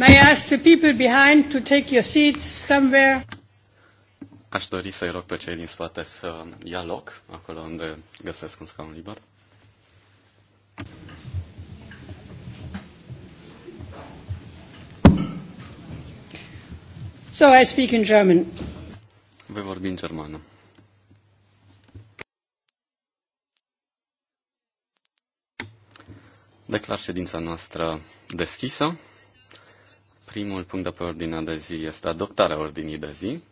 May I ask the people behind to take your seats somewhere? Aș dori să-i rog pe cei din spate să ia loc, acolo unde găsesc un scaun liber. So I speak in German. Voi vorbi în germană. Declar ședința noastră deschisă. Primul punct de pe ordinea de zi este adoptarea ordinii de zi.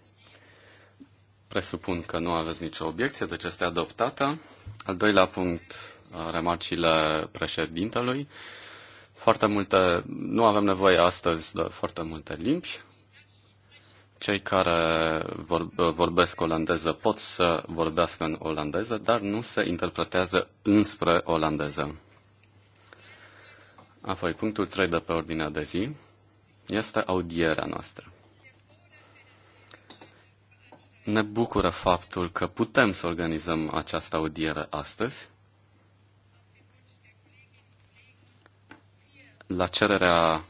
Presupun că nu aveți nicio obiecție, deci este adoptată. Al doilea punct, uh, remarcile președintelui. Foarte multe, nu avem nevoie astăzi de foarte multe limbi. Cei care uh, vorbesc olandeză pot să vorbească în olandeză, dar nu se interpretează înspre olandeză. Apoi, punctul 3 de pe ordinea de zi, este audierea noastră. Ne bucură faptul că putem să organizăm această audiere astăzi. La cererea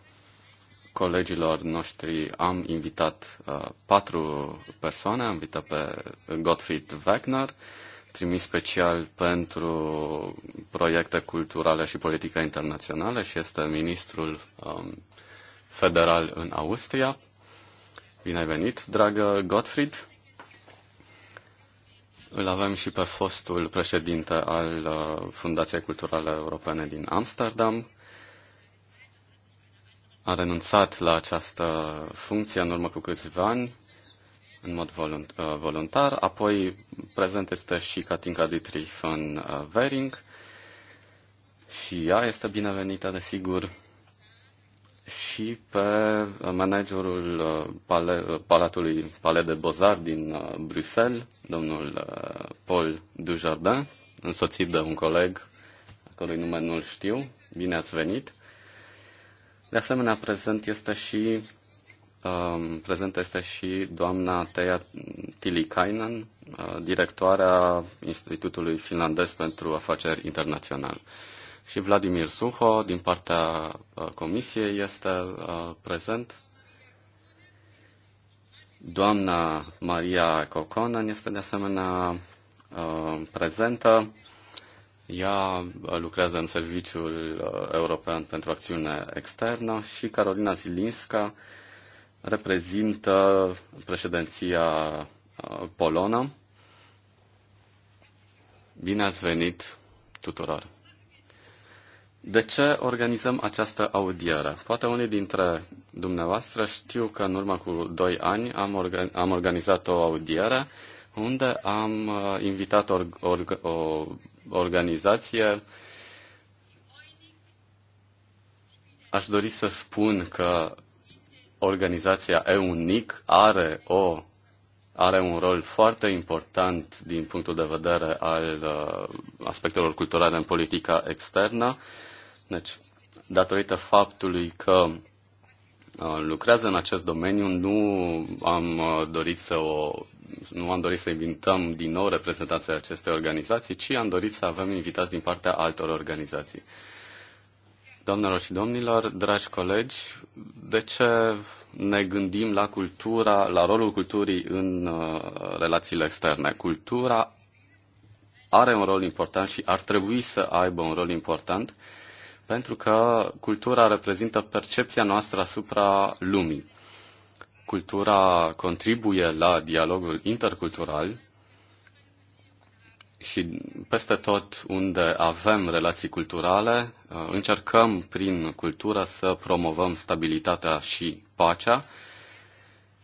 colegilor noștri am invitat uh, patru persoane. Am invitat pe Gottfried Wagner, trimis special pentru proiecte culturale și politică internațională și este ministrul um, federal în Austria. Bine ai venit, dragă Gottfried. Îl avem și pe fostul președinte al uh, Fundației Culturale Europene din Amsterdam. A renunțat la această funcție în urmă cu câțiva ani, în mod uh, voluntar. Apoi prezent este și Katinka Dietrich von uh, Wering. Și ea este binevenită, desigur și pe uh, managerul uh, pale, uh, Palatului Palais de Bozar din Bruxelles, domnul Paul Dujardin, însoțit de un coleg, acolo nume nu-l știu, bine ați venit. De asemenea, prezent este și um, prezent este și doamna Teia Tilikainen, directoarea Institutului Finlandez pentru Afaceri Internaționale și Vladimir Suho din partea uh, comisiei este uh, prezent. Doamna Maria Coconan este de asemenea uh, prezentă. Ea lucrează în Serviciul European pentru Acțiune Externă și Carolina Zilinska reprezintă președinția polonă. Bine ați venit tuturor! De ce organizăm această audieră? Poate unii dintre dumneavoastră știu că în urmă cu doi ani am, orga- am organizat o audieră, unde am uh, invitat or- or- o organizație. Aș dori să spun că organizația EUNIC are o are un rol foarte important din punctul de vedere al uh, aspectelor culturale în politica externă. Deci, datorită faptului că uh, lucrează în acest domeniu, nu am uh, dorit să o nu am dorit să invităm din nou reprezentanții acestei organizații, ci am dorit să avem invitați din partea altor organizații. Doamnelor și domnilor, dragi colegi, de ce ne gândim la cultura, la rolul culturii în uh, relațiile externe? Cultura are un rol important și ar trebui să aibă un rol important pentru că cultura reprezintă percepția noastră asupra lumii. Cultura contribuie la dialogul intercultural și peste tot unde avem relații culturale, uh, încercăm prin cultură să promovăm stabilitatea și pacea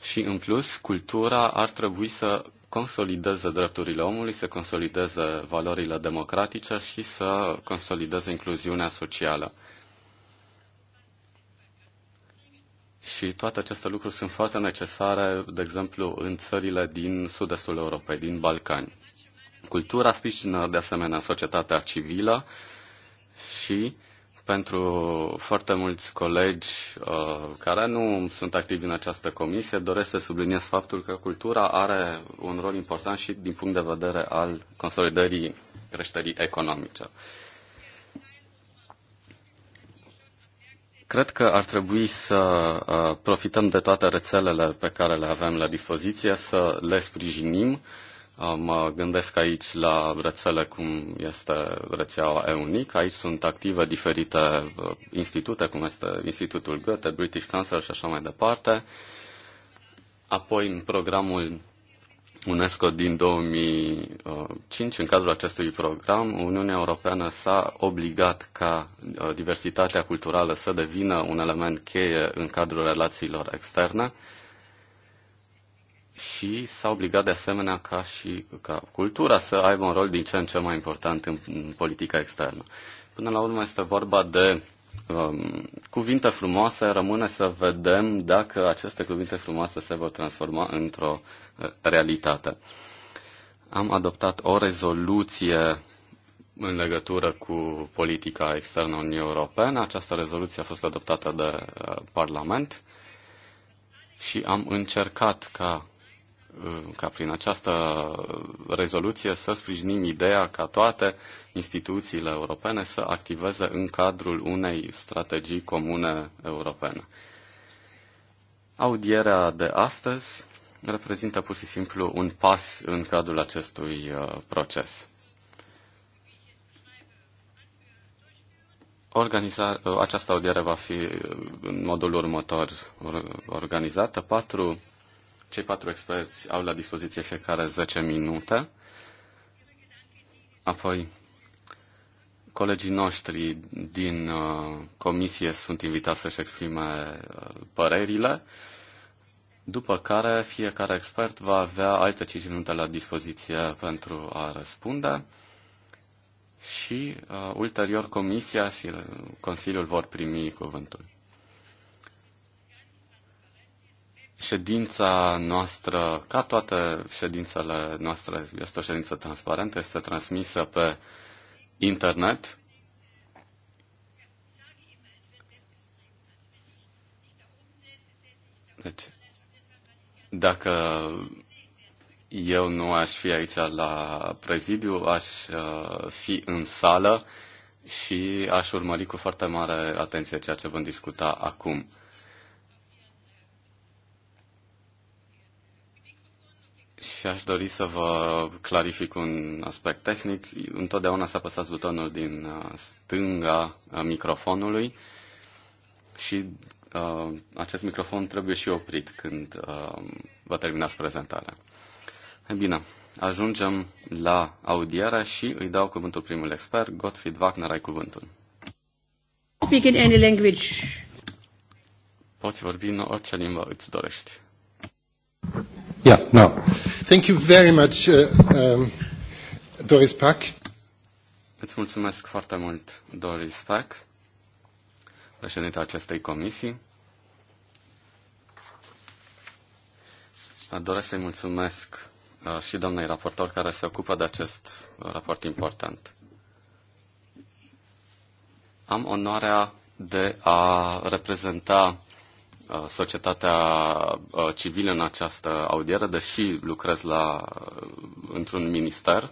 și, în plus, cultura ar trebui să consolideze drepturile omului, să consolideze valorile democratice și să consolideze incluziunea socială. Și toate aceste lucruri sunt foarte necesare, de exemplu, în țările din sud-estul Europei, din Balcani. Cultura sprijină, de asemenea, societatea civilă și uh, pentru foarte mulți colegi uh, care nu sunt activi în această comisie, doresc să subliniez faptul că cultura are un rol important și din punct de vedere al consolidării creșterii economice. Cred că ar trebui să uh, profităm de toate rețelele pe care le avem la dispoziție, să le sprijinim Ah, mă gândesc aici la rețele cum este rețeaua EUNIC. Aici sunt active diferite uh, institute, cum este Institutul Goethe, British Council și așa mai departe. Apoi, în programul UNESCO din 2005, în cadrul acestui program, Uniunea Europeană s-a obligat ca uh, diversitatea culturală să devină un element cheie în cadrul relațiilor externe și s-a obligat de asemenea ca și ca cultura să aibă un rol din ce în ce mai important în, în politica externă. Până la urmă este vorba de um, cuvinte frumoase, rămâne să vedem dacă aceste cuvinte frumoase se vor transforma într-o uh, realitate. Am adoptat o rezoluție în legătură cu politica externă a Uniunii Europene. Această rezoluție a fost adoptată de uh, Parlament și am încercat ca Uh, ca prin această rezoluție să sprijinim ideea ca toate instituțiile europene să activeze în cadrul unei strategii comune europene. Audierea de astăzi reprezintă pur și simplu un pas în cadrul acestui uh, proces. Organiza, uh, această audiere va fi în modul următor organizată. Patru cei patru experți au la dispoziție fiecare 10 minute. Apoi, colegii noștri din uh, comisie sunt invitați să-și exprime uh, părerile, după care fiecare expert va avea alte 5 minute la dispoziție pentru a răspunde și uh, ulterior Comisia și uh, Consiliul vor primi cuvântul. Ședința noastră, ca toate ședințele noastre, este o ședință transparentă, este transmisă pe internet. Deci, dacă eu nu aș fi aici la prezidiu, aș uh, fi în sală și aș urmări cu foarte mare atenție ceea ce vom discuta acum. Și aș dori să vă clarific un aspect tehnic. Întotdeauna să apăsați butonul din uh, stânga uh, microfonului și uh, acest microfon trebuie și oprit când uh, vă terminați prezentarea. E bine, ajungem la audiera și îi dau cuvântul primul expert, Gottfried Wagner, ai cuvântul. Speak in any language. Poți vorbi în orice limbă îți dorești. Yeah, now. Thank you very much, uh, um, Doris Pack. Îți mulțumesc foarte mult, Doris Pack, președinta acestei comisii. Doresc să-i mulțumesc uh, și doamnei raportor care se ocupă de acest uh, raport important. Am onoarea de a reprezenta Uh, societatea uh, civilă în această audiere, deși lucrez la, uh, într-un minister.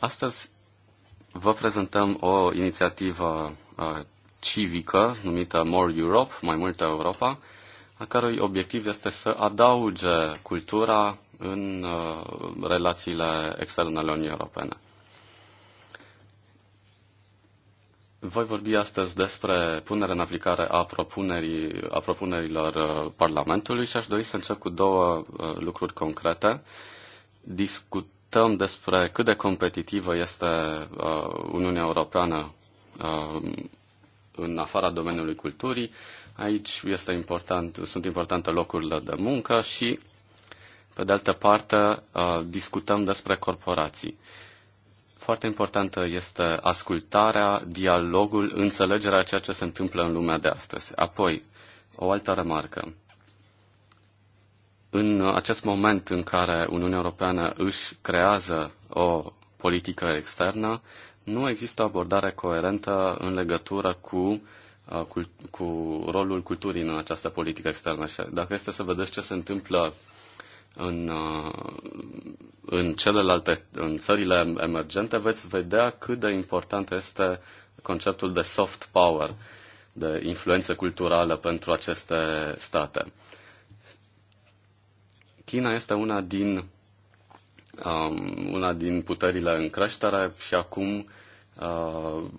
Astăzi vă prezentăm o inițiativă civică numită More Europe, mai multă Europa, a cărui obiectiv este să adauge cultura în relațiile externe ale Uniunii Europene. Voi vorbi astăzi despre punerea în aplicare a, propunerii, a propunerilor uh, Parlamentului și aș dori să încep cu două uh, lucruri concrete. Discutăm despre cât de competitivă este uh, Uniunea Europeană în afara domeniului culturii. Aici este important, sunt importante locurile de muncă și, pe de altă parte, discutăm despre corporații. Foarte importantă este ascultarea, dialogul, înțelegerea ceea ce se întâmplă în lumea de astăzi. Apoi, o altă remarcă. În acest moment în care Uniunea Europeană își creează o politică externă, nu există o abordare coerentă în legătură cu, uh, cu, cu rolul culturii în această politică externă. dacă este să vedeți ce se întâmplă în, uh, în celelalte, în țările emergente, veți vedea cât de important este conceptul de soft power, de influență culturală pentru aceste state. China este una din, um, una din puterile în creștere și acum uh,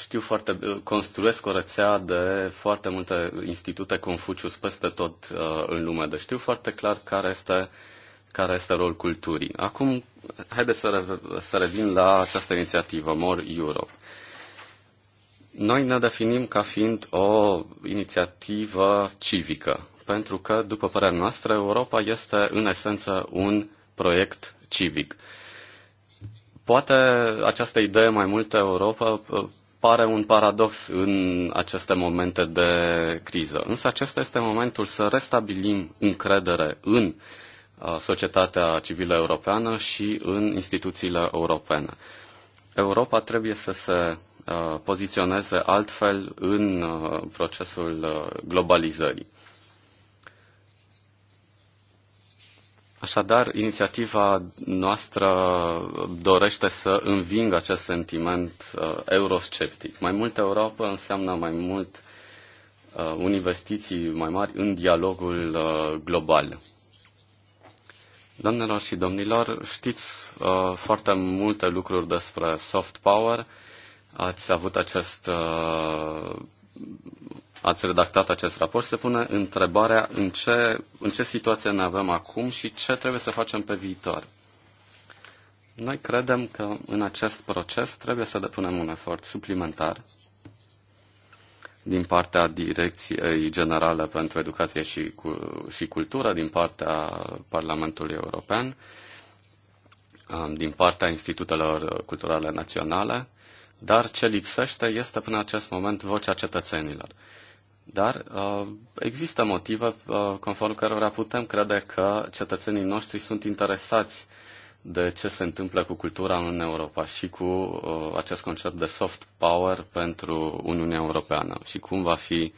știu foarte, construiesc o rețea de foarte multe institute Confucius peste tot uh, în lume, deci știu foarte clar care este, care este rolul culturii. Acum, haideți să, re- să revin la această inițiativă, More Europe. Noi ne definim ca fiind o inițiativă civică, pentru că, după părerea noastră, Europa este, în esență, un proiect civic. Poate această idee mai multă Europa uh, pare un paradox în aceste momente de criză. Însă acesta este momentul să restabilim încredere în uh, societatea civilă europeană și în instituțiile europene. Europa trebuie să se uh, poziționeze altfel în uh, procesul globalizării. Așadar, inițiativa noastră dorește să învingă acest sentiment uh, eurosceptic. Mai multă Europa înseamnă mai mult uh, investiții mai mari în dialogul uh, global. Doamnelor și domnilor, știți uh, foarte multe lucruri despre soft power. Ați avut acest uh, ați redactat acest raport, se pune întrebarea în ce, în ce situație ne avem acum și ce trebuie să facem pe viitor. Noi credem că în acest proces trebuie să depunem un efort suplimentar din partea Direcției Generale pentru Educație și, și Cultură, din partea Parlamentului European, din partea Institutelor Culturale Naționale, dar ce lipsește este până acest moment vocea cetățenilor. Dar uh, există motive uh, conform cărora putem crede că cetățenii noștri sunt interesați de ce se întâmplă cu cultura în Europa și cu uh, acest concept de soft power pentru Uniunea Europeană și cum va fi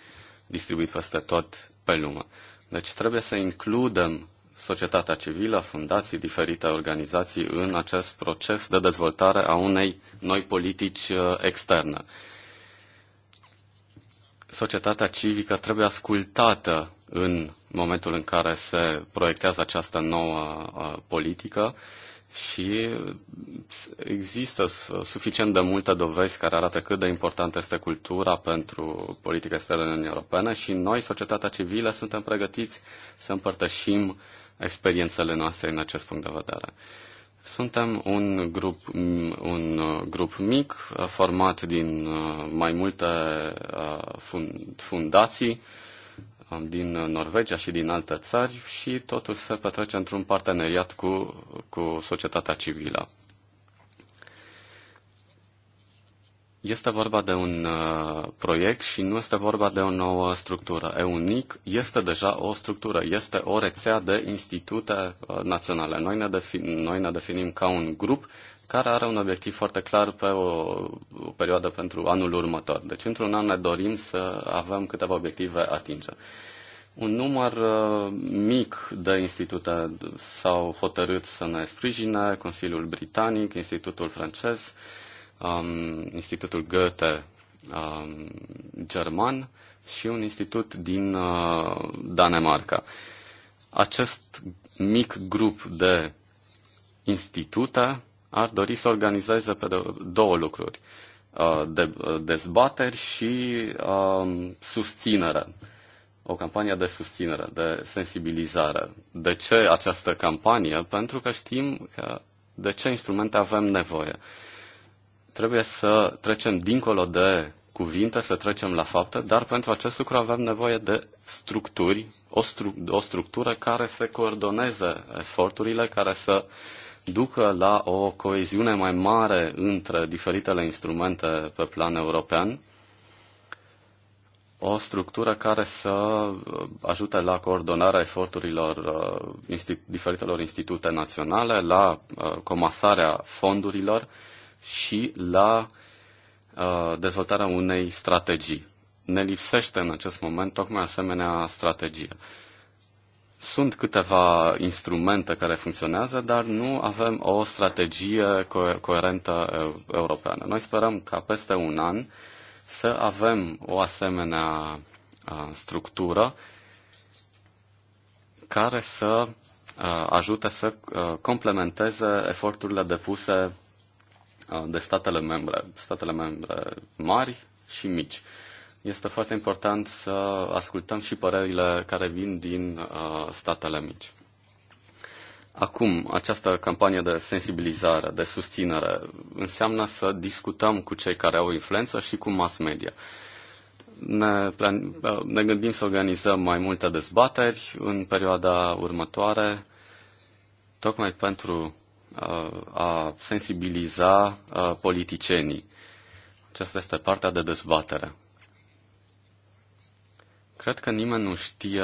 distribuit peste tot pe lume. Deci trebuie să includem societatea civilă, fundații, diferite organizații în acest proces de dezvoltare a unei noi politici uh, externe societatea civică trebuie ascultată în momentul în care se proiectează această nouă uh, politică și există suficient de multe dovezi care arată cât de importantă este cultura pentru politica externă în Uniunea Europeană și noi, societatea civilă, suntem pregătiți să împărtășim experiențele noastre în acest punct de vedere. Suntem un grup, un uh, grup mic, uh, format din uh, mai multe fundații din Norvegia și din alte țări și totul se petrece într-un parteneriat cu, cu societatea civilă. Este vorba de un uh, proiect și nu este vorba de o nouă structură. EUNIC este deja o structură, este o rețea de institute uh, naționale. Noi ne, defin, noi ne definim ca un grup care are un obiectiv foarte clar pe o, o perioadă pentru anul următor. Deci, într-un an ne dorim să avem câteva obiective atinge. Un număr uh, mic de institute s-au hotărât să ne sprijine, Consiliul Britanic, Institutul Francez, uh, um, Institutul Goethe um, german și un institut din uh, Danemarca. Acest mic grup de institute ar dori să organizeze pe două lucruri. Uh, de, uh, dezbateri și uh, susținere. O campanie de susținere, de sensibilizare. De ce această campanie? Pentru că știm că de ce instrumente avem nevoie. Uh, trebuie să trecem dincolo de cuvinte, să trecem la fapte, dar pentru acest lucru avem nevoie de structuri, o, stru- o structură care să coordoneze eforturile, care să ducă la o coeziune mai mare între diferitele instrumente pe plan european, o structură care să ajute la coordonarea eforturilor uh, diferitelor institute naționale, la uh, comasarea fondurilor, și la uh, dezvoltarea unei strategii. Ne lipsește în acest moment tocmai asemenea strategie. Sunt câteva instrumente care funcționează, dar nu avem o strategie co- coerentă uh, europeană. Noi sperăm ca peste un an să avem o asemenea uh, structură care să ajute să complementeze eforturile depuse Uh, de statele membre, statele membre mari și mici. Este foarte important să ascultăm și părerile care vin din uh, statele mici. Acum, această campanie de sensibilizare, de susținere, înseamnă să discutăm cu cei care au influență și cu mass media. Ne, plan- uh, ne gândim să organizăm mai multe dezbateri în perioada următoare, tocmai pentru Uh, a sensibiliza uh, politicienii. Aceasta este partea de dezbatere. Cred că nimeni nu știe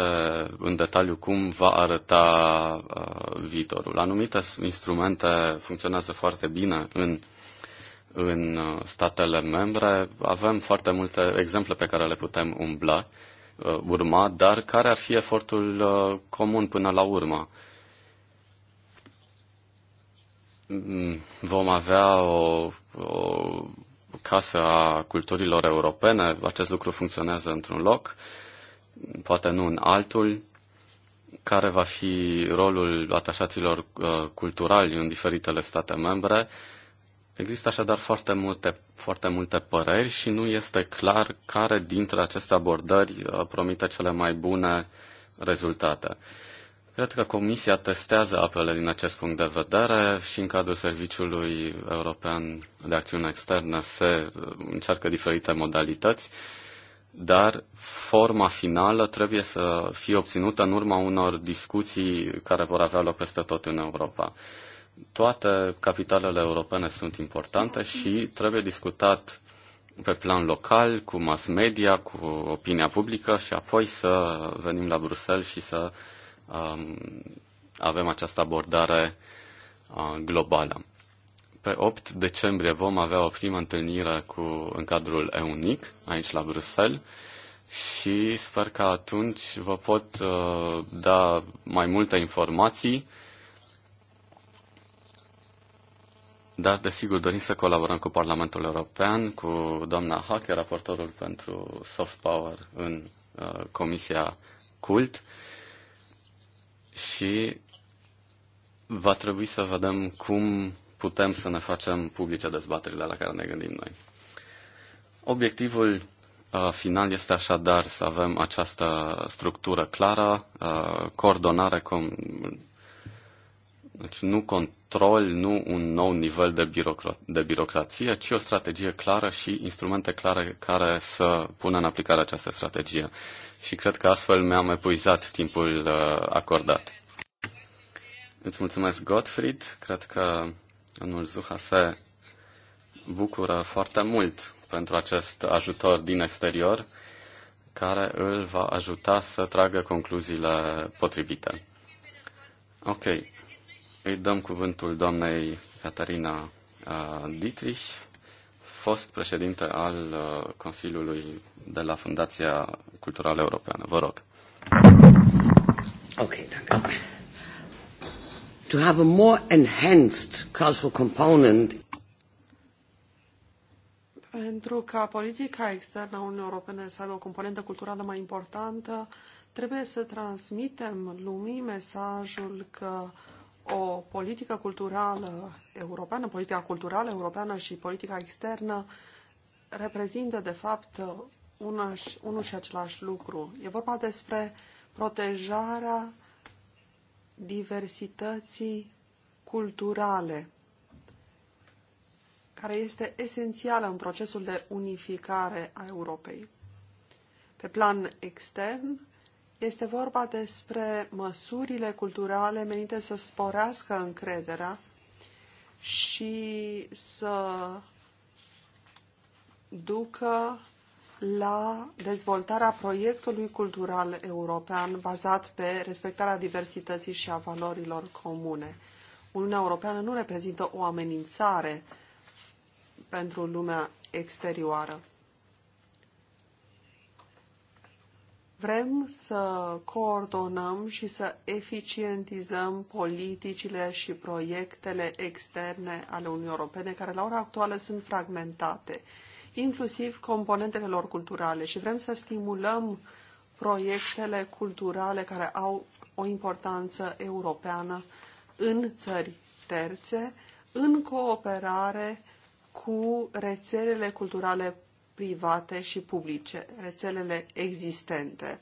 în detaliu cum va arăta uh, viitorul. Anumite instrumente funcționează foarte bine în, în uh, statele membre. Avem foarte multe exemple pe care le putem umbla, uh, urma, dar care ar fi efortul uh, comun până la urmă? Uh, Mm, vom avea o, o casă a culturilor europene, acest lucru funcționează într-un loc, poate nu în altul, care va fi rolul atașaților uh, culturali în diferitele state membre. Există așadar foarte multe, foarte multe păreri și nu este clar care dintre aceste abordări uh, promite cele mai bune rezultate. Cred că Comisia testează apele din acest punct de vedere și în cadrul Serviciului European de Acțiune Externă se uh, încearcă diferite modalități, dar forma finală trebuie să fie obținută în urma unor discuții care vor avea loc peste tot în Europa. Toate capitalele europene sunt importante și trebuie discutat pe plan local, cu mass media, cu opinia publică și apoi să venim la Bruxelles și să Um, avem această abordare uh, globală. Pe 8 decembrie vom avea o primă întâlnire cu, în cadrul EUNIC, aici la Bruxelles, și sper că atunci vă pot uh, da mai multe informații. Dar, desigur, dorim să colaborăm cu Parlamentul European, cu doamna Hacker, raportorul pentru soft power în uh, Comisia Cult. Uh, și va trebui să vedem cum putem să ne facem publice dezbaterile la care ne gândim noi. Obiectivul uh, final este așadar să avem această structură clară, uh, coordonare, com... deci nu control, nu un nou nivel de, birocra- de birocrație, ci o strategie clară și instrumente clare care să pună în aplicare această strategie și cred că astfel mi-am epuizat timpul uh, acordat. Îți mulțumesc, Gottfried. Cred că domnul Zuha se bucură foarte mult pentru acest ajutor din exterior, care îl va ajuta să tragă concluziile potrivite. Ok. Îi dăm cuvântul doamnei Catarina uh, Dietrich fost președinte al uh, Consiliului de la Fundația Culturală Europeană. Vă rog. Ok, danke. To have a more enhanced cultural component pentru ca politica externă a Uniunii Europene să aibă o componentă culturală mai importantă, trebuie să transmitem lumii mesajul că uh, o politică culturală europeană, politica culturală europeană și politica externă reprezintă, de fapt, unul și același lucru. E vorba despre protejarea diversității culturale, care este esențială în procesul de unificare a Europei. Pe plan extern, este vorba despre măsurile culturale menite să sporească încrederea și să ducă la dezvoltarea proiectului cultural european bazat pe respectarea diversității și a valorilor comune. Uniunea Europeană nu reprezintă o amenințare pentru lumea exterioară. Vrem să coordonăm și să eficientizăm politicile și proiectele externe ale Uniunii Europene, care la ora actuală sunt fragmentate, inclusiv componentele lor culturale și vrem să stimulăm proiectele culturale care au o importanță europeană în țări terțe, în cooperare cu rețelele culturale private și publice, rețelele existente.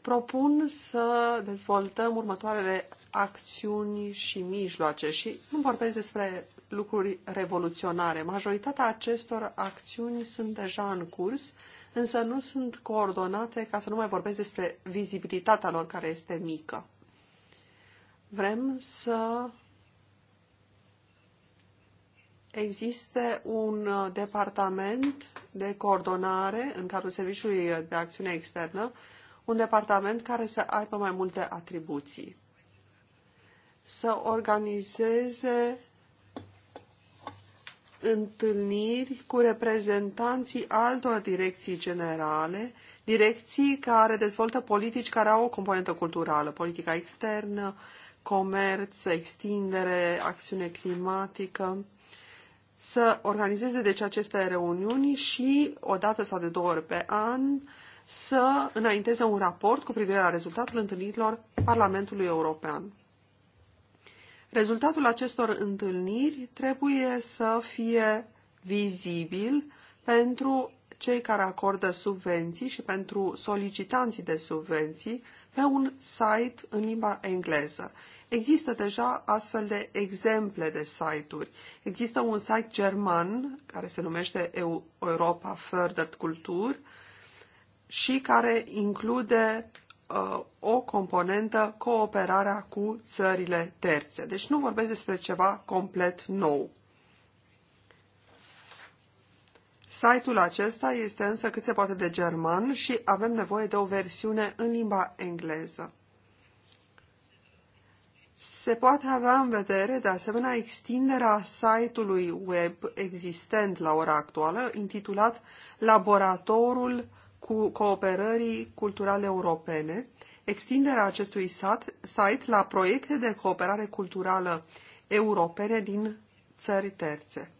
Propun să dezvoltăm următoarele acțiuni și mijloace și nu vorbesc despre lucruri revoluționare. Majoritatea acestor acțiuni sunt deja în curs, însă nu sunt coordonate, ca să nu mai vorbesc despre vizibilitatea lor care este mică. Vrem să existe un uh, departament de coordonare în cadrul Serviciului de Acțiune Externă, un departament care să aibă mai multe atribuții. Să organizeze întâlniri cu reprezentanții altor direcții generale, direcții care dezvoltă politici care au o componentă culturală, politica externă, comerț, extindere, acțiune climatică să organizeze deci aceste reuniuni și o dată sau de două ori pe an să înainteze un raport cu privire la rezultatul întâlnirilor Parlamentului European. Rezultatul acestor întâlniri trebuie să fie vizibil pentru cei care acordă subvenții și pentru solicitanții de subvenții pe un site în limba engleză. Există deja astfel de exemple de site-uri. Există un site german care se numește Europa Fördert Kultur și care include uh, o componentă cooperarea cu țările terțe. Deci nu vorbesc despre ceva complet nou. Site-ul acesta este însă cât se poate de german și avem nevoie de o versiune în limba engleză se poate avea în vedere, de asemenea, extinderea site-ului web existent la ora actuală, intitulat Laboratorul cu Cooperării Culturale Europene, extinderea acestui site la proiecte de cooperare culturală europene din țări terțe.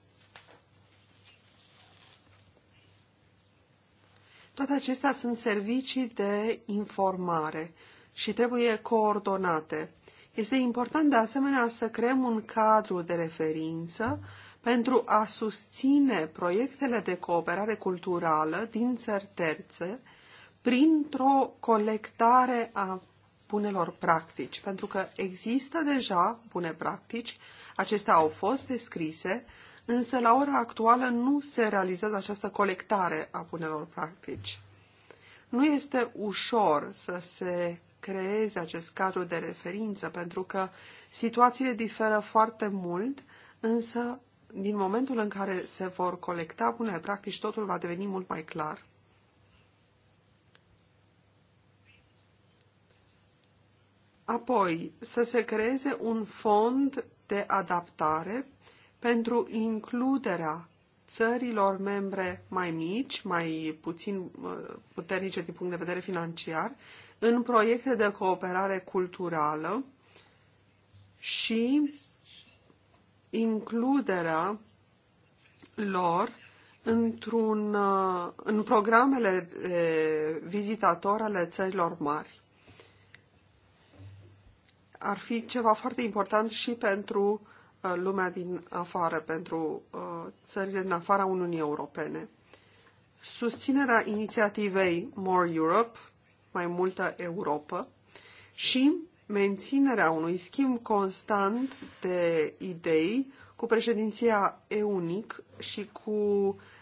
Toate acestea sunt servicii de informare și trebuie coordonate. Este important de asemenea să creăm un cadru de referință pentru a susține proiectele de cooperare culturală din țări terțe printr-o colectare a bunelor practici, pentru că există deja bune practici, acestea au fost descrise, însă la ora actuală nu se realizează această colectare a bunelor practici. Nu este ușor să se creeze acest cadru de referință, pentru că situațiile diferă foarte mult, însă din momentul în care se vor colecta bune practici, totul va deveni mult mai clar. Apoi, să se creeze un fond de adaptare pentru includerea țărilor membre mai mici, mai puțin uh, puternice din punct de vedere financiar, în proiecte de cooperare culturală și includerea lor într-un, uh, în programele de vizitator ale țărilor mari. Ar fi ceva foarte important și pentru uh, lumea din afară, pentru uh, țările din afara Uniunii Europene. Susținerea inițiativei More Europe mai multă Europa și menținerea unui schimb constant de idei cu președinția EUNIC și cu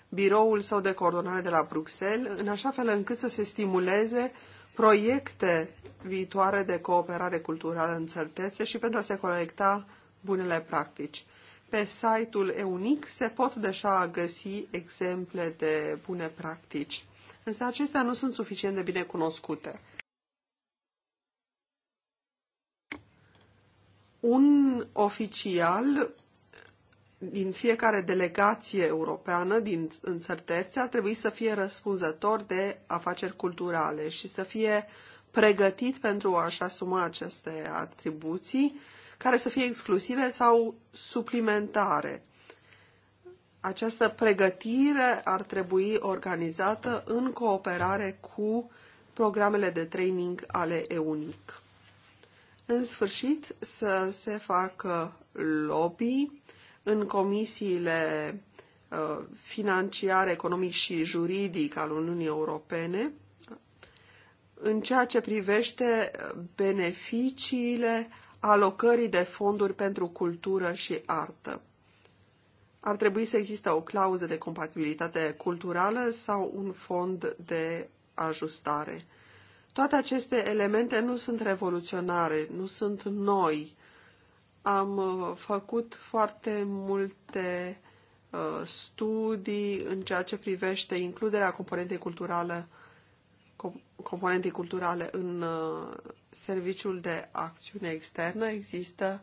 biroul sau de coordonare de la Bruxelles, în așa fel încât să se stimuleze proiecte viitoare de cooperare culturală în țărtețe și pentru a se colecta bunele practici. Pe site-ul EUNIC se pot deja găsi exemple de bune practici însă acestea nu sunt suficient de bine cunoscute. Un oficial din fiecare delegație europeană din, în țări terțe ar trebui să fie răspunzător de afaceri culturale și să fie pregătit pentru a-și asuma aceste atribuții, care să fie exclusive sau suplimentare această pregătire ar trebui organizată în cooperare cu programele de training ale EUNIC. În sfârșit, să se facă lobby în comisiile uh, financiar, economic și juridic al Uniunii Europene în ceea ce privește uh, beneficiile alocării de fonduri pentru cultură și artă. Ar trebui să existe o clauză de compatibilitate culturală sau un fond de ajustare. Toate aceste elemente nu sunt revoluționare, nu sunt noi. Am uh, făcut foarte multe uh, studii în ceea ce privește includerea componentei culturale, componentei culturale în uh, serviciul de acțiune externă. Există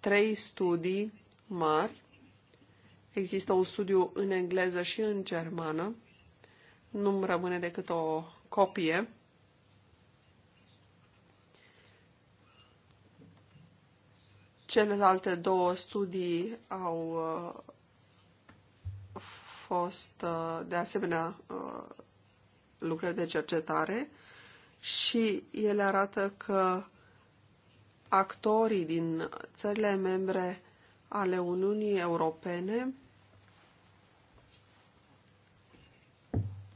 trei studii mari Există un studiu în engleză și în germană. Nu-mi rămâne decât o copie. Celelalte două studii au uh, fost uh, de asemenea uh, lucrări de cercetare și ele arată că actorii din țările membre ale Uniunii Europene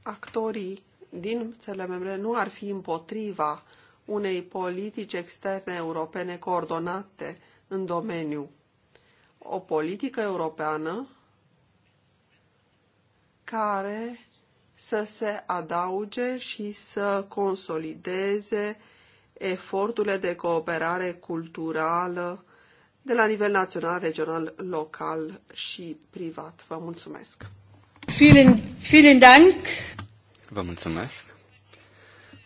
actorii din țările membre nu ar fi împotriva unei politici externe europene coordonate în domeniu. O politică europeană care să se adauge și să consolideze eforturile de cooperare culturală de la nivel național, regional, local și privat. Vă mulțumesc! Vielen, vielen Dank. Vă mulțumesc.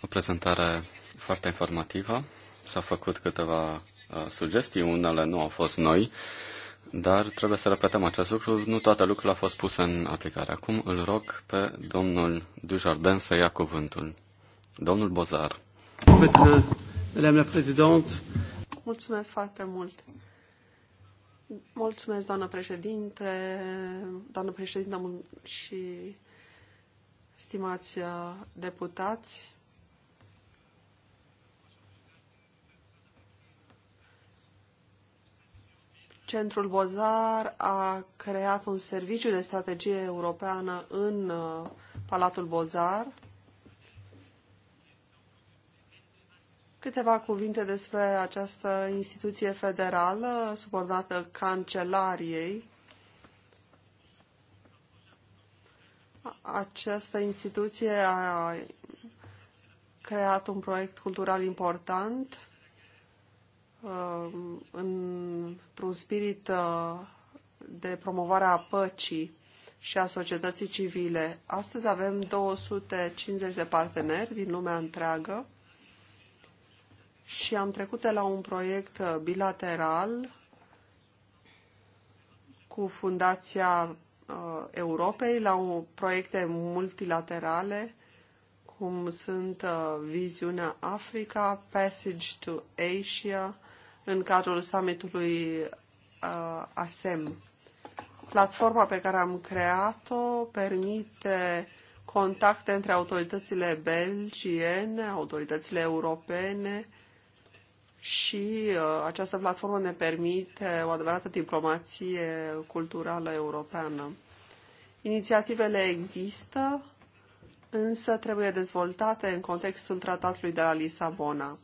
O prezentare foarte informativă. S-au făcut câteva uh, sugestii, unele nu au fost noi, dar trebuie să repetăm acest lucru. Nu toate lucrurile au fost puse în aplicare. Acum îl rog pe domnul Dujardin să ia cuvântul. Domnul Bozar. Euh, mulțumesc foarte mult. Mulțumesc, doamnă președinte, doamnă președinte și stimați uh, deputați. Centrul Bozar a creat un serviciu de strategie europeană în uh, Palatul Bozar. Câteva cuvinte despre această instituție federală subordonată Cancelariei. Această instituție a creat un proiect cultural important um, într-un spirit uh, de promovare a păcii și a societății civile. Astăzi avem 250 de parteneri din lumea întreagă și am trecut de la un proiect uh, bilateral cu Fundația uh, Europei la proiecte multilaterale, cum sunt uh, Viziunea Africa, Passage to Asia, în cadrul summitului ASEM. Platforma pe care am creat-o permite contacte între autoritățile belgiene, autoritățile europene, și uh, această platformă ne permite o adevărată diplomație culturală europeană. Inițiativele există, însă trebuie dezvoltate în contextul tratatului de la Lisabona.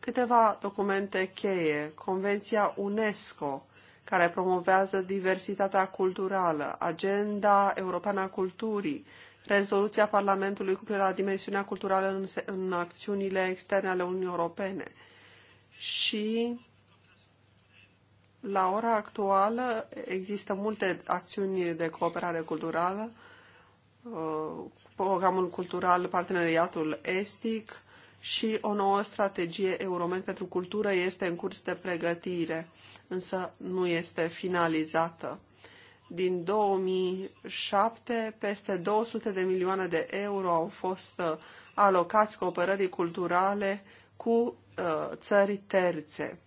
Câteva documente cheie, Convenția UNESCO, care promovează diversitatea culturală, Agenda Europeană a Culturii, rezoluția Parlamentului cu la dimensiunea culturală în, în acțiunile externe ale Uniunii Europene – și la ora actuală există multe acțiuni de cooperare culturală, uh, programul cultural Parteneriatul Estic și o nouă strategie Euromed pentru cultură este în curs de pregătire, însă nu este finalizată. Din 2007, peste 200 de milioane de euro au fost uh, alocați cooperării culturale cu Uh, țări terțe.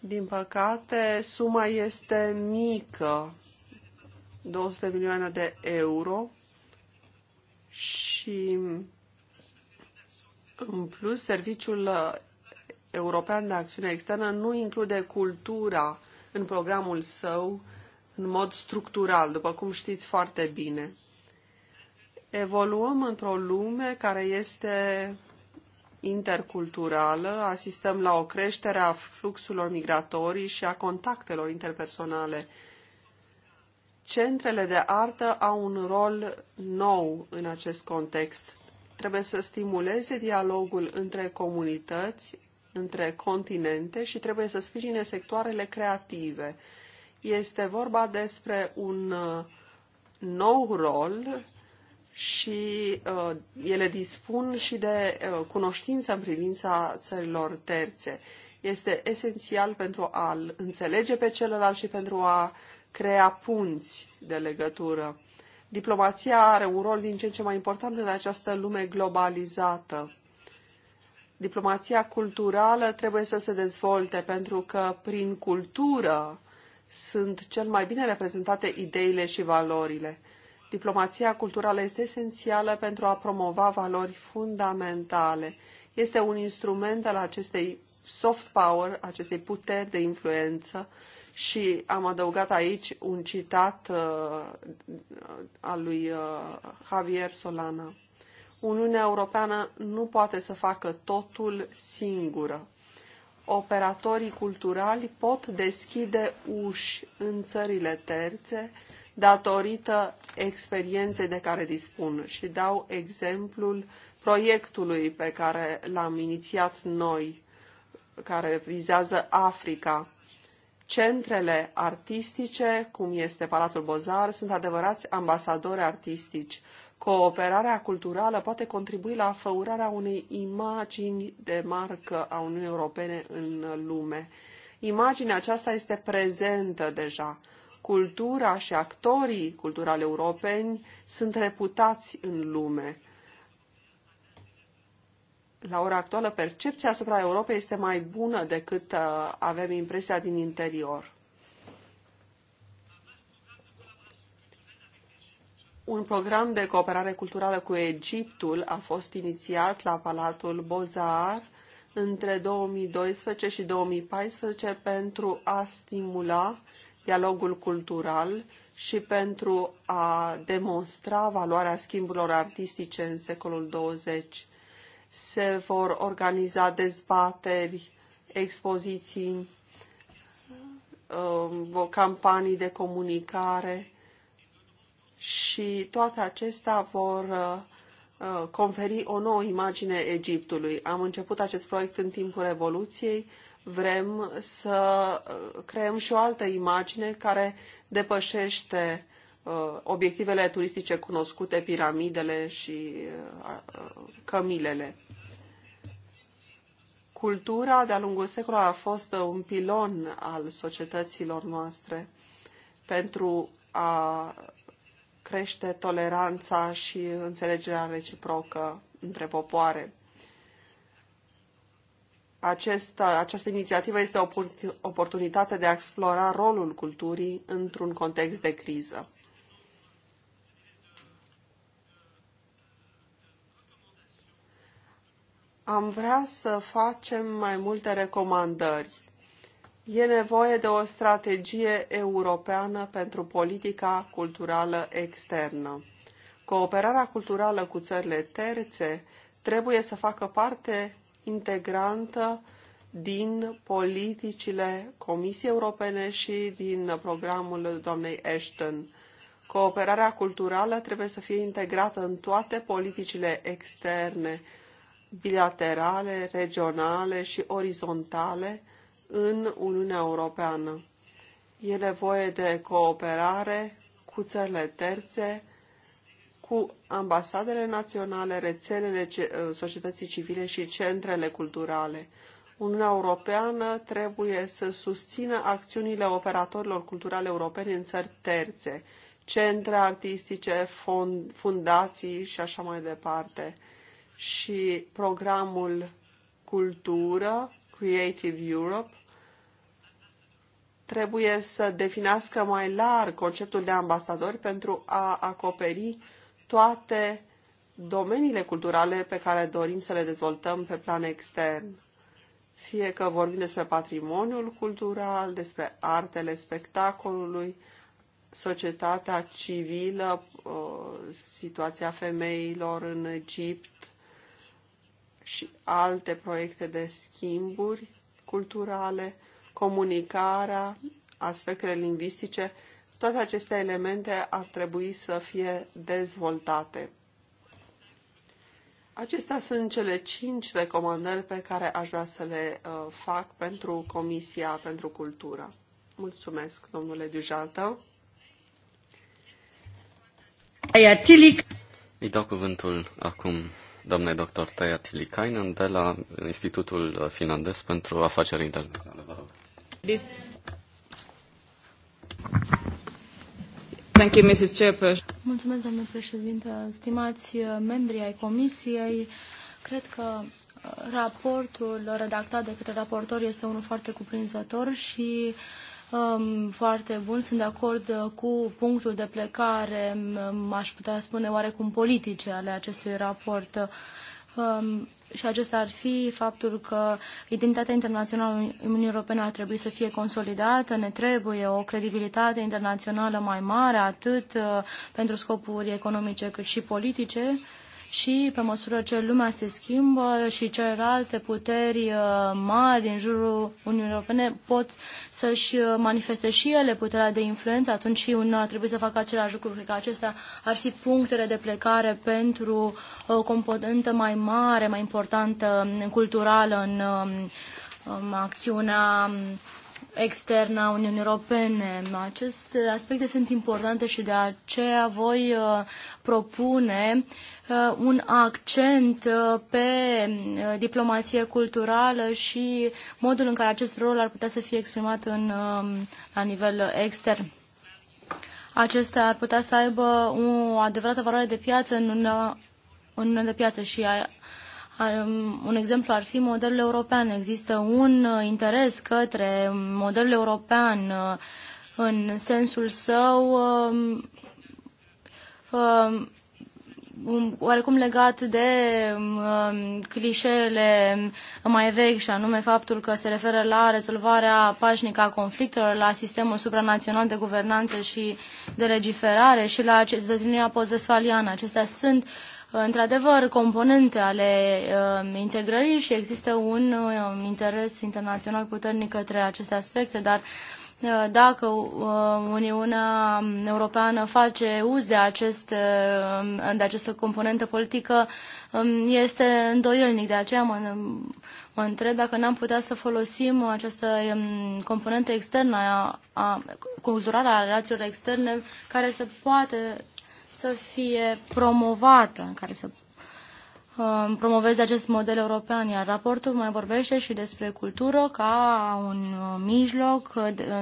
Din păcate, suma este mică, 200 milioane de euro și în plus Serviciul European de Acțiune Externă nu include cultura în programul său în mod structural, după cum știți foarte bine. Evoluăm într-o lume care este interculturală, asistăm la o creștere a fluxurilor migratorii și a contactelor interpersonale. Centrele de artă au un rol nou în acest context. Trebuie să stimuleze dialogul între comunități, între continente și trebuie să sprijine sectoarele creative. Este vorba despre un uh, nou rol și uh, ele dispun și de uh, cunoștință în privința țărilor terțe. Este esențial pentru a-l înțelege pe celălalt și pentru a crea punți de legătură. Diplomația are un rol din ce în ce mai important în această lume globalizată. Diplomația culturală trebuie să se dezvolte pentru că prin cultură sunt cel mai bine reprezentate ideile și valorile Diplomația culturală este esențială pentru a promova valori fundamentale. Este un instrument al acestei soft power, acestei puteri de influență și am adăugat aici un citat uh, al lui uh, Javier Solana. Uniunea Europeană nu poate să facă totul singură. Operatorii culturali pot deschide uși în țările terțe datorită experienței de care dispun și dau exemplul proiectului pe care l-am inițiat noi, care vizează Africa. Centrele artistice, cum este Palatul Bozar, sunt adevărați ambasadori artistici. Cooperarea culturală poate contribui la făurarea unei imagini de marcă a Uniunii Europene în lume. Imaginea aceasta este prezentă deja cultura și actorii culturali europeni sunt reputați în lume. La ora actuală, percepția asupra Europei este mai bună decât uh, avem impresia din interior. Un program de cooperare culturală cu Egiptul a fost inițiat la Palatul Bozar între 2012 și 2014 pentru a stimula dialogul cultural și pentru a demonstra valoarea schimburilor artistice în secolul 20. Se vor organiza dezbateri, expoziții, um, campanii de comunicare și toate acestea vor uh, uh, conferi o nouă imagine Egiptului. Am început acest proiect în timpul Revoluției, Vrem să uh, creăm și o altă imagine care depășește uh, obiectivele turistice cunoscute, piramidele și uh, cămilele. Cultura de-a lungul secolului a fost un pilon al societăților noastre pentru a crește toleranța și înțelegerea reciprocă între popoare. Acest, această inițiativă este o oportunitate de a explora rolul culturii într-un context de criză. Am vrea să facem mai multe recomandări. E nevoie de o strategie europeană pentru politica culturală externă. Cooperarea culturală cu țările terțe trebuie să facă parte integrantă din politicile Comisiei Europene și din programul doamnei Ashton. Cooperarea culturală trebuie să fie integrată în toate politicile externe, bilaterale, regionale și orizontale în Uniunea Europeană. E nevoie de cooperare cu țările terțe cu ambasadele naționale, rețelele uh, societății civile și centrele culturale. Uniunea Europeană trebuie să susțină acțiunile operatorilor culturale europeni în țări terțe, centre artistice, fond, fundații și așa mai departe. Și programul Cultură, Creative Europe, trebuie să definească mai larg conceptul de ambasadori pentru a acoperi toate domeniile culturale pe care dorim să le dezvoltăm pe plan extern. Fie că vorbim despre patrimoniul cultural, despre artele spectacolului, societatea civilă, uh, situația femeilor în Egipt și alte proiecte de schimburi culturale, comunicarea, aspectele lingvistice, toate aceste elemente ar trebui să fie dezvoltate. Acestea sunt cele cinci recomandări pe care aș vrea să le uh, fac pentru Comisia pentru Cultură. Mulțumesc, domnule Dujaltă. Tilic. Îi dau cuvântul acum doamnei doctor Taia Tilikainen de la Institutul Finlandez pentru Afaceri Internaționale. Vă rog. Thank you, Mrs. Mulțumesc, doamnă președintă. Stimați membri ai comisiei, cred că uh, raportul redactat de către raportor este unul foarte cuprinzător și um, foarte bun. Sunt de acord uh, cu punctul de plecare, aș putea spune oarecum politice, ale acestui raport. Um, și acesta ar fi faptul că identitatea internațională a Uniunii Europene ar trebui să fie consolidată, ne trebuie o credibilitate internațională mai mare, atât uh, pentru scopuri economice cât și politice, și pe măsură ce lumea se schimbă și celelalte puteri uh, mari din jurul Uniunii Europene pot să-și uh, manifeste și ele puterea de influență, atunci și Uniunea ar trebui să facă același lucru. Cred că acestea ar fi punctele de plecare pentru uh, o componentă mai mare, mai importantă, culturală în um, acțiunea um, externă a Uniunii Europene. Aceste aspecte sunt importante și de aceea voi uh, propune uh, un accent uh, pe diplomație culturală și modul în care acest rol ar putea să fie exprimat în, um, la nivel extern acestea ar putea să aibă o adevărată valoare de piață în una, în de piață și a. Um, un exemplu ar fi modelul european. Există un uh, interes către modelul european uh, în sensul său um, um, oarecum legat de clișeele mai vechi și anume faptul că se referă la rezolvarea pașnică a conflictelor, la sistemul supranațional de guvernanță și de legiferare și la cetățenia post-vestfaliană. Acestea sunt uh, într-adevăr componente ale uh, integrării și există un uh, interes internațional puternic către aceste aspecte, dar uh, dacă Uniunea Europeană face uz de, acest, de această componentă politică, um, este îndoielnic. De aceea mă, mă întreb dacă n-am putea să folosim această um, componentă externă, a, a, culturală a relațiilor externe, care să poate să fie promovată, în care să uh, promoveze acest model european, iar raportul mai vorbește și despre cultură ca un uh, mijloc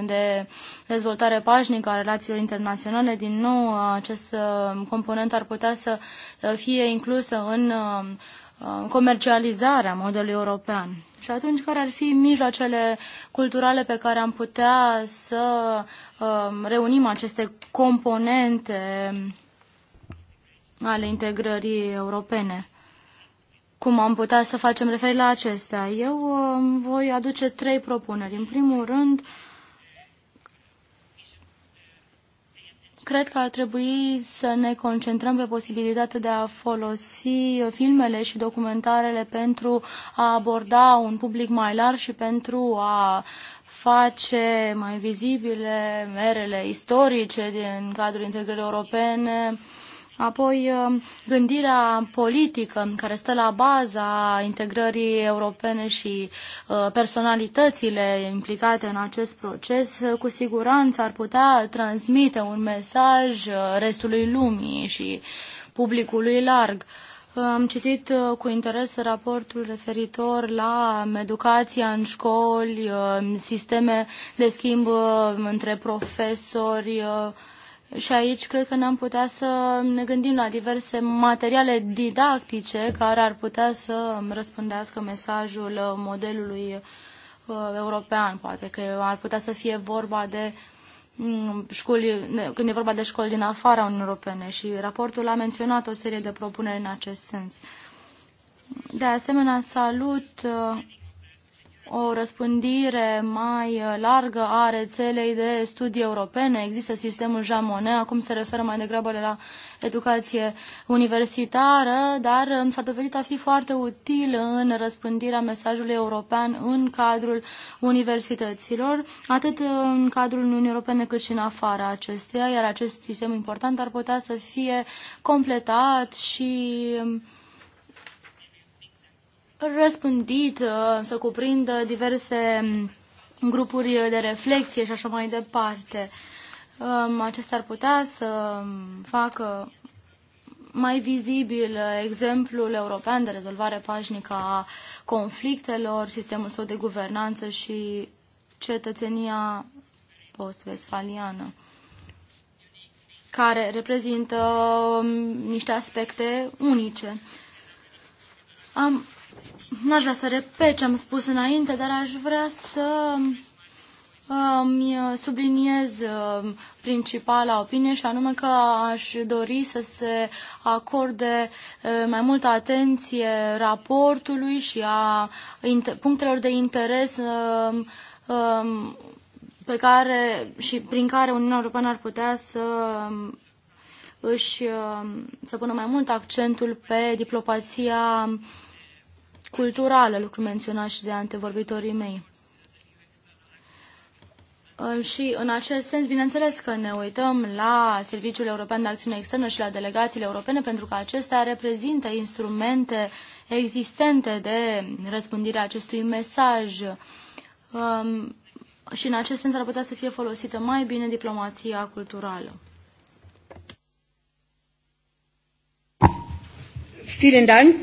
de dezvoltare pașnică a relațiilor internaționale. Din nou, acest uh, component ar putea să fie inclusă în comercializarea modelului european. Și atunci, care ar fi mijloacele culturale pe care am putea să reunim aceste componente ale integrării europene. Cum am putea să facem referire la acestea? Eu um, voi aduce trei propuneri. În primul rând, cred că ar trebui să ne concentrăm pe posibilitatea de a folosi filmele și documentarele pentru a aborda un public mai larg și pentru a face mai vizibile merele istorice din cadrul integrării europene, Apoi, um, gândirea politică care stă la baza integrării europene și uh, personalitățile implicate în acest proces, uh, cu siguranță ar putea transmite un mesaj uh, restului lumii și publicului larg. Am citit cu interes raportul referitor la educația în școli, sisteme de schimb între profesori, și aici cred că ne-am putea să ne gândim la diverse materiale didactice care ar putea să răspândească mesajul uh, modelului uh, european. Poate că ar putea să fie vorba de mm, școli, când e vorba de școli din afara Uniunii Europene și raportul a menționat o serie de propuneri în acest sens. De asemenea, salut uh, o răspândire mai largă a rețelei de studii europene. Există sistemul Jamone, acum se referă mai degrabă la educație universitară, dar um, s-a dovedit a fi foarte util în răspândirea mesajului european în cadrul universităților, atât în cadrul Uniunii Europene cât și în afara acesteia, iar acest sistem important ar putea să fie completat și um, răspândit, uh, să cuprindă diverse mm, grupuri de reflexie și așa mai departe. Um, Acesta ar putea să mm, facă mai vizibil exemplul european de rezolvare pașnică a conflictelor, sistemul său de guvernanță și cetățenia post-vestfaliană, care reprezintă mm, niște aspecte unice. Am N-aș vrea să repet ce am spus înainte, dar aș vrea să îmi um, subliniez um, principala opinie și anume că aș dori să se acorde uh, mai multă atenție raportului și a punctelor de interes um, pe care și prin care Uniunea Europeană ar putea să își să pună mai mult accentul pe diplomația culturală, lucru menționat și de antevorbitorii mei. Și în acest sens, bineînțeles că ne uităm la Serviciul European de Acțiune Externă și la delegațiile europene, pentru că acestea reprezintă instrumente existente de răspândire a acestui mesaj. Um, și în acest sens ar putea să fie folosită mai bine diplomația culturală. Vielen Dank.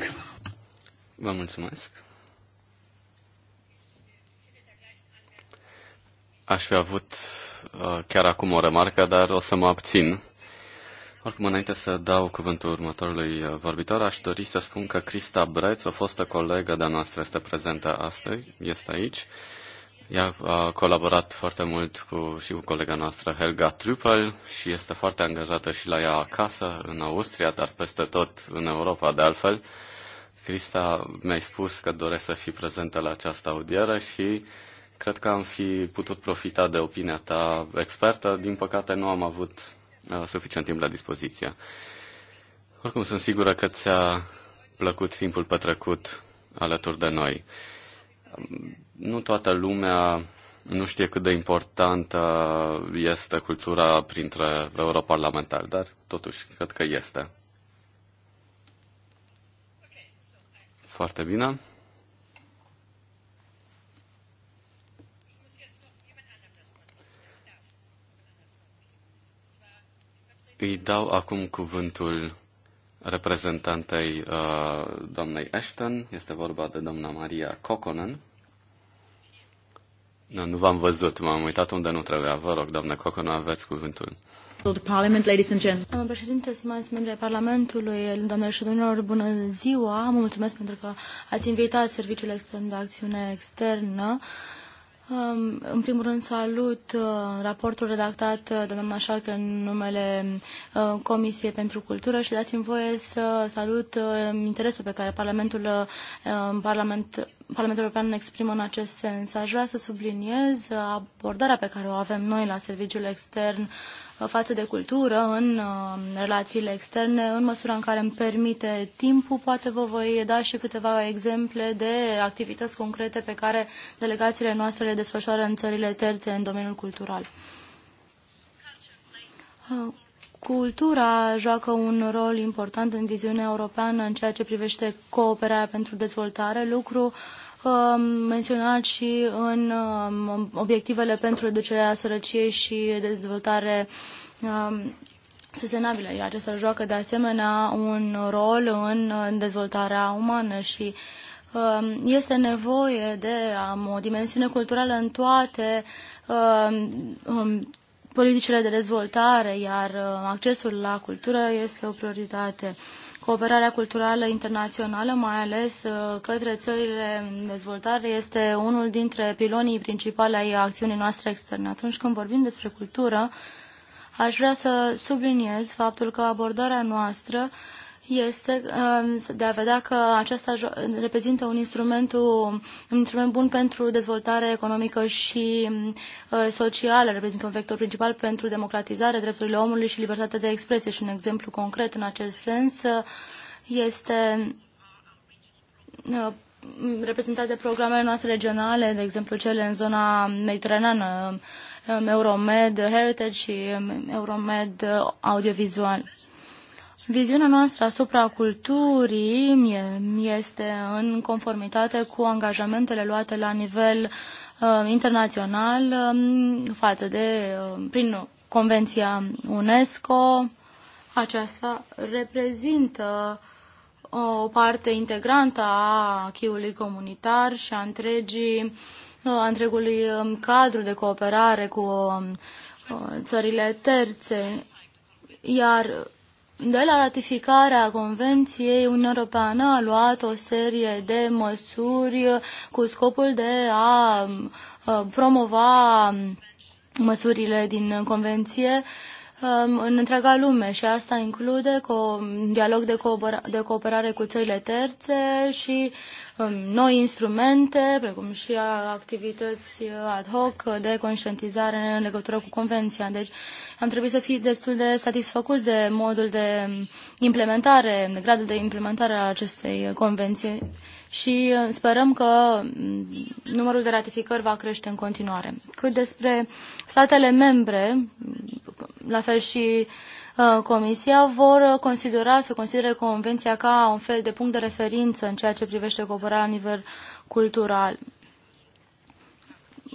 Vă mulțumesc. Aș fi avut uh, chiar acum o remarcă, dar o să mă abțin. Oricum, înainte să dau cuvântul următorului uh, vorbitor, aș dori să spun că Crista Breț, o fostă colegă de-a noastră, este prezentă astăzi, este aici. Ea a colaborat foarte mult cu, și cu colega noastră Helga Trupel și este foarte angajată și la ea acasă, în Austria, dar peste tot în Europa de altfel. Crista, mi-ai spus că doresc să fii prezentă la această audiere și cred că am fi putut profita de opinia ta expertă. Din păcate, nu am avut uh, suficient timp la dispoziție. Oricum, sunt sigură că ți-a plăcut timpul petrecut alături de noi. Um, nu toată lumea nu știe cât de importantă este cultura printre europarlamentari, dar totuși cred că este. Foarte bine. Îi dau acum cuvântul reprezentantei uh, doamnei Ashton. Este vorba de doamna Maria Coconen. Nu, nu v-am văzut, m-am uitat unde nu trebuia. Vă rog, doamna Coconen, aveți cuvântul. Doamnă președinte, stimați membri ai Parlamentului, doamnelor și domnilor, bună ziua! Mă mulțumesc pentru că ați invitat Serviciul Extern de Acțiune Externă. Um, în primul rând salut uh, raportul redactat de doamna Șalcă în numele uh, Comisiei pentru Cultură și dați-mi voie să salut uh, interesul pe care Parlamentul, Parlament, Parlamentul European exprimă în acest sens. Aș vrea să subliniez abordarea pe care o avem noi la serviciul extern uh, față de cultură în uh, relațiile externe, în măsura în care îmi permite timpul. Poate vă voi da și câteva exemple de activități concrete pe care delegațiile noastre le desfășoară în țările terțe în domeniul cultural. Uh, Cultura joacă un rol important în viziunea europeană în ceea ce privește cooperarea pentru dezvoltare, lucru um, menționat și în um, obiectivele pentru reducerea sărăciei și dezvoltare um, sustenabilă. Acesta joacă de asemenea un rol în dezvoltarea umană și este nevoie de o dimensiune culturală în toate politicile de dezvoltare, iar uh, accesul la cultură este o prioritate. Cooperarea culturală internațională, mai ales uh, către țările în dezvoltare, este unul dintre pilonii principale ai acțiunii noastre externe. Atunci când vorbim despre cultură, aș vrea să subliniez faptul că abordarea noastră este um, de a vedea că aceasta reprezintă un instrument, un instrument bun pentru dezvoltare economică și um, uh, socială, reprezintă un vector principal pentru democratizare, drepturile omului și libertatea de expresie. Și un exemplu concret în acest sens uh, este uh, reprezentat de programele noastre regionale, de exemplu cele în zona mediteraneană, um, Euromed Heritage și Euromed Audiovizual. Viziunea noastră asupra culturii este în conformitate cu angajamentele luate la nivel uh, internațional uh, față de, uh, prin Convenția UNESCO. Aceasta reprezintă uh, o parte integrantă a chiului comunitar și a, întregii, uh, a întregului um, cadru de cooperare cu um, uh, țările terțe. Iar de la ratificarea Convenției, Uniunea Europeană a luat o serie de măsuri cu scopul de a uh, promova măsurile din Convenție um, în întreaga lume și asta include un dialog de cooperare cu țările terțe și Um, noi instrumente, precum și activități uh, ad hoc de conștientizare în legătură cu convenția. Deci am trebuit să fii destul de satisfăcuți de modul de implementare, de gradul de implementare a acestei convenții și uh, sperăm că mm, numărul de ratificări va crește în continuare. Cât despre statele membre, la fel și Uh, comisia vor uh, considera, să considere Convenția ca un fel de punct de referință în ceea ce privește cooperarea la nivel cultural.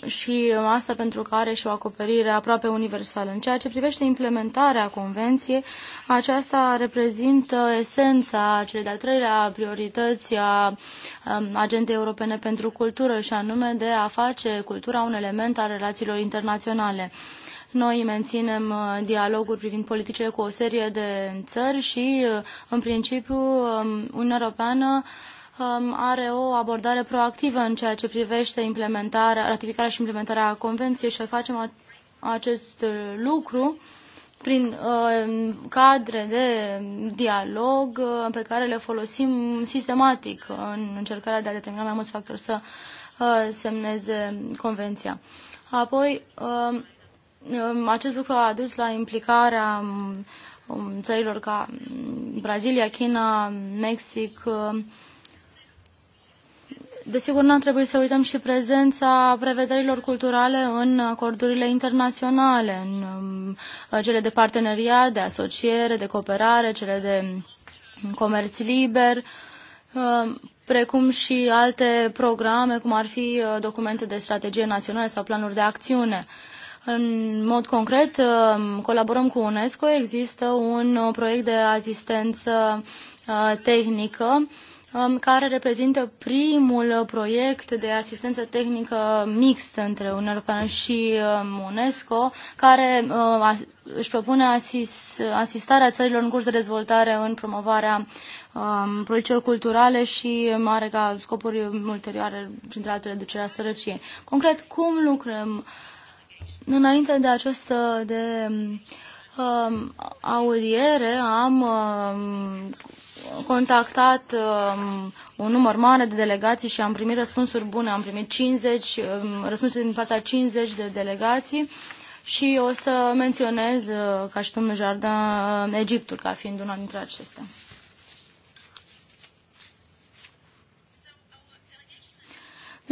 Și uh, asta pentru că are și o acoperire aproape universală. În ceea ce privește implementarea Convenției, aceasta reprezintă esența celei de-a treilea priorități a um, Agentei Europene pentru Cultură, și anume de a face cultura un element al relațiilor internaționale. Noi menținem uh, dialoguri privind politicile cu o serie de țări și, uh, în principiu, um, Uniunea Europeană um, are o abordare proactivă în ceea ce privește implementarea, ratificarea și implementarea convenției și facem acest uh, lucru prin um, cadre de dialog pe care le folosim sistematic în încercarea de a determina mai mulți factori să semneze convenția. Apoi, uh, acest lucru a adus la implicarea țărilor ca Brazilia, China, Mexic. Desigur, nu trebuie să uităm și prezența prevederilor culturale în acordurile internaționale, în cele de parteneriat, de asociere, de cooperare, cele de comerț liber, precum și alte programe, cum ar fi uh, documente de strategie națională sau planuri de acțiune. În mod concret, um, colaborăm cu UNESCO, există un uh, proiect de asistență uh, tehnică um, care reprezintă primul proiect de asistență tehnică mixt între Uniunea Europeană și um, UNESCO, care uh, își propune asist asistarea țărilor în curs de dezvoltare în promovarea um, proiectelor culturale și are ca scopuri ulterioare, printre altele, reducerea sărăciei. Concret, cum lucrăm uh, Înainte de această de um, audiere am um, contactat um, un număr mare de delegații și am primit răspunsuri bune. Am primit 50 um, răspunsuri din partea 50 de delegații și o să menționez, uh, ca și domnul Jardin, uh, Egiptul ca fiind una dintre acestea.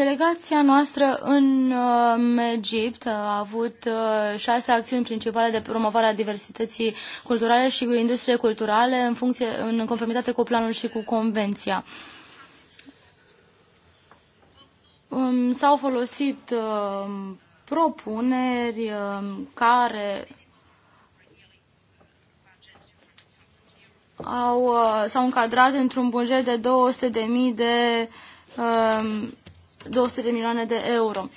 Delegația noastră în uh, Egipt a avut uh, șase acțiuni principale de promovare a diversității culturale și industriei culturale în, funcție, în conformitate cu planul și cu convenția. Um, s-au folosit uh, propuneri uh, care au, uh, s-au încadrat într-un buget de 200.000 de 200 de milioane de euro.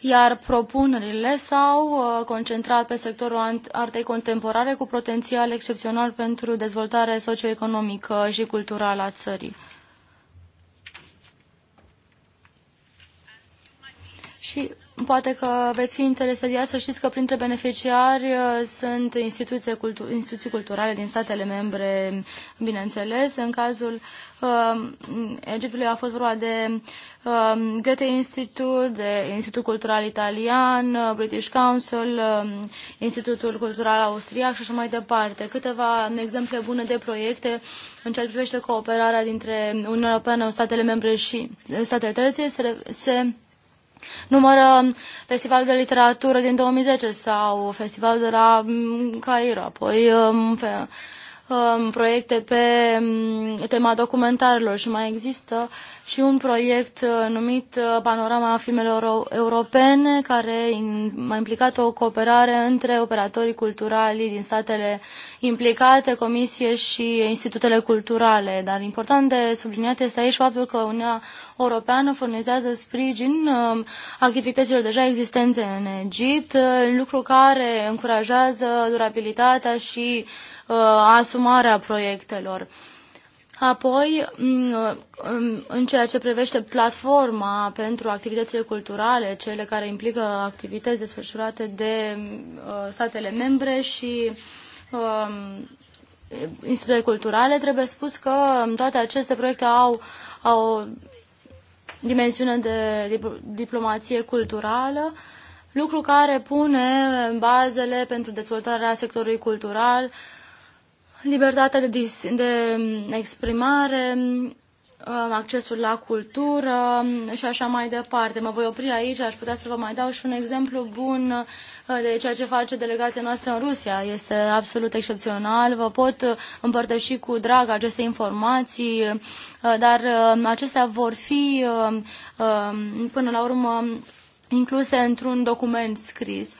Iar propunerile s-au uh, concentrat pe sectorul artei contemporane cu potențial excepțional pentru dezvoltare socioeconomică și culturală a țării. Și Poate că veți fi interesat să știți că printre beneficiari uh, sunt instituții, cultu- instituții culturale din statele membre, bineînțeles. În cazul uh, Egiptului a fost vorba de uh, Goethe Institute, de Institutul Cultural Italian, uh, British Council, uh, Institutul Cultural Austriac și așa mai departe. Câteva exemple bune de proiecte în ceea ce privește cooperarea dintre Uniunea Europeană, statele membre și statele terțe se, se numără um, Festivalul de Literatură din 2010 sau Festivalul de la um, Cairo, apoi um, Um, proiecte pe um, tema documentarelor și mai există și un proiect uh, numit uh, Panorama filmelor europene care a implicat o cooperare între operatorii culturali din statele implicate, comisie și institutele culturale. Dar important de subliniat este aici faptul că Uniunea Europeană furnizează sprijin um, activităților deja existente în Egipt, uh, lucru care încurajează durabilitatea și Uh, asumarea proiectelor. Apoi, mm, mm, în ceea ce privește platforma pentru activitățile culturale, cele care implică activități desfășurate de mm, uh, statele membre și um, instituții culturale, trebuie spus că toate aceste proiecte au, au dimensiune de diplomație culturală, lucru care pune bazele pentru dezvoltarea sectorului cultural, libertatea de, dis- de mm, exprimare, accesul la cultură și așa mai departe. Mă voi opri aici, aș putea să vă mai dau și un exemplu bun uh, de ceea ce face delegația noastră în Rusia. Este absolut excepțional, vă pot uh, împărtăși cu drag aceste informații, uh, dar acestea vor fi până la urmă incluse într-un document scris.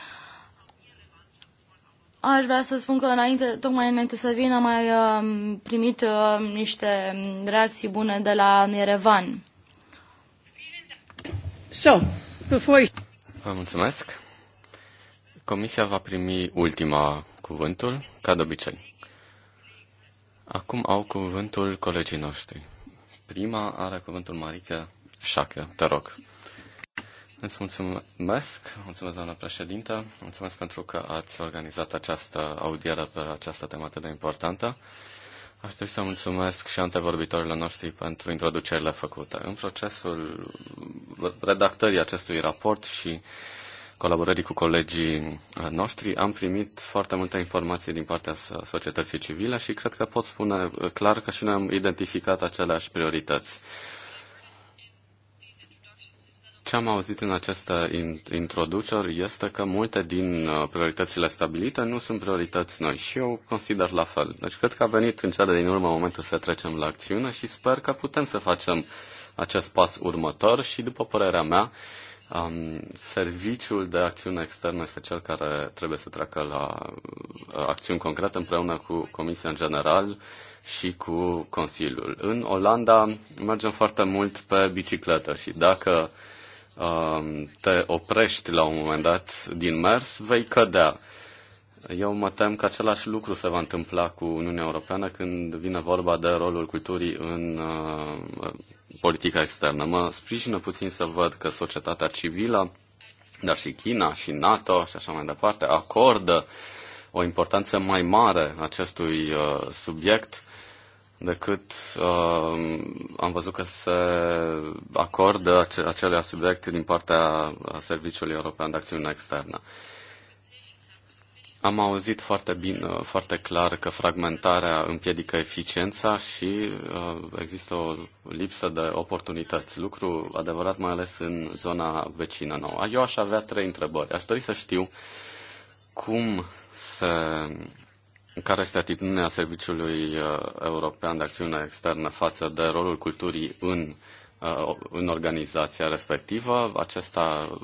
Aș vrea să spun că înainte, tocmai înainte să vin am mai uh, primit uh, niște reacții bune de la Erevan. So, before... Vă mulțumesc. Comisia va primi ultima cuvântul, ca de obicei. Acum au cuvântul colegii noștri. Prima are cuvântul Marică Șacă. Te rog. Îți mulțumesc, mulțumesc doamna președintă, mulțumesc pentru că ați organizat această audiere pe această temă atât de importantă. Aș dori să mulțumesc și antevorbitorilor noștri pentru introducerile făcute. În procesul redactării acestui raport și colaborării cu colegii noștri, am primit foarte multe informații din partea societății civile și cred că pot spune clar că și noi am identificat aceleași priorități. Ce am auzit în această introducere este că multe din uh, prioritățile stabilite nu sunt priorități noi și eu consider la fel. Deci cred că a venit în cea de din urmă momentul să trecem la acțiune și sper că putem să facem acest pas următor și, după părerea mea, um, serviciul de acțiune externă este cel care trebuie să treacă la uh, acțiuni concrete împreună cu Comisia în general și cu Consiliul. În Olanda mergem foarte mult pe bicicletă și dacă uh, Um, te oprești la un moment dat din mers, vei cădea. Eu mă tem că același lucru se va întâmpla cu Uniunea Europeană când vine vorba de rolul culturii în uh, politica externă. Mă sprijină puțin să văd că societatea civilă, dar și China și NATO și așa mai departe, acordă o importanță mai mare acestui uh, subiect uh, decât uh, am văzut că se acordă acele subiecte din partea Serviciului European de Acțiune Externă. Am auzit foarte bine, foarte clar că fragmentarea împiedică eficiența și uh, există o lipsă de oportunități. Lucru adevărat mai ales în zona vecină nouă. Eu aș avea trei întrebări. Aș dori să știu cum se care este atitudinea Serviciului uh, European de Acțiune Externă față de rolul culturii în, uh, în organizația respectivă? Acesta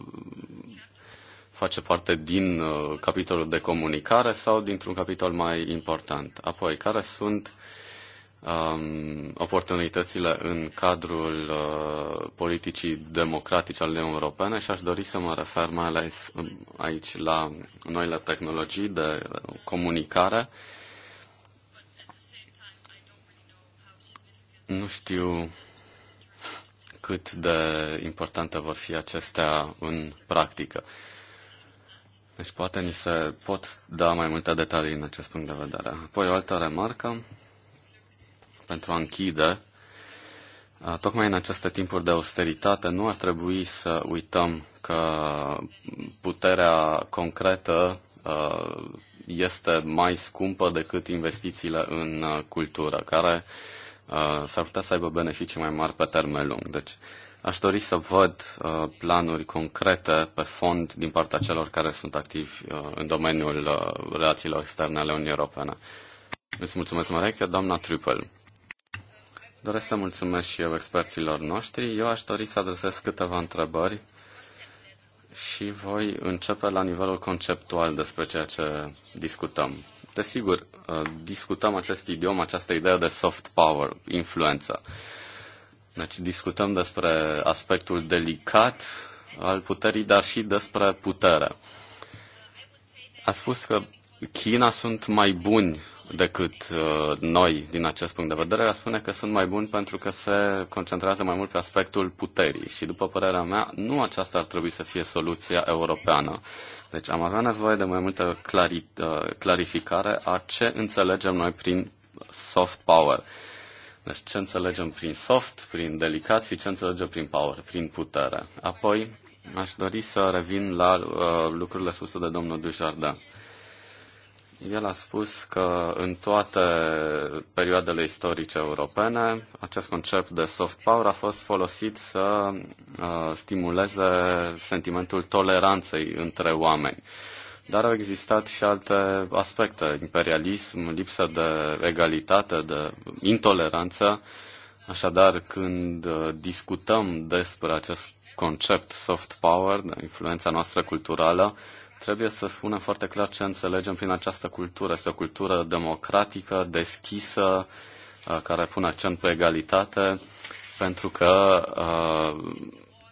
face parte din uh, capitolul de comunicare sau dintr-un capitol mai important? Apoi, care sunt uh, um, oportunitățile în cadrul uh, politicii democratice ale Uniunii Europene și aș dori să mă refer mai ales um, aici la noile tehnologii de uh, comunicare. Nu știu cât de importante vor fi acestea în practică. Deci poate ni se pot da mai multe detalii în acest punct de vedere. Apoi o altă remarcă pentru a închide, tocmai în aceste timpuri de austeritate nu ar trebui să uităm că puterea concretă este mai scumpă decât investițiile în cultură, care s-ar putea să aibă beneficii mai mari pe termen lung. Deci, Aș dori să văd planuri concrete pe fond din partea celor care sunt activi în domeniul relațiilor externe ale Uniunii Europene. Îți mulțumesc, Marek. doamna Triple. Doresc să mulțumesc și eu experților noștri. Eu aș dori să adresez câteva întrebări și voi începe la nivelul conceptual despre ceea ce discutăm. Desigur, uh, discutăm acest idiom, această idee de soft power, influență. Deci discutăm despre aspectul delicat al puterii, dar și despre putere. A spus că China sunt mai buni decât uh, noi din acest punct de vedere, a spune că sunt mai buni pentru că se concentrează mai mult pe aspectul puterii și, după părerea mea, nu aceasta ar trebui să fie soluția europeană. Deci am avea nevoie de mai multă clari, uh, clarificare a ce înțelegem noi prin soft power. Deci ce înțelegem prin soft, prin delicat și ce înțelegem prin power, prin putere. Apoi aș dori să revin la uh, lucrurile spuse de domnul Dujardin. El a spus că în toate perioadele istorice europene, acest concept de soft power a fost folosit să uh, stimuleze sentimentul toleranței între oameni. Dar au existat și alte aspecte, imperialism, lipsă de egalitate, de intoleranță. Așadar, când uh, discutăm despre acest concept soft power, de influența noastră culturală, Trebuie să spunem foarte clar ce înțelegem prin această cultură. Este o cultură democratică, deschisă, uh, care pune accent pe egalitate, pentru că uh,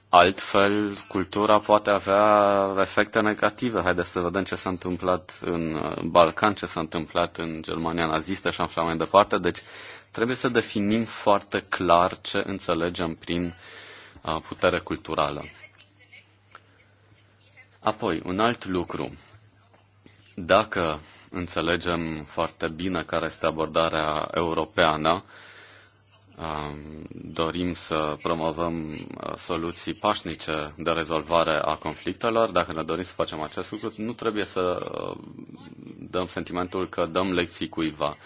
altfel cultura poate avea efecte negative. Haideți să vedem ce s-a întâmplat în uh, Balcan, ce s-a întâmplat în Germania nazistă și așa mai departe. Deci trebuie să definim foarte clar ce înțelegem prin putere culturală. Apoi, un alt lucru. Dacă înțelegem foarte bine care este abordarea europeană, dorim să promovăm uh, soluții pașnice de rezolvare a conflictelor. Dacă ne dorim să facem acest lucru, nu trebuie să uh, dăm sentimentul că dăm lecții cuiva.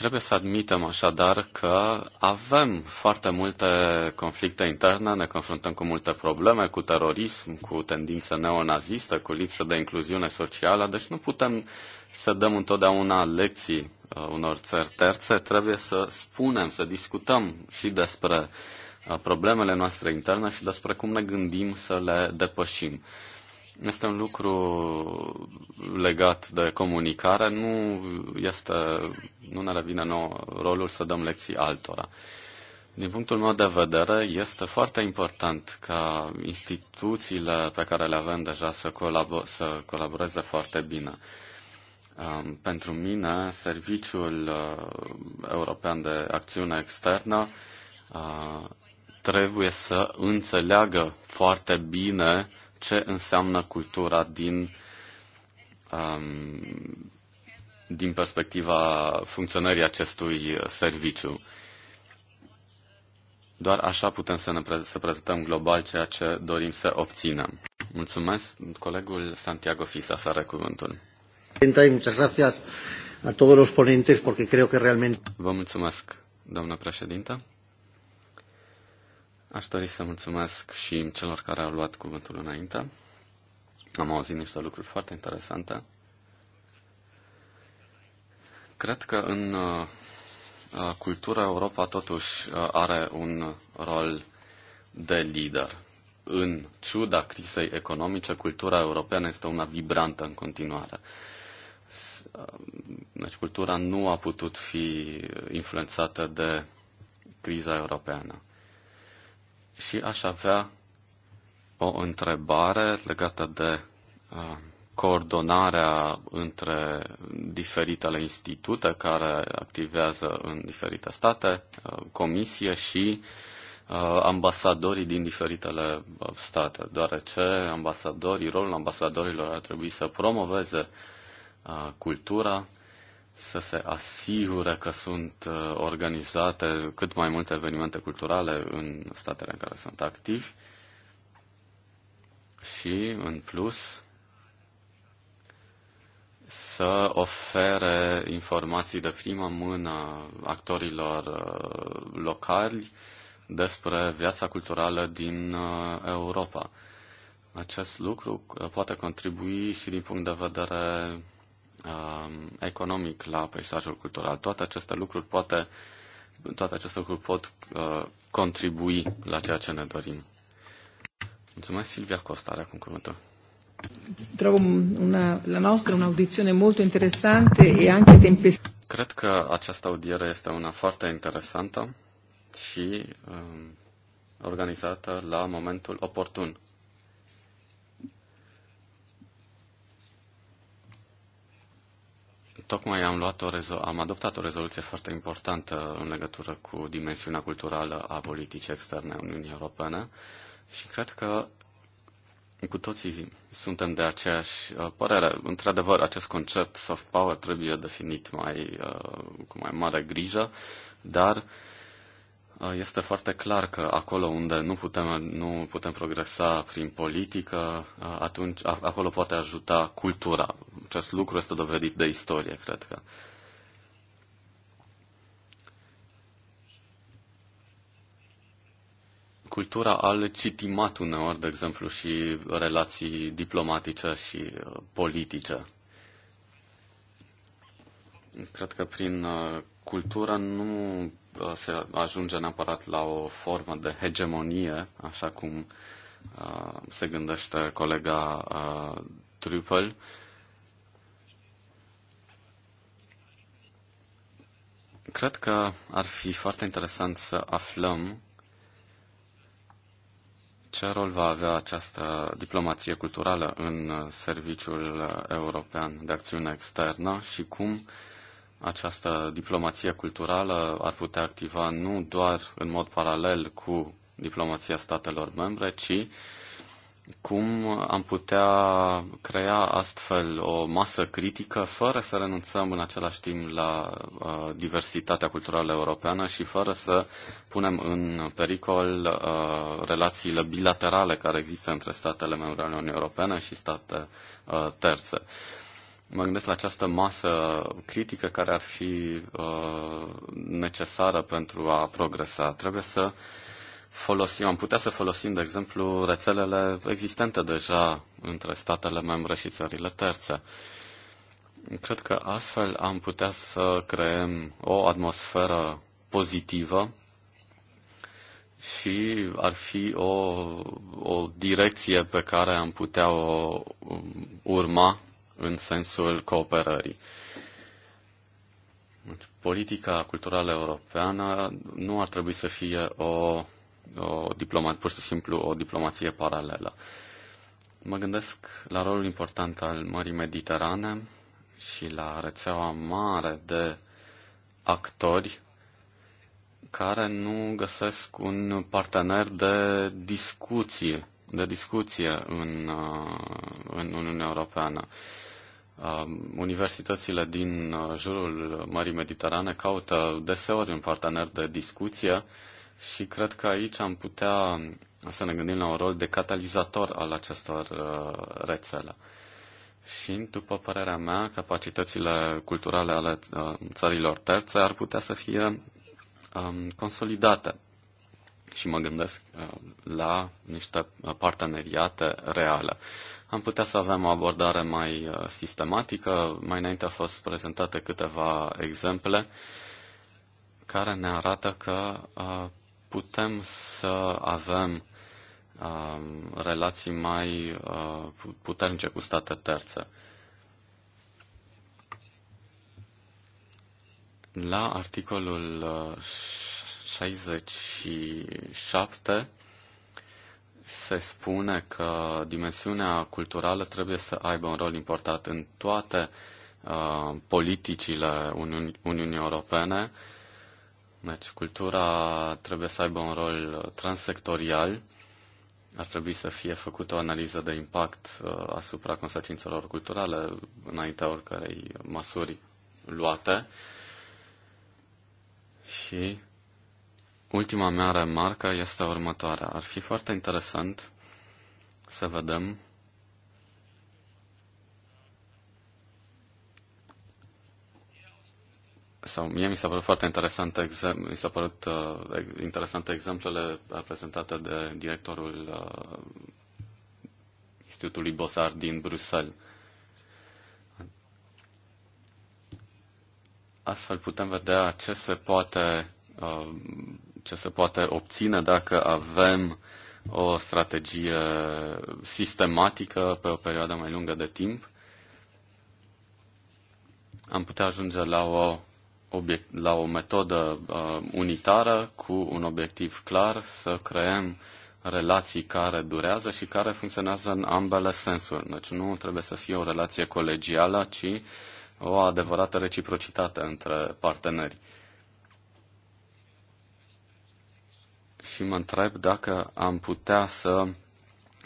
Trebuie să admitem așadar că avem foarte multe conflicte interne, ne confruntăm cu multe probleme, cu terorism, cu tendințe neonaziste, cu lipsă de incluziune socială, deci nu putem să dăm întotdeauna lecții uh, unor țări terțe, trebuie să spunem, să discutăm și despre uh, problemele noastre interne și despre cum ne gândim să le depășim. Este un lucru legat de comunicare, nu, este, nu ne revine nou rolul să dăm lecții altora. Din punctul meu de vedere, este foarte important ca instituțiile pe care le avem deja să, colabo- să colaboreze foarte bine. Um, pentru mine, Serviciul uh, European de Acțiune Externă uh, trebuie să înțeleagă foarte bine ce înseamnă cultura din, um, din perspectiva funcționării acestui serviciu. Doar așa putem să ne pre- să prezentăm global ceea ce dorim să obținem. Mulțumesc. Colegul Santiago Fisa să are cuvântul. Vă mulțumesc, doamnă președintă. Aș dori să mulțumesc și celor care au luat cuvântul înainte. Am auzit niște lucruri foarte interesante. Cred că în uh, uh, cultura Europa totuși uh, are un rol de lider. În ciuda crizei economice, cultura europeană este una vibrantă în continuare. Deci cultura nu a putut fi influențată de criza europeană. Și aș avea o întrebare legată de uh, coordonarea între diferitele institute care activează în diferite state, uh, comisie și uh, ambasadorii din diferitele state, deoarece ambasadorii, rolul ambasadorilor ar trebui să promoveze cultura, să se asigure că sunt uh, organizate cât mai multe evenimente culturale în statele în care sunt activi și, în plus, să ofere informații de primă mână actorilor uh, locali despre viața culturală din uh, Europa. Acest lucru poate contribui și din punct de vedere Um, economic la peisajul cultural. Toate aceste lucruri poate, toate aceste lucruri pot uh, contribui la ceea ce ne dorim. Mulțumesc, Silvia Costa, are acum cuvântul. Trebuie una, la noastră audiție mult interesantă și, anche tempestivă. Cred că această audiere este una foarte interesantă și um, organizată la momentul oportun. Tocmai am, luat o rezo- am adoptat o rezoluție foarte importantă în legătură cu dimensiunea culturală a politicii externe a Uniunii Europene și cred că cu toții suntem de aceeași uh, părere. Într-adevăr, acest concept soft power trebuie definit mai, uh, cu mai mare grijă, dar uh, este foarte clar că acolo unde nu putem, nu putem progresa prin politică, atunci acolo poate ajuta cultura. Acest lucru este dovedit de istorie, cred că. Cultura a legitimat uneori, de exemplu, și relații diplomatice și uh, politice. Cred că prin uh, cultură nu Uh, se ajunge neapărat la o formă de hegemonie, așa cum uh, se gândește colega Trupel. Uh, Cred că ar fi foarte interesant să aflăm ce rol va avea această diplomație culturală în Serviciul European de Acțiune Externă și cum această diplomație culturală ar putea activa nu doar în mod paralel cu diplomația statelor membre, ci cum am putea crea astfel o masă critică fără să renunțăm în același timp la uh, diversitatea culturală europeană și fără să punem în pericol uh, relațiile bilaterale care există între statele membre ale Uniunii Europene și state uh, terțe. Uh, Mă gândesc la această masă critică care ar fi uh, necesară pentru a progresa. Trebuie să folosim, am putea să folosim, de exemplu, rețelele existente deja între statele membre și țările terțe. Cred că astfel am putea să creăm o atmosferă pozitivă și ar fi o, o direcție pe care am putea o um, urma în sensul cooperării. Deci, politica culturală europeană nu ar trebui să fie o, o diplomat, pur și simplu o diplomație paralelă. Mă gândesc la rolul important al Mării Mediterane și la rețeaua mare de actori care nu găsesc un partener de discuție, de discuție în, uh, în Uniunea Europeană. Um, universitățile din uh, jurul Mării Mediterane caută deseori un partener de discuție și cred că aici am putea să ne gândim la un rol de catalizator al acestor uh, rețele. Și, după părerea mea, capacitățile culturale ale uh, țărilor terțe ar putea să fie um, consolidate. Și mă gândesc la niște parteneriate reale. Am putea să avem o abordare mai uh, sistematică. Mai înainte au fost prezentate câteva exemple care ne arată că uh, putem să avem um, relații mai uh, puternice cu state terțe. La articolul 67 se spune că dimensiunea culturală trebuie să aibă un rol important în toate uh, politicile Uniunii Europene. Deci cultura trebuie să aibă un rol transsectorial. Ar trebui să fie făcută o analiză de impact uh, asupra consecințelor culturale înaintea oricărei măsuri luate. Și Ultima mea remarcă este următoarea. Ar fi foarte interesant să vedem sau mie mi s-a părut foarte interesant, exem- mi s-a părut uh, interesante exemplele prezentate de directorul uh, Institutului Bosar din Bruxelles. Astfel putem vedea ce se poate uh, ce se poate obține dacă avem o strategie sistematică pe o perioadă mai lungă de timp, am putea ajunge la o, obiect, la o metodă uh, unitară cu un obiectiv clar, să creăm relații care durează și care funcționează în ambele sensuri. Deci nu trebuie să fie o relație colegială, ci o adevărată reciprocitate între parteneri. și mă întreb dacă am putea să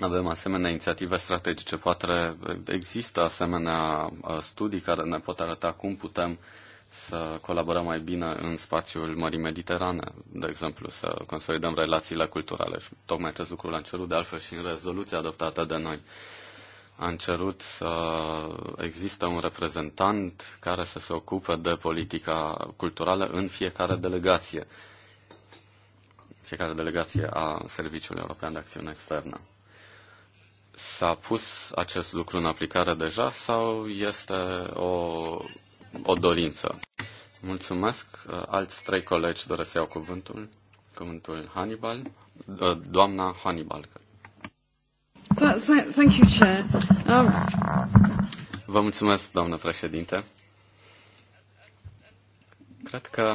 avem asemenea inițiative strategice. Poate există asemenea uh, studii care ne pot arăta cum putem să colaborăm mai bine în spațiul Mării Mediterane, de exemplu, să consolidăm relațiile culturale. Și tocmai acest lucru l-am cerut de altfel și în rezoluția adoptată de noi. Am cerut să există un reprezentant care să se ocupe de politica culturală în fiecare delegație fiecare delegație a Serviciului European de Acțiune Externă. S-a pus acest lucru în aplicare deja sau este o, o dorință? Mulțumesc. Alți trei colegi doresc să iau cuvântul. Cuvântul Hannibal. Ă, doamna Hannibal. Thank you, Chair. Um, Vă mulțumesc, doamnă președinte. Cred că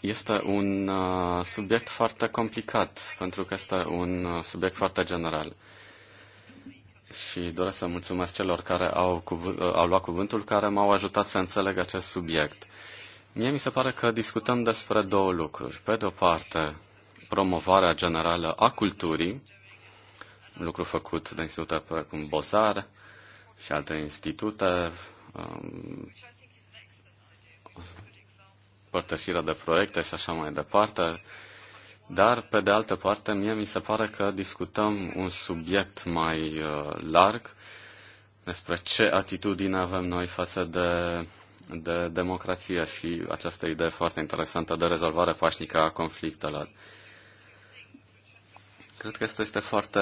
este un uh, subiect foarte complicat, pentru că este un uh, subiect foarte general. Și doresc să mulțumesc celor care au, cuv- uh, au luat cuvântul, care m-au ajutat să înțeleg acest subiect. Mie mi se pare că discutăm despre două lucruri. Pe de o parte, promovarea generală a culturii, lucru făcut de institute precum Bozar și alte institute, um, părtășirea de proiecte și așa mai departe. Dar, pe de altă parte, mie mi se pare că discutăm un subiect mai uh, larg despre ce atitudine avem noi față de, de democrație și această idee foarte interesantă de rezolvare pașnică a conflictelor. Cred că este, este foarte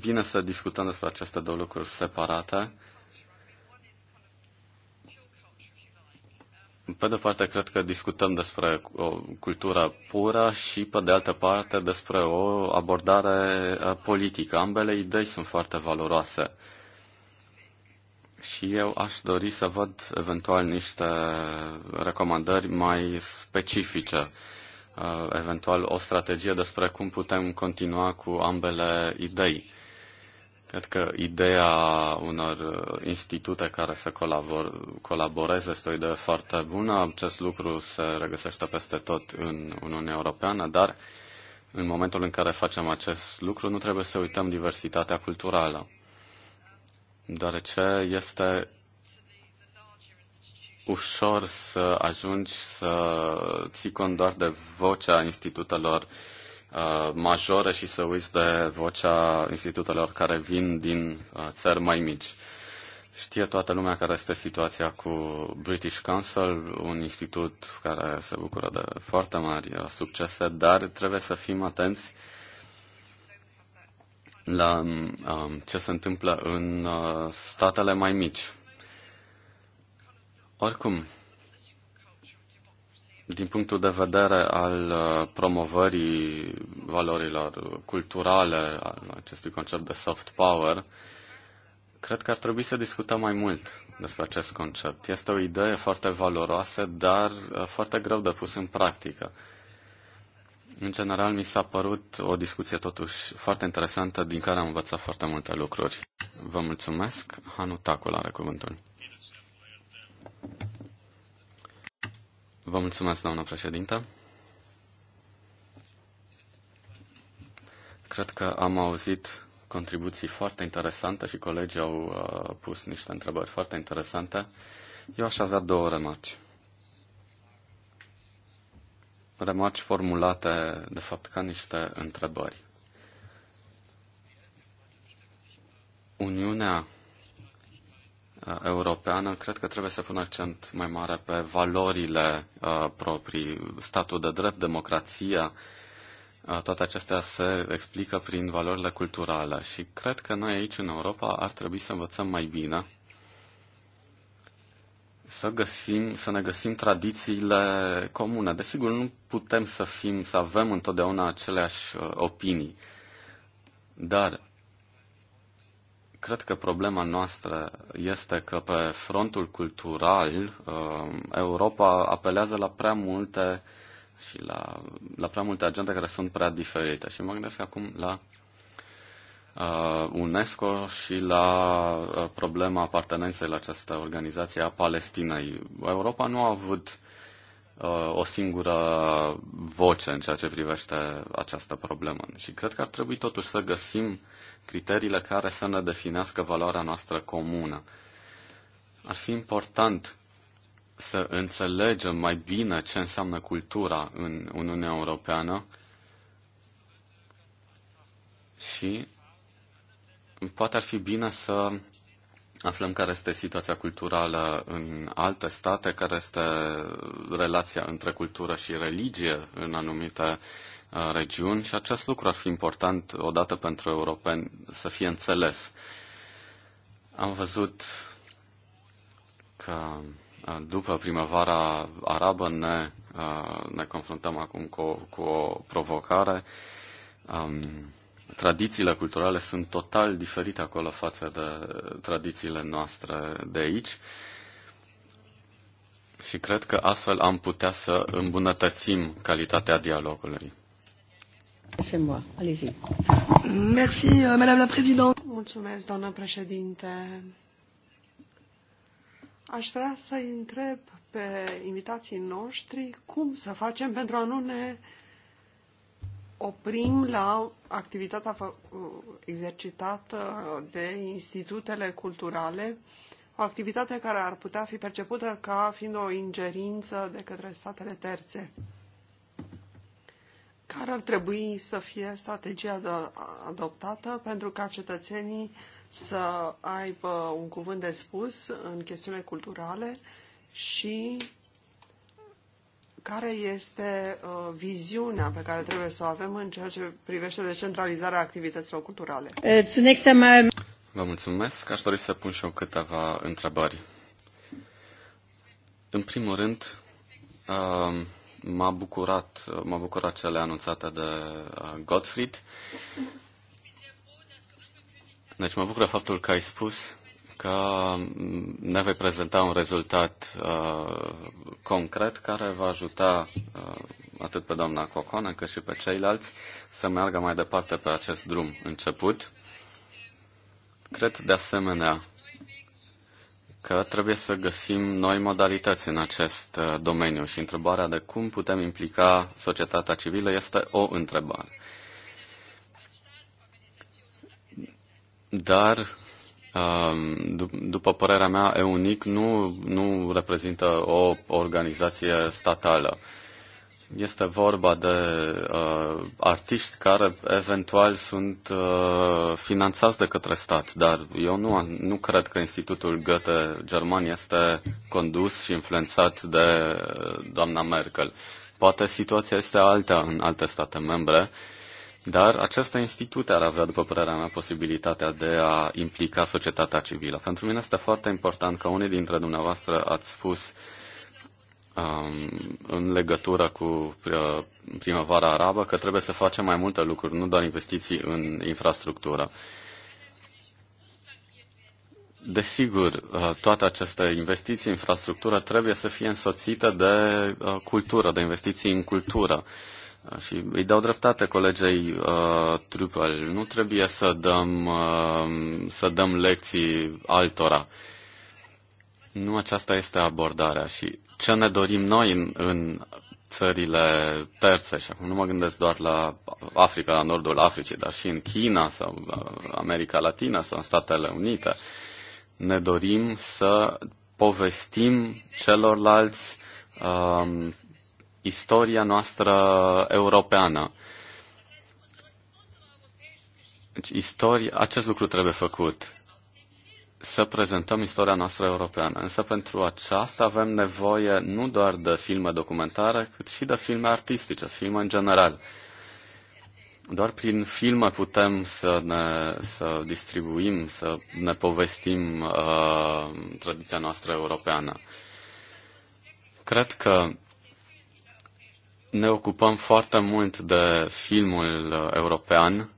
bine să discutăm despre aceste două lucruri separate pe de parte, cred că discutăm despre o cultură pură și, pe de altă parte, despre o abordare uh, politică. Ambele idei sunt foarte valoroase. Și eu aș dori să văd eventual niște recomandări mai specifice, uh, eventual o strategie despre cum putem continua cu ambele idei Cred că ideea unor uh, institute care să colabor, colaboreze este o idee foarte bună. Acest lucru se regăsește peste tot în Uniunea Europeană, dar în momentul în care facem acest lucru nu trebuie să uităm diversitatea culturală, deoarece este ușor să ajungi să ții cont doar de vocea institutelor uh, Uh, majore și să uiți de vocea institutelor care vin din uh, țări mai mici. Știe toată lumea care este situația cu British Council, un institut care se bucură de foarte mari uh, succese, dar trebuie să fim atenți la um, um, ce se întâmplă în uh, statele mai mici. Oricum, din punctul de vedere al uh, promovării valorilor culturale, al acestui concept de soft power, cred că ar trebui să discutăm mai mult despre acest concept. Este o idee foarte valoroasă, dar uh, foarte greu de pus în practică. În general, mi s-a părut o discuție totuși foarte interesantă, din care am învățat foarte multe lucruri. Vă mulțumesc. Hanu Tacul are cuvântul. Vă mulțumesc, doamnă președintă. Cred că am auzit contribuții foarte interesante și colegii au uh, pus niște întrebări foarte interesante. Eu aș avea două remarci. Remarci formulate, de fapt, ca niște întrebări. Uniunea Uh, europeană, cred că trebuie să pun accent mai mare pe valorile uh, proprii, statul de drept, democrația, uh, toate acestea se explică prin valorile culturale și cred că noi aici în Europa ar trebui să învățăm mai bine să găsim, să ne găsim tradițiile comune. Desigur, nu putem să fim, să avem întotdeauna aceleași uh, opinii, dar Cred că problema noastră este că pe frontul cultural um, Europa apelează la prea multe și la, la prea multe agende care sunt prea diferite. Și mă gândesc acum la uh, UNESCO și la uh, problema apartenenței la această organizație a Palestinei. Europa nu a avut uh, o singură voce în ceea ce privește această problemă. Și cred că ar trebui totuși să găsim uh, criteriile care să ne definească valoarea noastră comună. Ar fi important să înțelegem mai bine ce înseamnă cultura în Uniunea Europeană și poate ar fi bine să aflăm care este situația culturală în alte state, care este relația între cultură și religie în anumite Uh, regiuni și acest lucru ar fi important odată pentru europeni să fie înțeles. Am văzut că uh, după primăvara arabă ne, uh, ne confruntăm acum cu, o, cu o provocare. Um, tradițiile culturale sunt total diferite acolo față de tradițiile noastre de aici și cred că astfel am putea să îmbunătățim calitatea dialogului. Euh, Mulțumesc, doamnă președinte. Aș vrea să întreb pe invitații noștri cum să facem pentru a nu ne oprim la activitatea uh, exercitată de institutele culturale, o activitate care ar putea fi percepută ca fiind o ingerință de către statele terțe care ar trebui să fie strategia adoptată pentru ca cetățenii să aibă un cuvânt de spus în chestiunile culturale și care este uh, viziunea pe care trebuie să o avem în ceea ce privește decentralizarea activităților culturale. Eh, Vă mulțumesc. Aș dori să pun și eu câteva întrebări. În primul rând, uh, M-a bucurat, m-a bucurat cele anunțate de uh, Gottfried. Deci mă bucură faptul că ai spus că mm, ne vei prezenta un rezultat uh, concret care va ajuta uh, atât pe doamna Cocona cât și pe ceilalți să meargă mai departe pe acest drum început. Cred de asemenea că trebuie să găsim noi modalități în acest uh, domeniu și întrebarea de cum putem implica societatea civilă este o întrebare. Dar, um, după părerea mea, EUNIC nu, nu reprezintă o organizație statală. Este vorba de uh, artiști care eventual sunt uh, finanțați de către stat, dar eu nu, nu cred că Institutul Goethe German este condus și influențat de uh, doamna Merkel. Poate situația este alta în alte state membre, dar aceste institute ar avea, după părerea mea, posibilitatea de a implica societatea civilă. Pentru mine este foarte important că unii dintre dumneavoastră ați spus uh, Um, în legătură cu uh, primăvara arabă că trebuie să facem mai multe lucruri, nu doar investiții în infrastructură. Desigur, uh, toate aceste investiții în infrastructură trebuie să fie însoțite de uh, cultură, de investiții în cultură. Și îi dau dreptate colegei uh, Trupel. Nu trebuie să dăm, uh, să dăm lecții altora. Nu aceasta este abordarea și ce ne dorim noi în, în țările terțe, și acum nu mă gândesc doar la Africa, la nordul Africii, dar și în China sau America Latina sau în Statele Unite, ne dorim să povestim celorlalți um, istoria noastră europeană. Deci, istoria, acest lucru trebuie făcut să prezentăm istoria noastră europeană. Însă pentru aceasta avem nevoie nu doar de filme documentare, cât și de filme artistice, filme în general. Doar prin filme putem să ne să distribuim, să ne povestim uh, tradiția noastră europeană. Cred că ne ocupăm foarte mult de filmul european,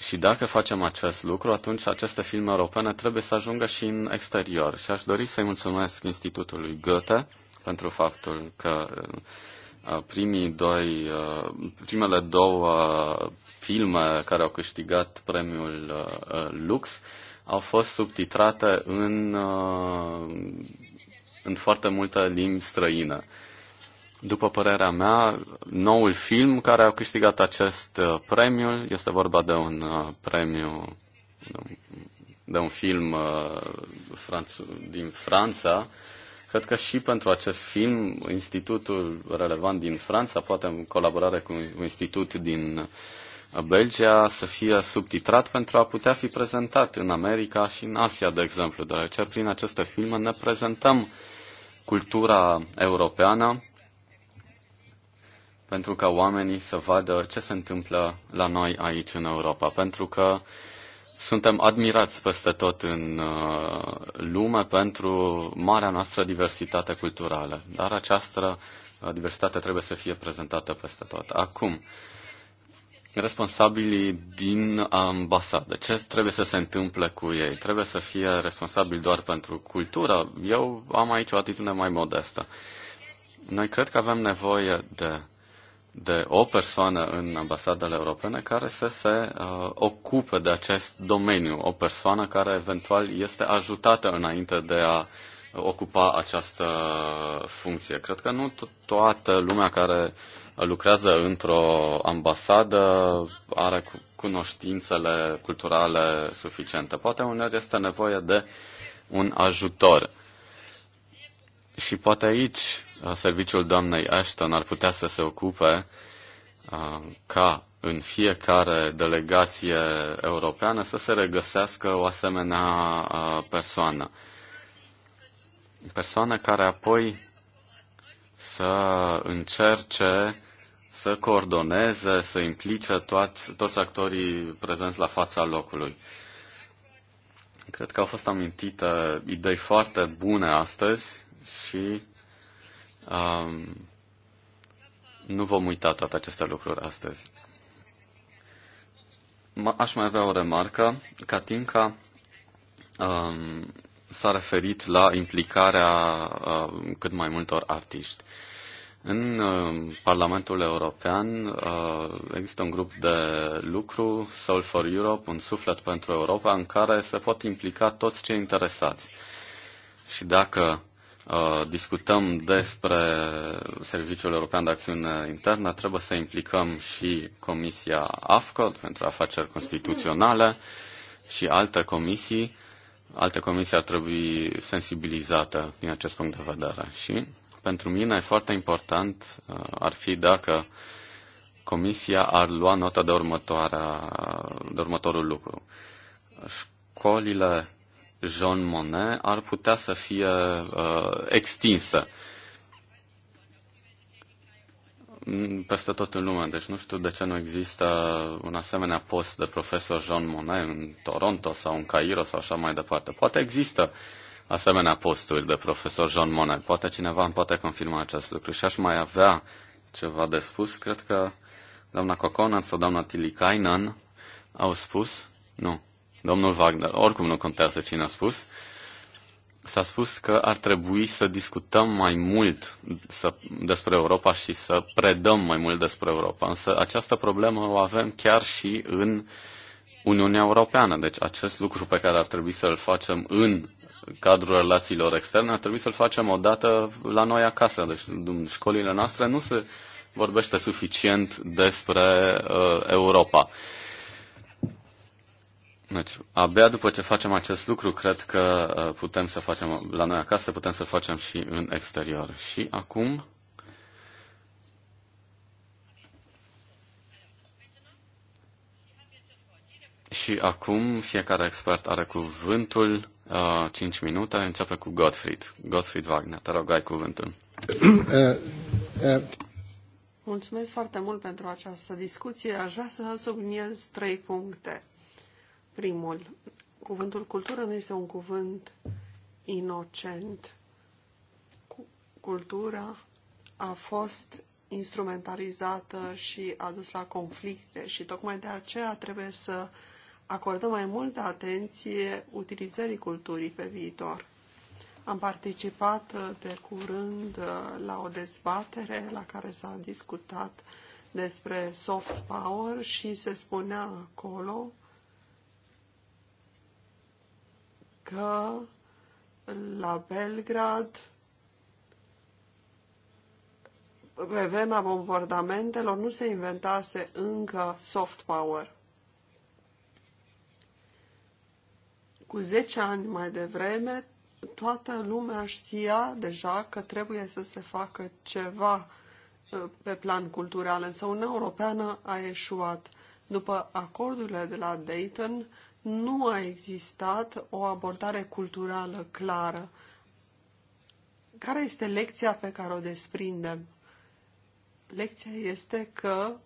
și dacă facem acest lucru, atunci aceste filme europene trebuie să ajungă și în exterior. Și aș dori să-i mulțumesc Institutului Goethe pentru faptul că uh, primii doi, uh, primele două filme care au câștigat premiul uh, Lux au fost subtitrate în, în foarte multe limbi străine după părerea mea, noul film care a câștigat acest uh, premiu. Este vorba de un uh, premiu, de un film uh, din Franța. Cred că și pentru acest film, institutul relevant din Franța, poate în colaborare cu un institut din Belgia, să fie subtitrat pentru a putea fi prezentat în America și în Asia, de exemplu, deoarece prin aceste filme ne prezentăm cultura europeană, pentru ca oamenii să vadă ce se întâmplă la noi aici în Europa, pentru că suntem admirați peste tot în uh, lume pentru marea noastră diversitate culturală, dar această uh, diversitate trebuie să fie prezentată peste tot. Acum, responsabilii din ambasadă. Ce trebuie să se întâmple cu ei? Trebuie să fie responsabili doar pentru cultură? Eu am aici o atitudine mai modestă. Noi cred că avem nevoie de de o persoană în ambasadele europene care să se uh, ocupe de acest domeniu, o persoană care eventual este ajutată înainte de a ocupa această funcție. Cred că nu toată lumea care lucrează într-o ambasadă are cunoștințele culturale suficiente. Poate uneori este nevoie de un ajutor. Și poate aici serviciul doamnei Ashton ar putea să se ocupe ca în fiecare delegație europeană să se regăsească o asemenea persoană. Persoană care apoi să încerce să coordoneze, să implice toți, toți actorii prezenți la fața locului. Cred că au fost amintite idei foarte bune astăzi și Um, nu vom uita toate aceste lucruri astăzi. Aș mai avea o remarcă. Katinka um, s-a referit la implicarea um, cât mai multor artiști. În Parlamentul European există un grup de lucru, Soul for Europe, un suflet pentru Europa, în care se pot implica toți cei interesați. Și dacă Uh, discutăm despre Serviciul European de Acțiune Internă, trebuie să implicăm și Comisia AFCO pentru afaceri constituționale și alte comisii. Alte comisii ar trebui sensibilizate din acest punct de vedere. Și pentru mine foarte important uh, ar fi dacă Comisia ar lua nota de, următoarea, de următorul lucru. Școlile Jean Monnet ar putea să fie uh, extinsă mm, peste tot în lume. Deci nu știu de ce nu există un asemenea post de profesor Jean Monnet în Toronto sau în Cairo sau așa mai departe. Poate există asemenea posturi de profesor Jean Monnet. Poate cineva îmi poate confirma acest lucru. Și aș mai avea ceva de spus. Cred că doamna Coconan sau doamna Tilikainen au spus. Nu domnul Wagner, oricum nu contează cine a spus, s-a spus că ar trebui să discutăm mai mult să, despre Europa și să predăm mai mult despre Europa. Însă această problemă o avem chiar și în Uniunea Europeană. Deci acest lucru pe care ar trebui să-l facem în cadrul relațiilor externe, ar trebui să-l facem odată la noi acasă. Deci în școlile noastre nu se vorbește suficient despre uh, Europa. Uh, deci, abia după ce facem acest lucru, cred că uh, putem să facem la noi acasă, putem să facem și în exterior. Și acum... Și acum fiecare expert are cuvântul, uh, 5 minute, începe cu Gottfried. Gottfried Wagner, te rog, ai cuvântul. Uh, uh, Mulțumesc foarte mult pentru această discuție. Aș vrea să subliniez trei puncte. Primul, cuvântul cultură nu este un cuvânt inocent. Cultura a fost instrumentalizată și a dus la conflicte și tocmai de aceea trebuie să acordăm mai multă atenție utilizării culturii pe viitor. Am participat uh, de curând uh, la o dezbatere la care s-a discutat despre soft power și se spunea acolo că la Belgrad pe vremea bombardamentelor nu se inventase încă soft power. Cu 10 ani mai devreme, toată lumea știa deja că trebuie să se facă ceva uh, pe plan cultural, însă Uniunea Europeană a eșuat. După acordurile de la Dayton, nu a existat o abordare culturală clară. Care este lecția pe care o desprindem? Lecția este că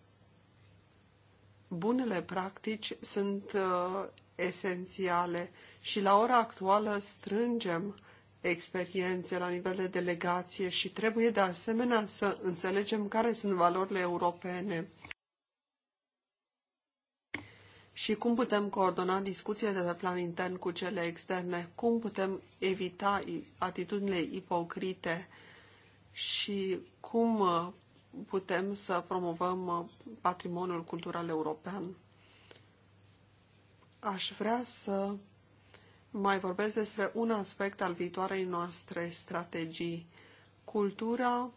bunele practici sunt uh, esențiale și la ora actuală strângem experiențe la nivel de delegație și trebuie de asemenea să înțelegem care sunt valorile europene și cum putem coordona discuțiile de pe plan intern cu cele externe, cum putem evita atitudinile ipocrite și cum uh, putem să promovăm uh, patrimoniul cultural european. Aș vrea să mai vorbesc despre un aspect al viitoarei noastre strategii. Cultura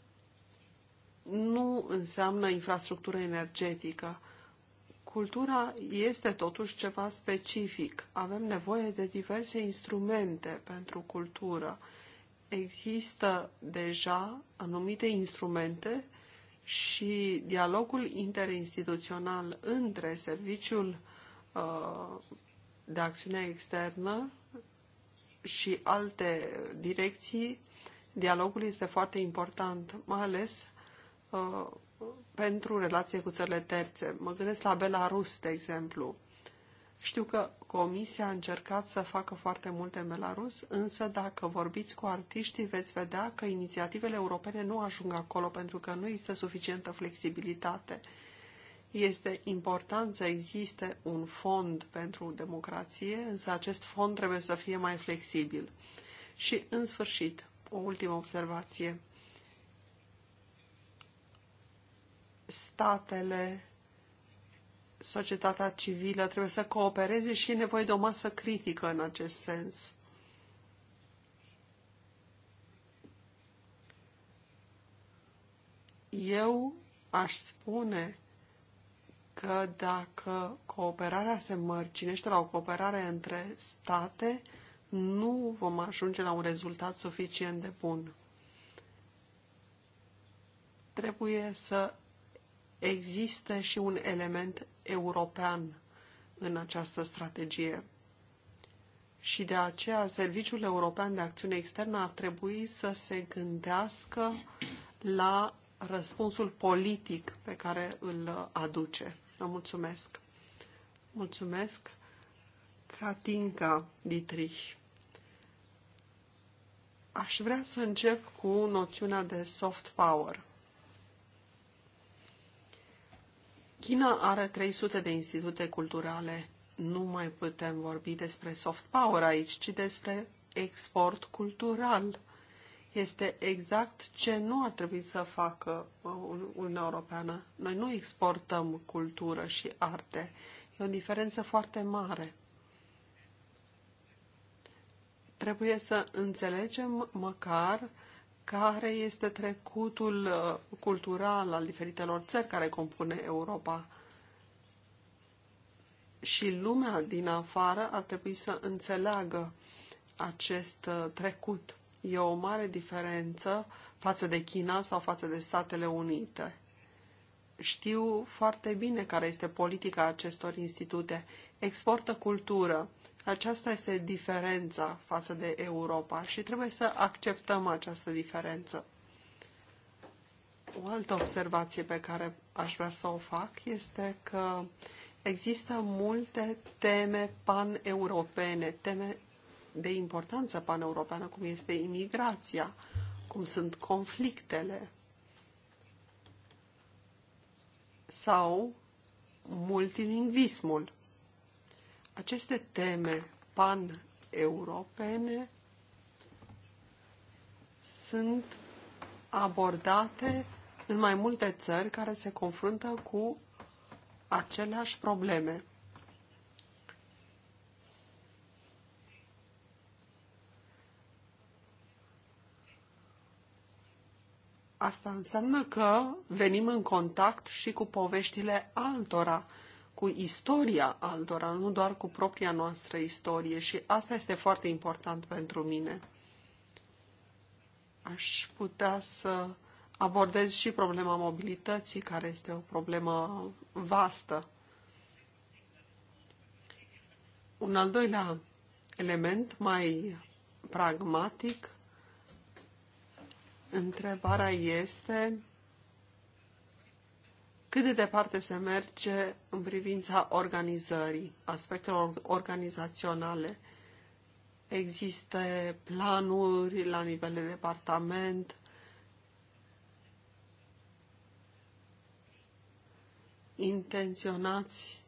nu înseamnă infrastructură energetică. Cultura este totuși ceva specific. Avem nevoie de diverse instrumente pentru cultură. Există deja anumite instrumente și dialogul interinstituțional între Serviciul uh, de Acțiune Externă și alte direcții, dialogul este foarte important, mai ales uh, pentru relație cu țările terțe. Mă gândesc la Belarus, de exemplu. Știu că Comisia a încercat să facă foarte multe în Belarus, însă dacă vorbiți cu artiștii veți vedea că inițiativele europene nu ajung acolo pentru că nu există suficientă flexibilitate. Este important să existe un fond pentru democrație, însă acest fond trebuie să fie mai flexibil. Și, în sfârșit, o ultimă observație. statele, societatea civilă trebuie să coopereze și e nevoie de o masă critică în acest sens. Eu aș spune că dacă cooperarea se mărcinește la o cooperare între state, nu vom ajunge la un rezultat suficient de bun. Trebuie să existe și un element european în această strategie. Și de aceea Serviciul European de Acțiune Externă ar trebui să se gândească la răspunsul politic pe care îl aduce. Vă mulțumesc. Mulțumesc. Katinka Dietrich. Aș vrea să încep cu noțiunea de soft power – China are 300 de institute culturale. Nu mai putem vorbi despre soft power aici, ci despre export cultural. Este exact ce nu ar trebui să facă uh, Uniunea Europeană. Noi nu exportăm cultură și arte. E o diferență foarte mare. Trebuie să înțelegem măcar care este trecutul uh, cultural al diferitelor țări care compune Europa. Și lumea din afară ar trebui să înțeleagă acest uh, trecut. E o mare diferență față de China sau față de Statele Unite. Știu foarte bine care este politica acestor institute. Exportă cultură, aceasta este diferența față de Europa și trebuie să acceptăm această diferență. O altă observație pe care aș vrea să o fac este că există multe teme paneuropene, teme de importanță paneuropeană, cum este imigrația, cum sunt conflictele sau multilingvismul. Aceste teme pan-europene sunt abordate în mai multe țări care se confruntă cu aceleași probleme. Asta înseamnă că venim în contact și cu poveștile altora cu istoria altora, nu doar cu propria noastră istorie și asta este foarte important pentru mine. Aș putea să abordez și problema mobilității, care este o problemă vastă. Un al doilea element mai pragmatic, întrebarea este cât de departe se merge în privința organizării, aspectelor organizaționale. Există planuri la nivel de departament, intenționați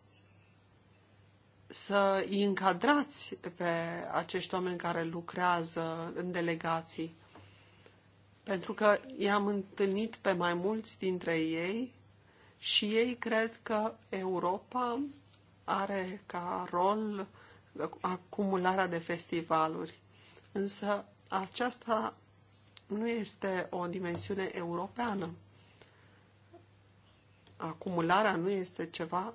să îi încadrați pe acești oameni care lucrează în delegații. Pentru că i-am întâlnit pe mai mulți dintre ei și ei cred că Europa are ca rol acumularea de festivaluri. Însă aceasta nu este o dimensiune europeană. Acumularea nu este ceva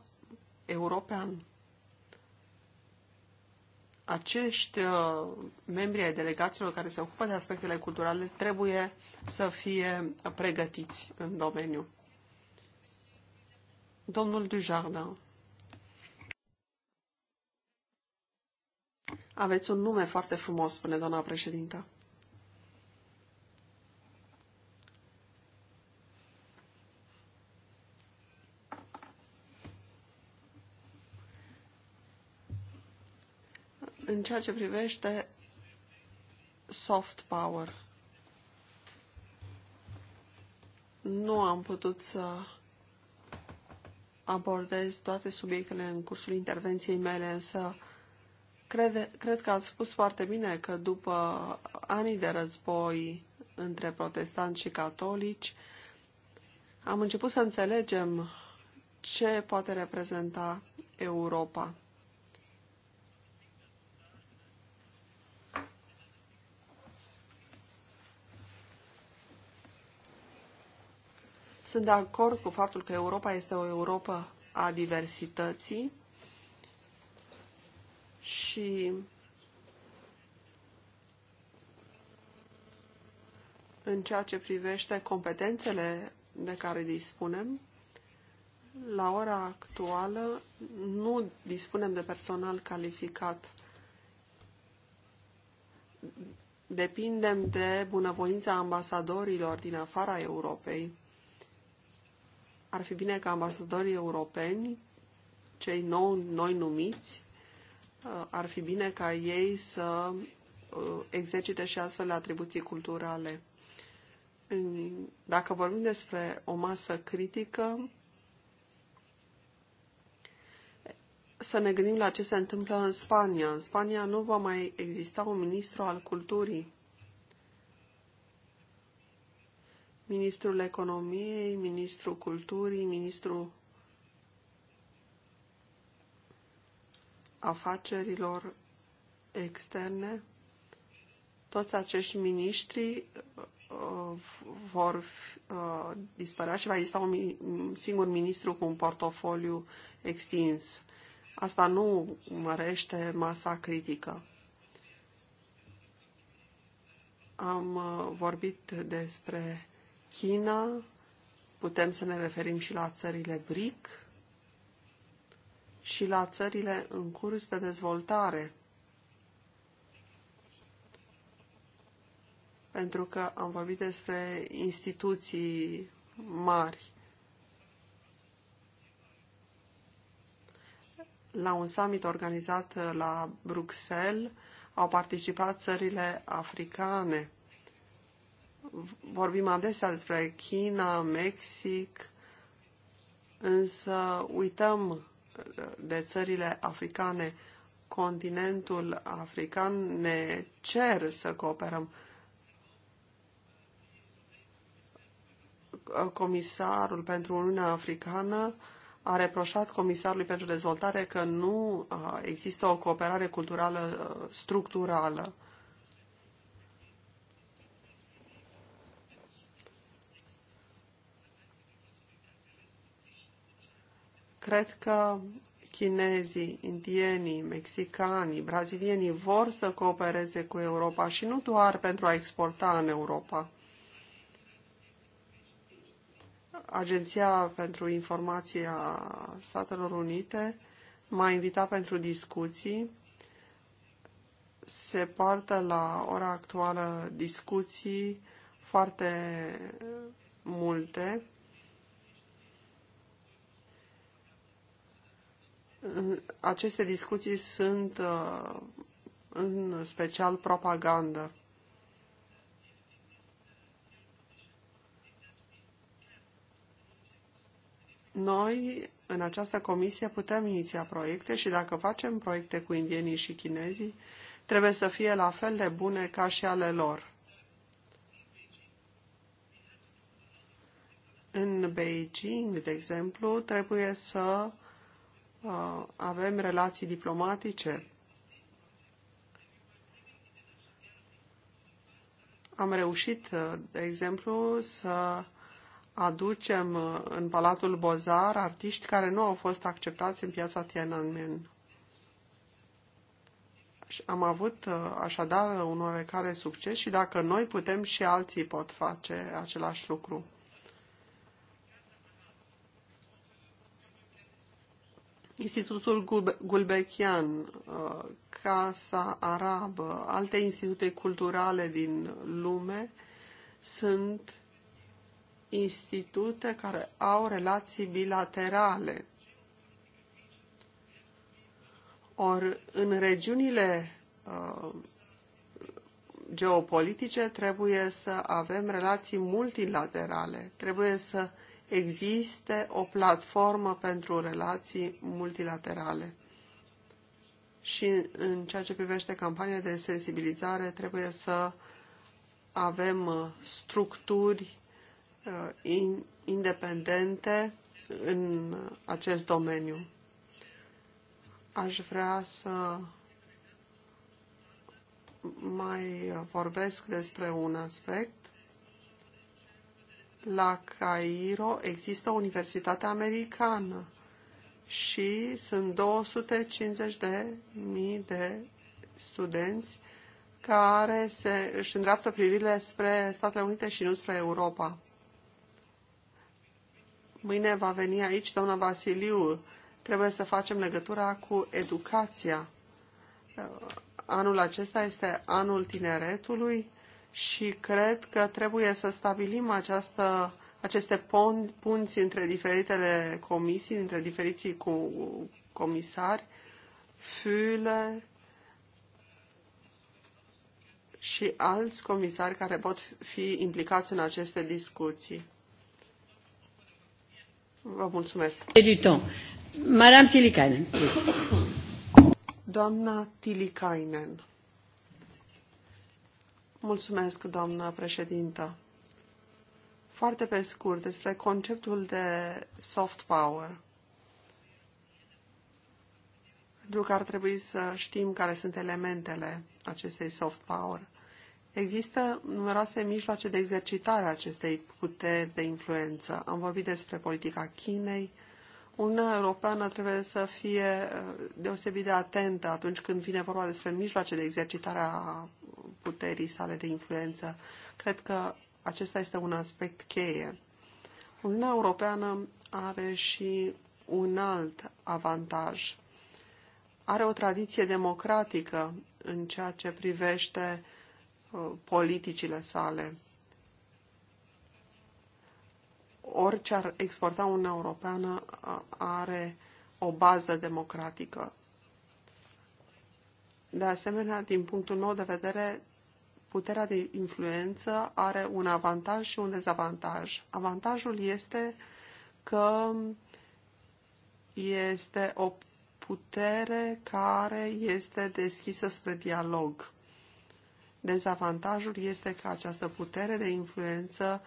european. Acești uh, membri ai delegațiilor care se ocupă de aspectele culturale trebuie să fie pregătiți în domeniu. Domnul Dujardin. Aveți un nume foarte frumos, spune doamna președintă. În ceea ce privește soft power, nu am putut să abordez toate subiectele în cursul intervenției mele, însă crede, cred că ați spus foarte bine că după anii de război între protestanți și catolici, am început să înțelegem ce poate reprezenta Europa. Sunt de acord cu faptul că Europa este o Europa a diversității și în ceea ce privește competențele de care dispunem, la ora actuală nu dispunem de personal calificat. Depindem de bunăvoința ambasadorilor din afara Europei. Ar fi bine ca ambasadorii europeni, cei nou, noi numiți, uh, ar fi bine ca ei să uh, exercite și astfel atribuții culturale. Dacă vorbim despre o masă critică, să ne gândim la ce se întâmplă în Spania. În Spania nu va mai exista un ministru al culturii. ministrul economiei, ministrul culturii, ministrul afacerilor externe. Toți acești miniștri uh, vor uh, dispărea și va exista un singur ministru cu un portofoliu extins. Asta nu mărește masa critică. Am uh, vorbit despre China, putem să ne referim și la țările BRIC și la țările în curs de dezvoltare. Pentru că am vorbit despre instituții mari. La un summit organizat la Bruxelles au participat țările africane vorbim adesea despre China, Mexic, însă uităm de țările africane. Continentul african ne cer să cooperăm. Comisarul pentru Uniunea Africană a reproșat Comisarului pentru Dezvoltare că nu există o cooperare culturală ă, structurală. Cred că chinezii, indienii, mexicanii, brazilienii vor să coopereze cu Europa și nu doar pentru a exporta în Europa. Agenția pentru Informație a Statelor Unite m-a invitat pentru discuții. Se poartă la ora actuală discuții foarte multe aceste discuții sunt uh, în special propagandă. Noi, în această comisie, putem iniția proiecte și dacă facem proiecte cu indienii și chinezii, trebuie să fie la fel de bune ca și ale lor. În Beijing, de exemplu, trebuie să Uh, avem relații diplomatice. Am reușit, uh, de exemplu, să aducem uh, în Palatul Bozar artiști care nu au fost acceptați în piața Tiananmen. Am avut așadar un oarecare succes și dacă noi putem și alții pot face același lucru. Institutul Gulbechian, uh, Casa Arabă, alte institute culturale din lume sunt institute care au relații bilaterale. Ori în regiunile uh, geopolitice trebuie să avem relații multilaterale, trebuie să uh, existe o platformă pentru relații multilaterale. Și în ceea ce privește campania de sensibilizare, trebuie să avem uh, structuri uh, independente în acest domeniu. Aș vrea să mai vorbesc despre un aspect la Cairo există o universitate americană și sunt 250 de mii de studenți care se, își îndreaptă privirile spre Statele Unite și nu spre Europa. Mâine va veni aici doamna Vasiliu. Trebuie să facem legătura cu educația. Anul acesta este anul tineretului și cred că trebuie să stabilim această, aceste pon, punți între diferitele comisii, între diferiții cu, comisari, Füle și alți comisari care pot fi implicați în aceste discuții. Vă mulțumesc. Madame Tilikainen. Doamna Tilikainen. Mulțumesc, doamnă președintă. Foarte pe scurt, despre conceptul de soft power. Pentru că ar trebui să știm care sunt elementele acestei soft power. Există numeroase mijloace de exercitare a acestei puteri de influență. Am vorbit despre politica Chinei. Uniunea Europeană trebuie să fie uh, deosebit de atentă atunci când vine vorba despre mijloace de exercitare a puterii sale de influență. Cred că acesta este un aspect cheie. Uniunea Europeană are și un alt avantaj. Are o tradiție democratică în ceea ce privește uh, politicile sale. Orice ar exporta Uniunea Europeană are o bază democratică. De asemenea, din punctul meu de vedere, puterea de influență are un avantaj și un dezavantaj. Avantajul este că este o putere care este deschisă spre dialog. Dezavantajul este că această putere de influență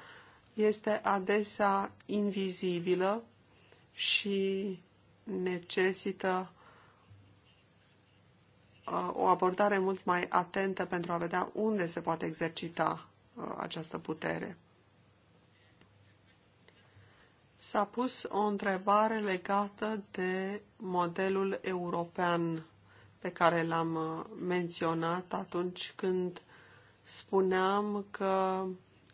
este adesea invizibilă și necesită o abordare mult mai atentă pentru a vedea unde se poate exercita uh, această putere. S-a pus o întrebare legată de modelul european pe care l-am uh, menționat atunci când spuneam că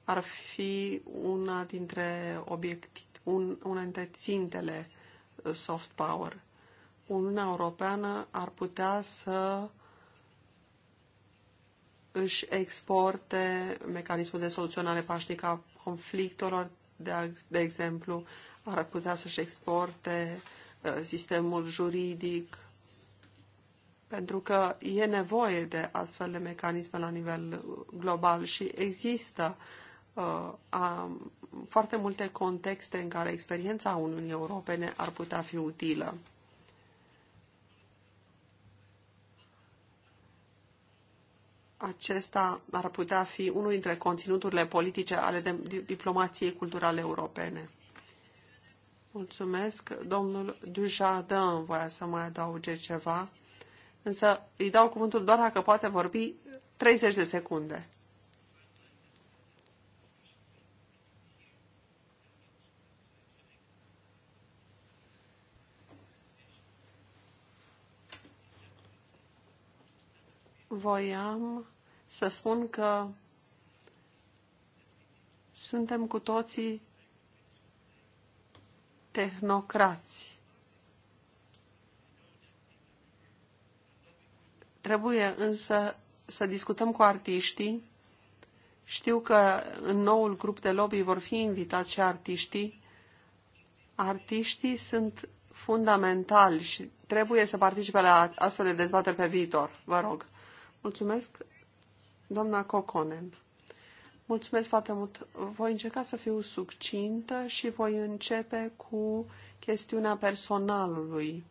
ar fi una dintre obiecti- un, una dintre țintele uh, soft power. Uniunea Europeană ar putea să își exporte mecanismul de soluționare pașnică a conflictelor, de, de exemplu, ar putea să-și exporte uh, sistemul juridic, pentru că e nevoie de astfel de mecanisme la nivel uh, global și există uh, a, foarte multe contexte în care experiența Uniunii Europene ar putea fi utilă. acesta ar putea fi unul dintre conținuturile politice ale diplomației culturale europene. Mulțumesc. Domnul Dujardin voia să mai adauge ceva, însă îi dau cuvântul doar dacă poate vorbi 30 de secunde. voiam să spun că suntem cu toții tehnocrați. Trebuie însă să discutăm cu artiștii. Știu că în noul grup de lobby vor fi invitați și artiștii. Artiștii sunt fundamentali și trebuie să participe la astfel de dezbateri pe viitor. Vă rog. Mulțumesc, Doamna Coconen. Mulțumesc foarte mult. Voi încerca să fiu succintă și voi începe cu chestiunea personalului.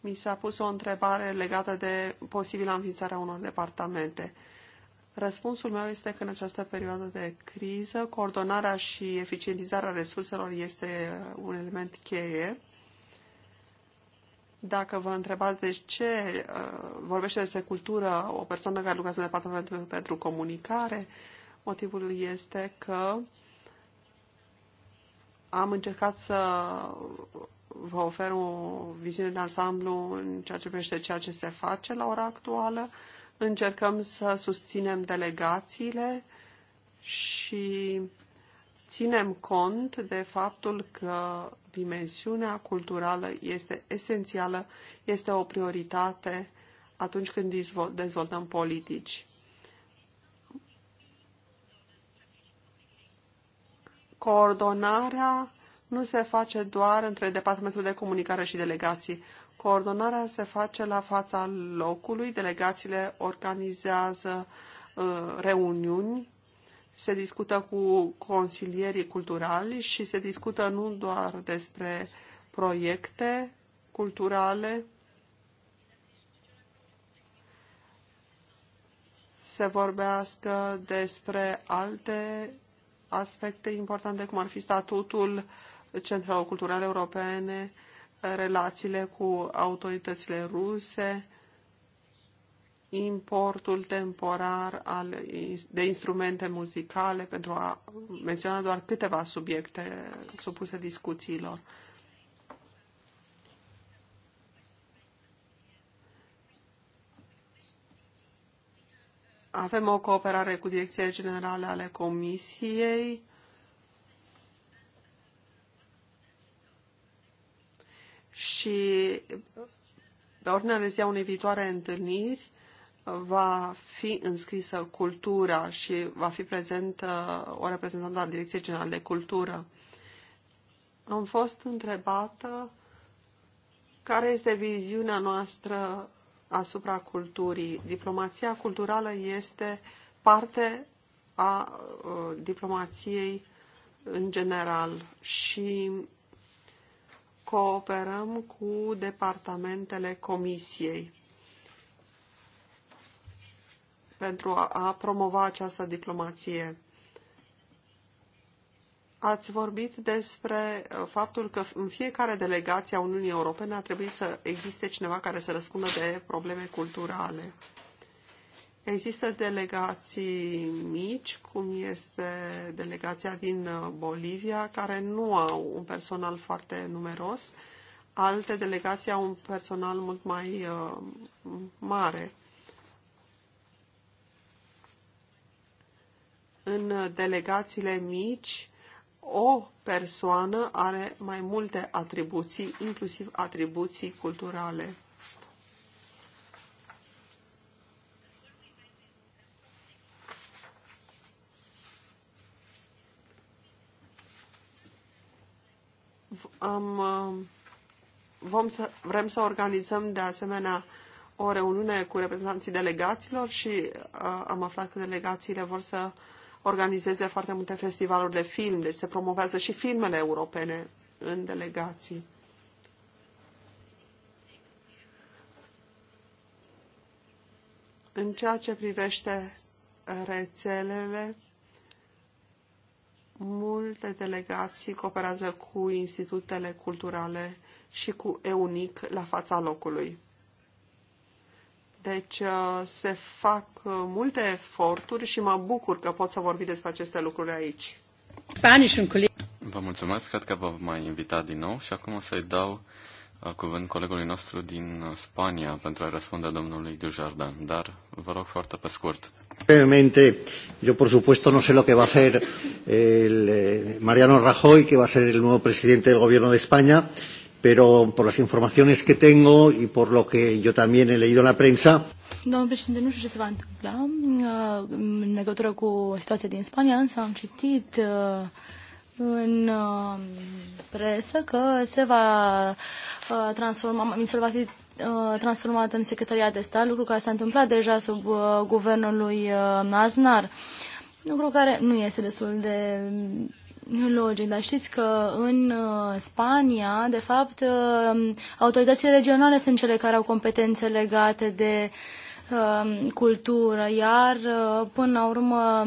Mi s-a pus o întrebare legată de posibilă înființarea unor departamente. Răspunsul meu este că în această perioadă de criză, coordonarea și eficientizarea resurselor este un element cheie. Dacă vă întrebați de ce uh, vorbește despre cultură o persoană care lucrează în departamentul pentru comunicare, motivul este că am încercat să vă ofer o viziune de ansamblu în ceea ce privește ceea ce se face la ora actuală. Încercăm să susținem delegațiile și ținem cont de faptul că dimensiunea culturală este esențială, este o prioritate atunci când dezvoltăm politici. Coordonarea nu se face doar între Departamentul de Comunicare și delegații. Coordonarea se face la fața locului. Delegațiile organizează uh, reuniuni se discută cu consilierii culturali și se discută nu doar despre proiecte culturale, se vorbească despre alte aspecte importante, cum ar fi statutul centrelor cultural europene, relațiile cu autoritățile ruse, importul temporar al, de instrumente muzicale, pentru a menționa doar câteva subiecte supuse discuțiilor. Avem o cooperare cu Direcția Generală ale Comisiei. Și pe ordinea de zi a unei viitoare întâlniri va fi înscrisă cultura și va fi prezentă o reprezentantă a Direcției Generale de Cultură. Am fost întrebată care este viziunea noastră asupra culturii. Diplomația culturală este parte a uh, diplomației în general și cooperăm cu departamentele comisiei pentru a promova această diplomație. Ați vorbit despre uh, faptul că în fiecare delegație a Uniunii Europene a trebuit să existe cineva care să răspundă de probleme culturale. Există delegații mici, cum este delegația din uh, Bolivia, care nu au un personal foarte numeros. Alte delegații au un personal mult mai uh, mare. în delegațiile mici, o persoană are mai multe atribuții, inclusiv atribuții culturale. Am, uh, vom să, vrem să organizăm de asemenea o reuniune cu reprezentanții delegaților și uh, am aflat că delegațiile vor să uh, organizeze foarte multe festivaluri de film, deci se promovează și filmele europene în delegații. În ceea ce privește rețelele, multe delegații cooperează cu institutele culturale și cu EUNIC la fața locului. Deci uh, se fac uh, multe eforturi și mă bucur că pot să vorbi despre aceste lucruri aici. Vă mulțumesc, cred că vă mai invita din nou și acum o să-i dau uh, cuvânt colegului nostru din Spania pentru a răspunde domnului Dujardin, dar vă rog foarte pe scurt. Brevemente, yo por supuesto no sé lo que va a hacer el eh, Mariano Rajoy, que va a ser el nuevo presidente del gobierno de España, pero por las informaciones que tengo y por lo que yo también he leído en la prensa. Domnul președinte, nu știu ce se va întâmpla uh, în legătură cu situația din Spania, însă am citit uh, în uh, presă că se va transforma, ministrul va fi transformat în secretariat de stat, lucru care s-a întâmplat deja sub guvernul lui Aznar, lucru care nu este destul de logic, dar știți că în uh, Spania, de fapt, uh, autoritățile regionale sunt cele care au competențe legate de uh, cultură, iar până la urmă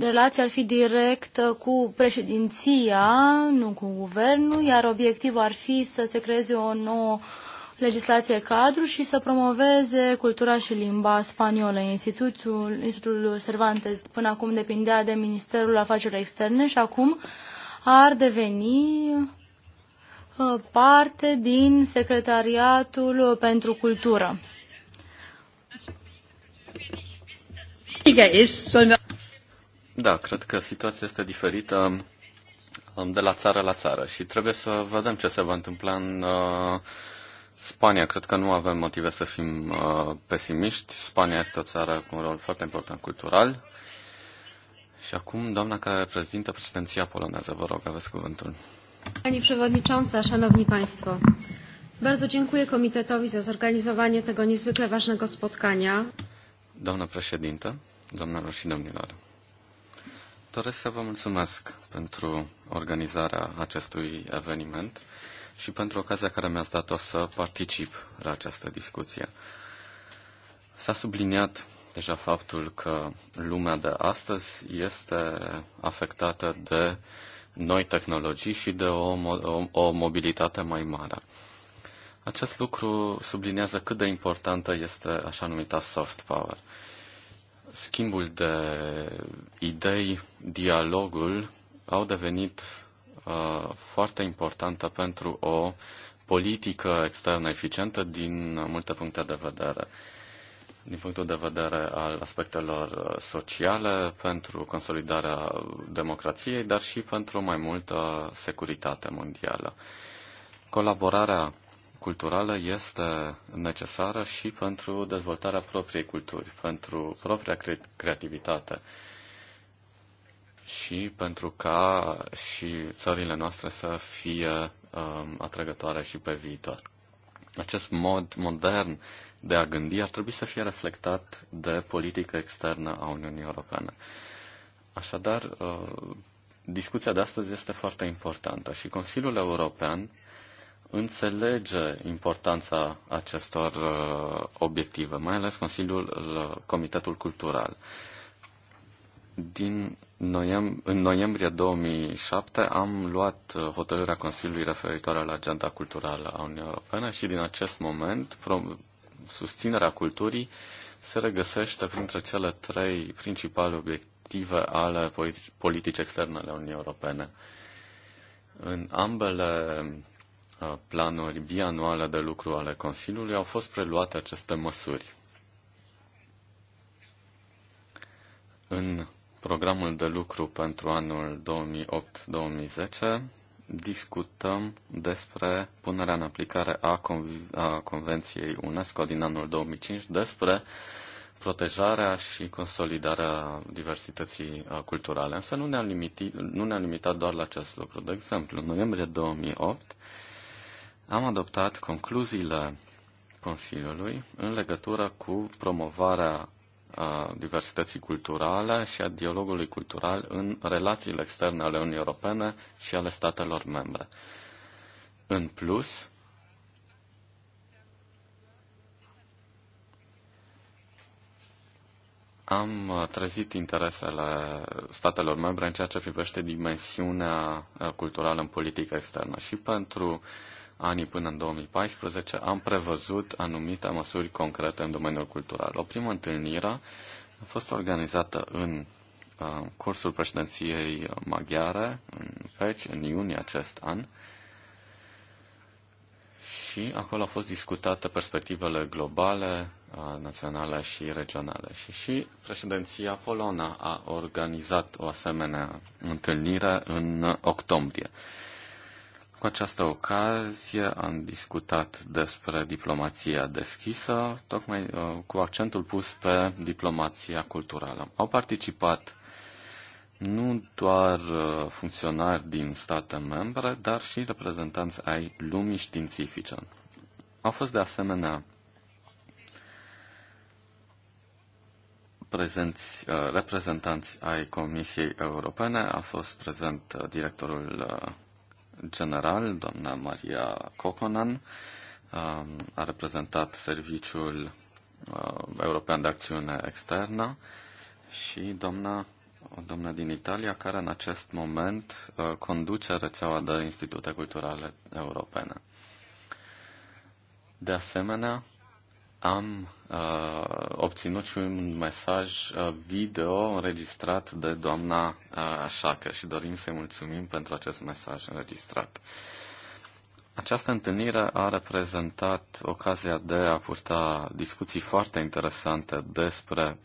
relația ar fi directă cu președinția, nu cu guvernul, iar obiectivul ar fi să se creeze o nouă uh, legislație cadru și să promoveze cultura și limba spaniolă. Institutul, Institutul Cervantes până acum depindea de Ministerul Afacerilor Externe și acum ar deveni uh, parte din Secretariatul pentru Cultură. Da, cred că situația este diferită um, de la țară la țară și trebuie să vedem ce se va întâmpla în uh, Spania, cred că nu avem motive să fim uh, pesimiști. Spania este o țară cu un rol foarte important cultural. Și acum, doamna care reprezintă președinția poloneză, vă rog, aveți cuvântul. Pani Przewodnicząca, Szanowni Państwo, bardzo dziękuję Komitetowi za zorganizowanie tego niezwykle ważnego spotkania. Doamna președintă, doamnelor și domnilor, doresc să vă mulțumesc pentru organizarea acestui eveniment și pentru ocazia care mi-ați dat-o să particip la această discuție. S-a subliniat deja faptul că lumea de astăzi este afectată de noi tehnologii și de o, o, o mobilitate mai mare. Acest lucru sublinează cât de importantă este așa numita soft power. Schimbul de idei, dialogul au devenit Uh, foarte importantă pentru o politică externă eficientă din multe puncte de vedere. Din punctul de vedere al aspectelor sociale, pentru consolidarea democrației, dar și pentru mai multă securitate mondială. Colaborarea culturală este necesară și pentru dezvoltarea propriei culturi, pentru propria creativitate și pentru ca și țările noastre să fie um, atrăgătoare și pe viitor. Acest mod modern de a gândi ar trebui să fie reflectat de politică externă a Uniunii Europene. Așadar, uh, discuția de astăzi este foarte importantă și Consiliul European înțelege importanța acestor uh, obiective, mai ales Consiliul uh, Comitetul Cultural. Din noiem- în noiembrie 2007 am luat uh, hotărârea Consiliului referitoare la agenda culturală a Uniunii Europene și din acest moment susținerea culturii se regăsește printre cele trei principale obiective ale politici externe ale Uniunii Europene. În ambele uh, planuri bianuale de lucru ale Consiliului au fost preluate aceste măsuri. În programul de lucru pentru anul 2008-2010 discutăm despre punerea în aplicare a, con- a Convenției UNESCO din anul 2005 despre protejarea și consolidarea diversității uh, culturale. Însă nu ne-am, limiti, nu ne-am limitat doar la acest lucru. De exemplu, în noiembrie 2008 am adoptat concluziile Consiliului în legătură cu promovarea diversității culturale și a dialogului cultural în relațiile externe ale Uniunii Europene și ale statelor membre. În plus, am trezit interesele statelor membre în ceea ce privește dimensiunea culturală în politică externă și pentru uh, anii până în 2014, am prevăzut anumite măsuri concrete în domeniul cultural. O primă întâlnire a fost organizată în uh, cursul președinției maghiare în Peci, în iunie acest an, și acolo au fost discutate perspectivele globale, uh, naționale și regionale. Și, și președinția Polona a organizat o asemenea întâlnire în octombrie. Cu această ocazie am discutat despre diplomația deschisă, tocmai uh, cu accentul pus pe diplomația culturală. Au participat nu doar uh, funcționari din state membre, dar și reprezentanți ai lumii științifice. Au fost de asemenea prezenți uh, reprezentanți ai Comisiei Europene, a fost prezent directorul general, doamna Maria Coconan, um, a reprezentat Serviciul um, European de Acțiune Externă și doamna, o doamnă din Italia care în acest moment uh, conduce rețeaua de institute culturale europene. De asemenea, am uh, obținut și un mesaj uh, video înregistrat de doamna uh, Șacă și dorim să-i mulțumim pentru acest mesaj înregistrat. Această întâlnire a reprezentat ocazia de a purta discuții foarte interesante despre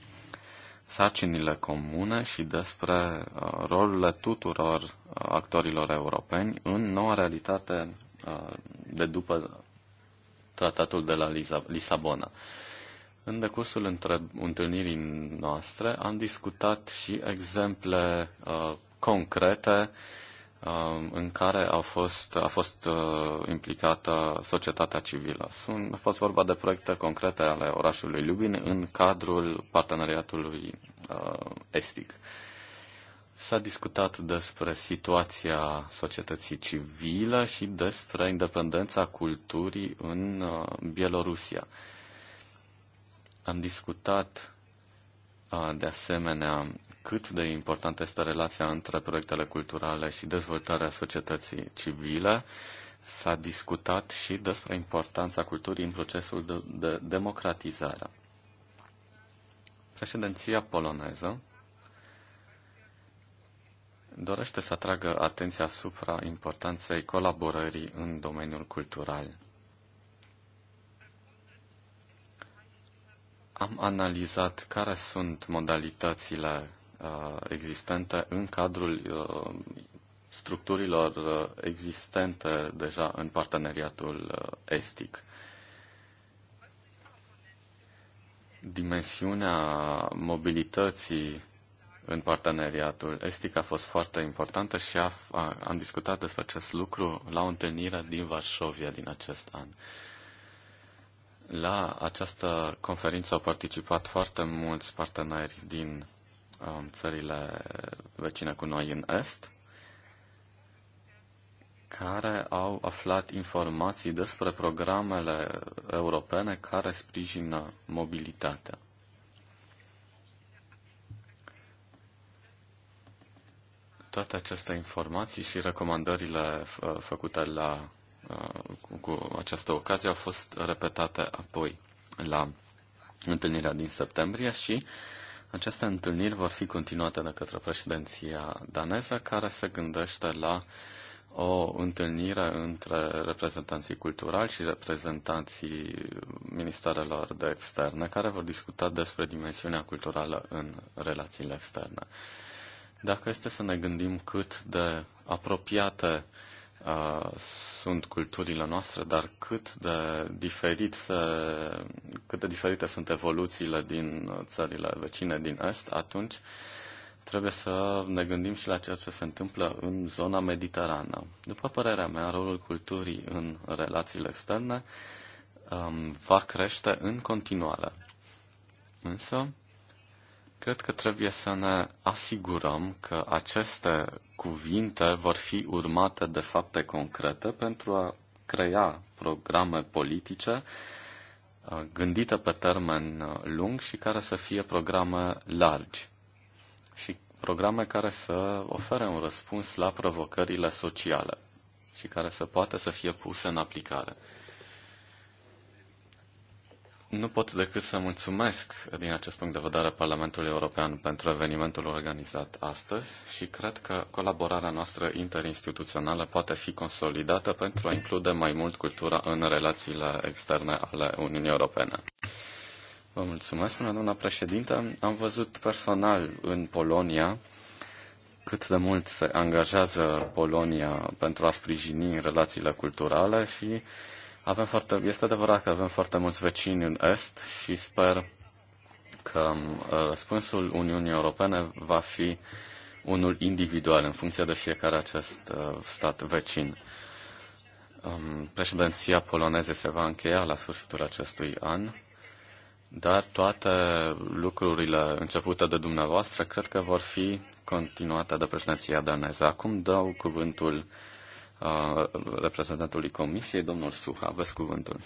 sarcinile comune și despre uh, rolurile tuturor uh, actorilor europeni în noua realitate uh, de după tratatul de la Lisabona. În decursul întâlnirii noastre am discutat și exemple uh, concrete uh, în care au fost, a fost uh, implicată societatea civilă. Sunt, a fost vorba de proiecte concrete ale orașului Lubin în cadrul parteneriatului uh, estic. Uh, S-a discutat despre situația societății civile și despre independența culturii în uh, Bielorusia. Am discutat uh, de asemenea cât de importantă este relația între proiectele culturale și dezvoltarea societății civile. S-a discutat și despre importanța culturii în procesul de, democratizare. Președinția poloneză dorește să atragă atenția asupra importanței colaborării în domeniul cultural. Am analizat care sunt modalitățile uh, existente în cadrul uh, structurilor uh, existente deja în parteneriatul uh, estic. Dimensiunea mobilității în parteneriatul estic a fost foarte importantă și a, a, am discutat despre acest lucru la o întâlnire din Varșovia din acest an. La această conferință au participat foarte mulți parteneri din um, țările vecine cu noi în Est, care au aflat informații despre programele europene care sprijină mobilitatea. toate aceste informații și recomandările uh, făcute la, uh, cu această ocazie au fost repetate apoi la întâlnirea din septembrie și aceste întâlniri vor fi continuate de către președinția daneză, care se gândește la o întâlnire între reprezentanții culturali și reprezentanții ministerelor de externe, care vor discuta despre dimensiunea culturală în relațiile externe. Dacă este să ne gândim cât de apropiate uh, sunt culturile noastre, dar cât de, diferit se, cât de diferite sunt evoluțiile din țările vecine din Est, atunci trebuie să ne gândim și la ceea ce se întâmplă în zona mediterană. După părerea mea, rolul culturii în relațiile externe um, va crește în continuare. Însă, Cred că trebuie să ne asigurăm că aceste cuvinte vor fi urmate de fapte concrete pentru a crea programe politice uh, gândite pe termen uh, lung și care să fie programe largi și programe care să ofere un răspuns la provocările sociale și care să poată să fie puse în aplicare. Nu pot decât să mulțumesc din acest punct de vedere Parlamentului European pentru evenimentul organizat astăzi și cred că colaborarea noastră interinstituțională poate fi consolidată pentru a include mai mult cultura în relațiile externe ale Uniunii Europene. Vă mulțumesc, doamna președintă. Am văzut personal în Polonia cât de mult se angajează Polonia pentru a sprijini relațiile culturale și avem foarte, este adevărat că avem foarte mulți vecini în Est și sper că uh, răspunsul Uniunii Europene va fi unul individual în funcție de fiecare acest uh, stat vecin. Um, președinția poloneză se va încheia la sfârșitul acestui an, dar toate lucrurile începute de dumneavoastră cred că vor fi continuate de președinția daneză. Acum dau cuvântul reprezentantului Comisiei, domnul Suha. Aveți cuvântul.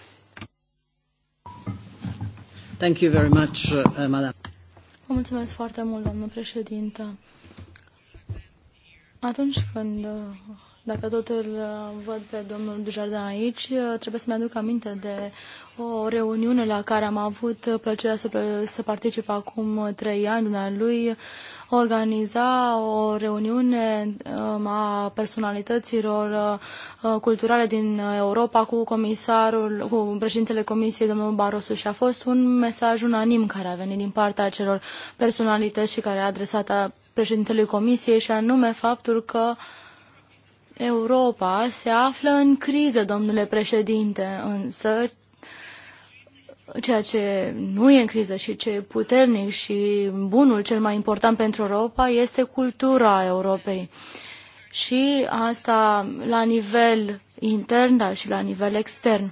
Thank you very much, uh, madam. Vă mulțumesc foarte mult, doamnă președintă. Atunci când uh, dacă tot îl uh, văd pe domnul Dujardin aici, uh, trebuie să-mi aduc aminte de o reuniune la care am avut plăcerea să, să particip acum uh, trei ani. Luna lui organiza o reuniune um, a personalităților culturale din Europa cu comisarul, cu președintele Comisiei, domnul Barosu, și a fost un mesaj unanim care a venit din partea celor personalități și care a adresat a președintelui Comisiei, și anume faptul că uh, Europa se află în criză, domnule președinte, însă ceea ce nu e în criză și ce e puternic și bunul cel mai important pentru Europa este cultura Europei. Și asta la nivel intern, dar și la nivel extern.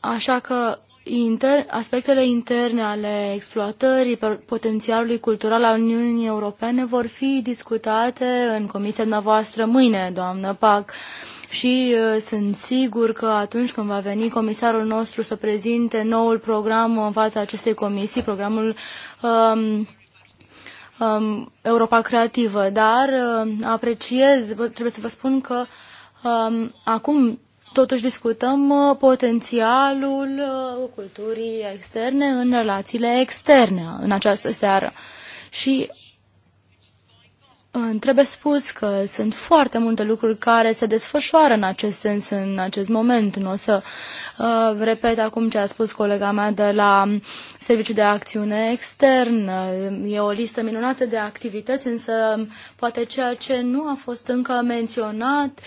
Așa că inter, aspectele interne ale exploatării potențialului cultural al Uniunii Europene vor fi discutate în comisia noastră mâine, doamnă PAC. Și uh, sunt sigur că atunci când va veni comisarul nostru să prezinte noul program în fața acestei comisii, programul um, um, Europa Creativă, dar uh, apreciez, trebuie să vă spun că um, acum Totuși discutăm uh, potențialul uh, culturii externe în relațiile externe în această seară. Și uh, trebuie spus că sunt foarte multe lucruri care se desfășoară în acest sens în acest moment. Nu o să uh, repet acum ce a spus colega mea de la Serviciul de Acțiune Externă. E o listă minunată de activități, însă poate ceea ce nu a fost încă menționat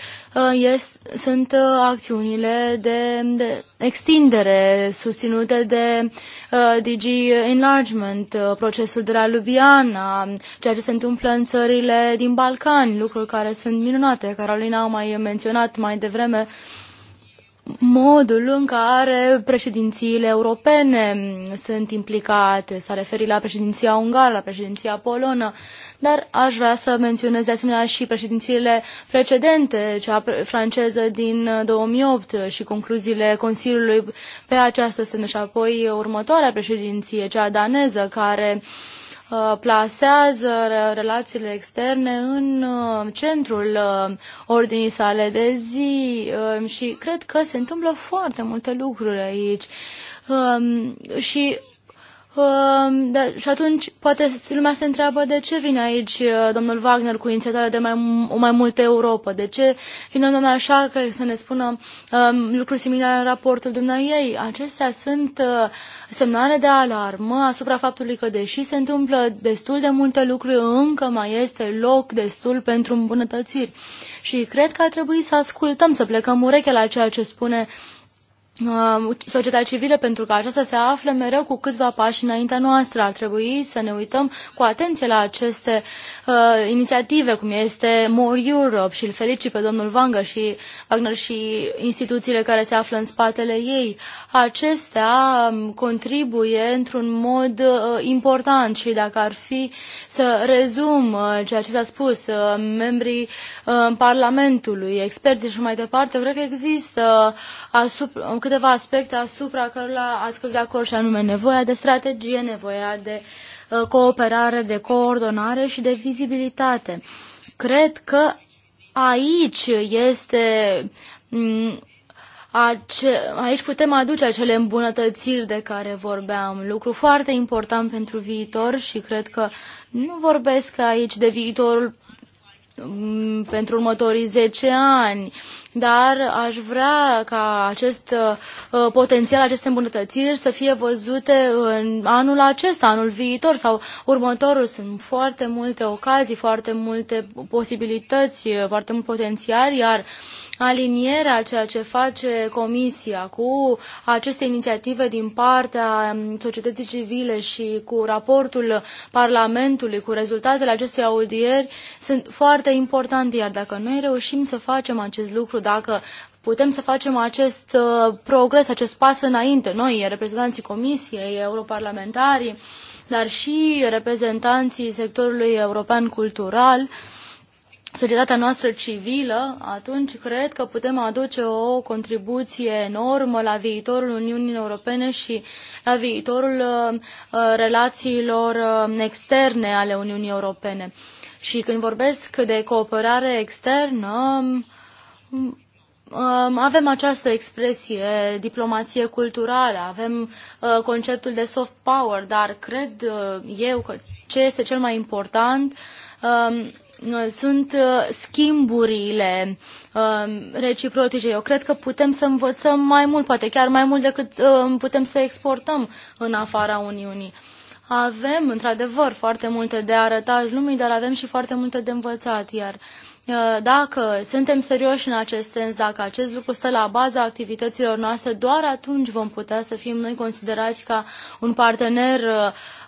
yes, uh, sunt uh, acțiunile de, de extindere susținute de uh, DG Enlargement, uh, procesul de la Ljubljana, ceea ce se întâmplă în țările din Balcani, lucruri care sunt minunate. Carolina a mai menționat mai devreme uh, modul în care președințiile europene sunt implicate. S-a referit la președinția ungară, la președinția polonă, dar aș vrea să menționez de asemenea și președințiile precedente, cea franceză din 2008 și concluziile Consiliului pe această sână și apoi următoarea președinție, cea daneză, care uh, Uh, plasează relațiile externe în uh, centrul uh, ordinii sale de zi și cred că se întâmplă foarte multe lucruri aici. Um, și Uh, da, și atunci poate lumea se întreabă de ce vine aici uh, domnul Wagner cu inițiativa de mai, o mai multă Europa, de ce vine așa că să ne spună um, uh, lucruri similare în raportul dumneai. Acestea sunt uh, semnale de alarmă asupra faptului că deși se întâmplă destul de multe lucruri, încă mai este loc destul pentru îmbunătățiri. Și cred că ar trebui să ascultăm, să plecăm urechea la ceea ce spune uh, Uh, societatea civilă, pentru că aceasta se află mereu cu câțiva pași înaintea noastră. Ar trebui să ne uităm cu atenție la aceste uh, inițiative, cum este More Europe și îl felicit pe domnul Vanga și Wagner și instituțiile care se află în spatele ei. Uh, acestea um, contribuie într-un mod uh, important și dacă ar fi să rezum uh, ceea ce s-a spus, uh, membrii Parlamentului, experții și mai departe, cred că există asupra, câteva aspecte asupra cărora ați căzut de acord și anume nevoia de strategie, nevoia de cooperare, de coordonare și de vizibilitate. Cred că aici este aici putem aduce acele îmbunătățiri de care vorbeam, lucru foarte important pentru viitor și cred că nu vorbesc aici de viitorul mm, pentru următorii 10 ani, dar aș vrea ca acest uh, potențial, aceste îmbunătățiri să fie văzute în anul acesta, anul viitor sau următorul. Sunt foarte multe ocazii, foarte multe posibilități, foarte mult potențial, iar uh, alinierea ceea ce face Comisia cu aceste inițiative din partea um, societății civile și cu raportul Parlamentului, cu rezultatele acestei audieri, sunt foarte importante, iar dacă noi reușim să facem acest lucru, dacă putem să facem acest uh, progres, acest pas înainte, noi, reprezentanții Comisiei, europarlamentarii, dar și reprezentanții sectorului european cultural, societatea noastră civilă, atunci cred că putem aduce o contribuție enormă la viitorul Uniunii Europene și la viitorul uh, relațiilor uh, externe ale Uniunii Europene. Și când vorbesc de cooperare externă, avem această expresie, diplomație culturală, avem uh, conceptul de soft power, dar cred uh, eu că ce este cel mai important um, sunt uh, schimburile um, reciproce. Eu cred că putem să învățăm mai mult, poate chiar mai mult decât um, putem să exportăm în afara Uniunii. Avem, într-adevăr, foarte multe de arătat lumii, dar avem și foarte multe de învățat, iar uh, Uh, dacă suntem serioși în acest sens, dacă acest lucru stă la baza activităților noastre, doar atunci vom putea să fim noi considerați ca un partener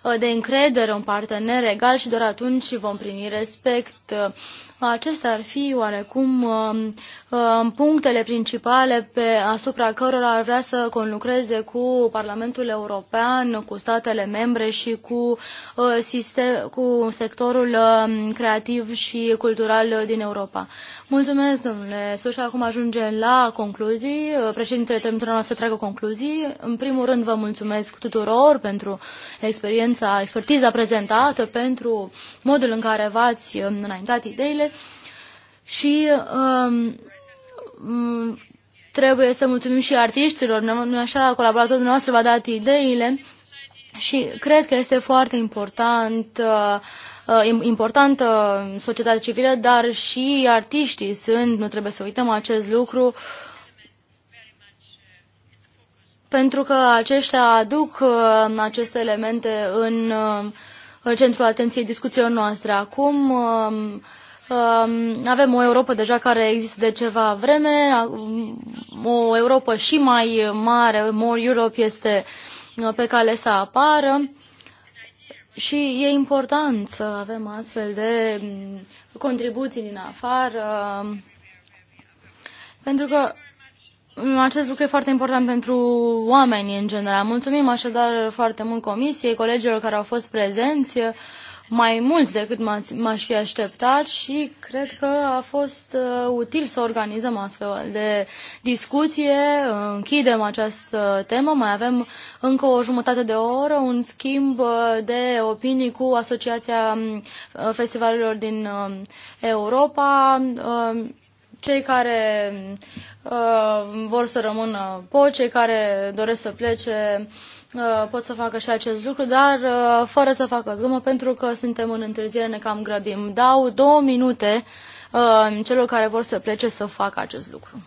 uh, de încredere, un partener egal și doar atunci vom primi respect uh, Acestea ar fi oarecum um, um, punctele principale pe asupra cărora ar vrea să conlucreze cu Parlamentul European, cu statele membre și cu, uh, sistem, cu sectorul um, creativ și cultural din Europa. Mulțumesc, domnule Sușa. Acum ajunge la concluzii. Președintele terminului noastră tragă concluzii. În primul rând, vă mulțumesc tuturor pentru experiența, expertiza prezentată, pentru modul în care v-ați um, înaintat ideile și um, trebuie să mulțumim și artiștilor, nu așa, colaboratorul nostru v-a dat ideile și cred că este foarte important uh, Uh, importantă uh, societatea civilă, dar și artiștii sunt, nu trebuie să uităm acest lucru, pentru că aceștia aduc uh, aceste elemente în centrul atenției discuțiilor noastre. Acum um, um, avem o Europa deja care există de ceva vreme, o Europa și mai mare, More Europe este pe cale să apară și e important să avem astfel de mm, contribuții din afară, pentru că mm, acest lucru e foarte important pentru oameni în general. Mulțumim așadar foarte mult comisiei, colegilor care au fost prezenți mai mulți decât m-aș fi așteptat și cred că a fost uh, util să organizăm astfel de discuție. Uh, închidem această temă, mai avem încă o jumătate de oră, un schimb uh, de opinii cu Asociația um, Festivalelor din Europa cei care uh, vor să rămână po, cei care doresc să plece Uh, pot să facă și acest lucru, dar uh, fără să facă zgomot, pentru că suntem în întârziere, ne cam grăbim. Dau două minute uh, celor care vor să plece să facă acest lucru.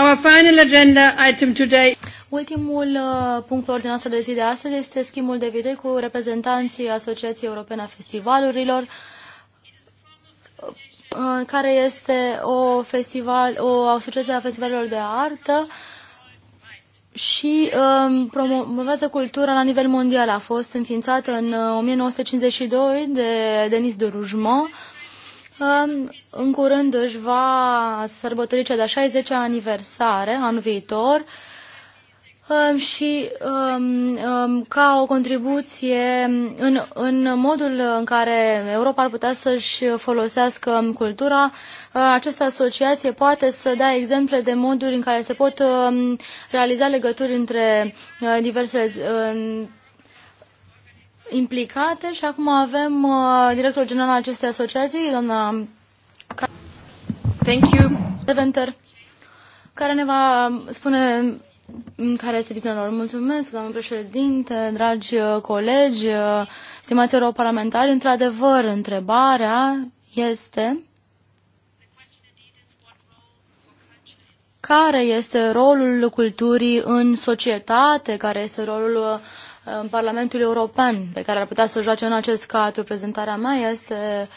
Our final agenda item today. Ultimul uh, punct pe ordinea de zi de astăzi este schimbul de vedere cu reprezentanții Asociației Europene a Festivalurilor, uh, care este o, festival, o asociație a festivalurilor de artă și um, promovează cultura la nivel mondial. A fost înființată în 1952 uh, de Denis de Rougemont, în curând își va sărbători cea de-a 60-a aniversare anul viitor și ca o contribuție în, în modul în care Europa ar putea să-și folosească cultura, această asociație poate să dea exemple de moduri în care se pot realiza legături între diversele implicate și acum avem uh, directorul general al acestei asociații, doamna Thank you. Deventer, care ne va spune care este viziunea lor. Mulțumesc, doamnă președinte, dragi uh, colegi, uh, stimați europarlamentari. Într-adevăr, întrebarea este care este rolul culturii în societate, care este rolul uh, Parlamentul European pe care ar putea să joace în acest cadru. Prezentarea mea este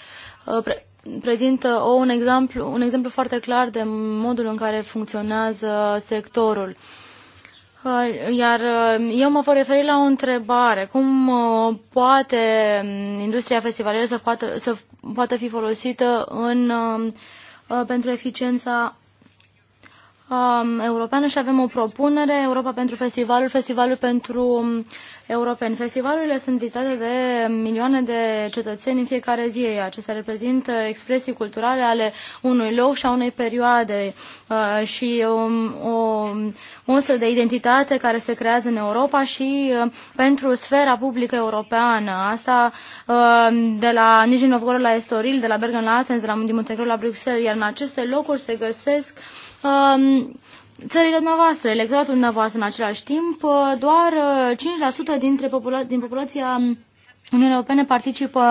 uh, pre prezintă o, un, exemplu, un exemplu foarte clar de modul în care funcționează sectorul. Uh, iar uh, eu mă voi referi la o întrebare. Cum poate um, industria festivalieră să poată, să poată fi folosită în, pentru eficiența Um, europeană și avem o propunere, Europa pentru Festivalul, Festivalul pentru um, Europeni. Festivalurile sunt vizitate de milioane de cetățeni în fiecare zi. Acestea reprezintă expresii culturale ale unui loc și a unei perioade uh, și um, o monstru de identitate care se creează în Europa și uh, pentru sfera publică europeană. Asta uh, de la Nijni Novgorod la Estoril, de la Bergen la Athens, de la Munte la Bruxelles, iar în aceste locuri se găsesc um, țările noastre, electoratul noastră în același timp, uh, doar 5% uh, dintre popula- din populația Uniunea Europene participă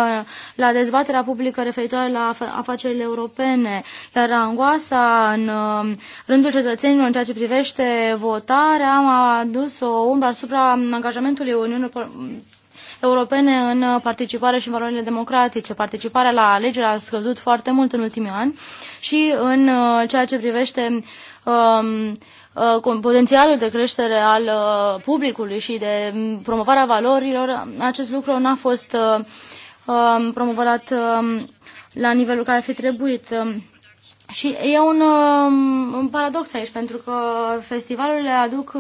la dezbaterea publică referitoare la afacerile europene, iar angoasa în um, rândul cetățenilor în ceea ce privește votarea a adus o umbră asupra angajamentului Uniunii europene în participare și în valorile democratice. Participarea la alegeri a scăzut foarte mult în ultimii ani și în uh, ceea ce privește um, uh, potențialul de creștere al uh, publicului și de mm, promovarea valorilor, acest lucru n-a fost um, promovat um, la nivelul care ar fi trebuit. Și e un, un paradox aici, pentru că festivalurile aduc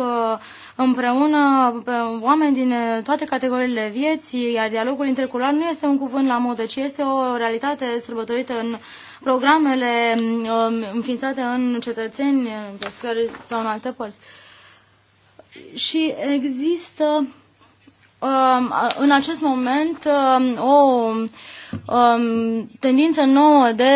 împreună oameni din uh, toate categoriile vieții, iar dialogul intercular nu este un cuvânt la modă, ci este o realitate sărbătorită în programele um, înființate în cetățeni, în pescări sau în alte părți. Și există um, în acest moment um, o um, tendință nouă de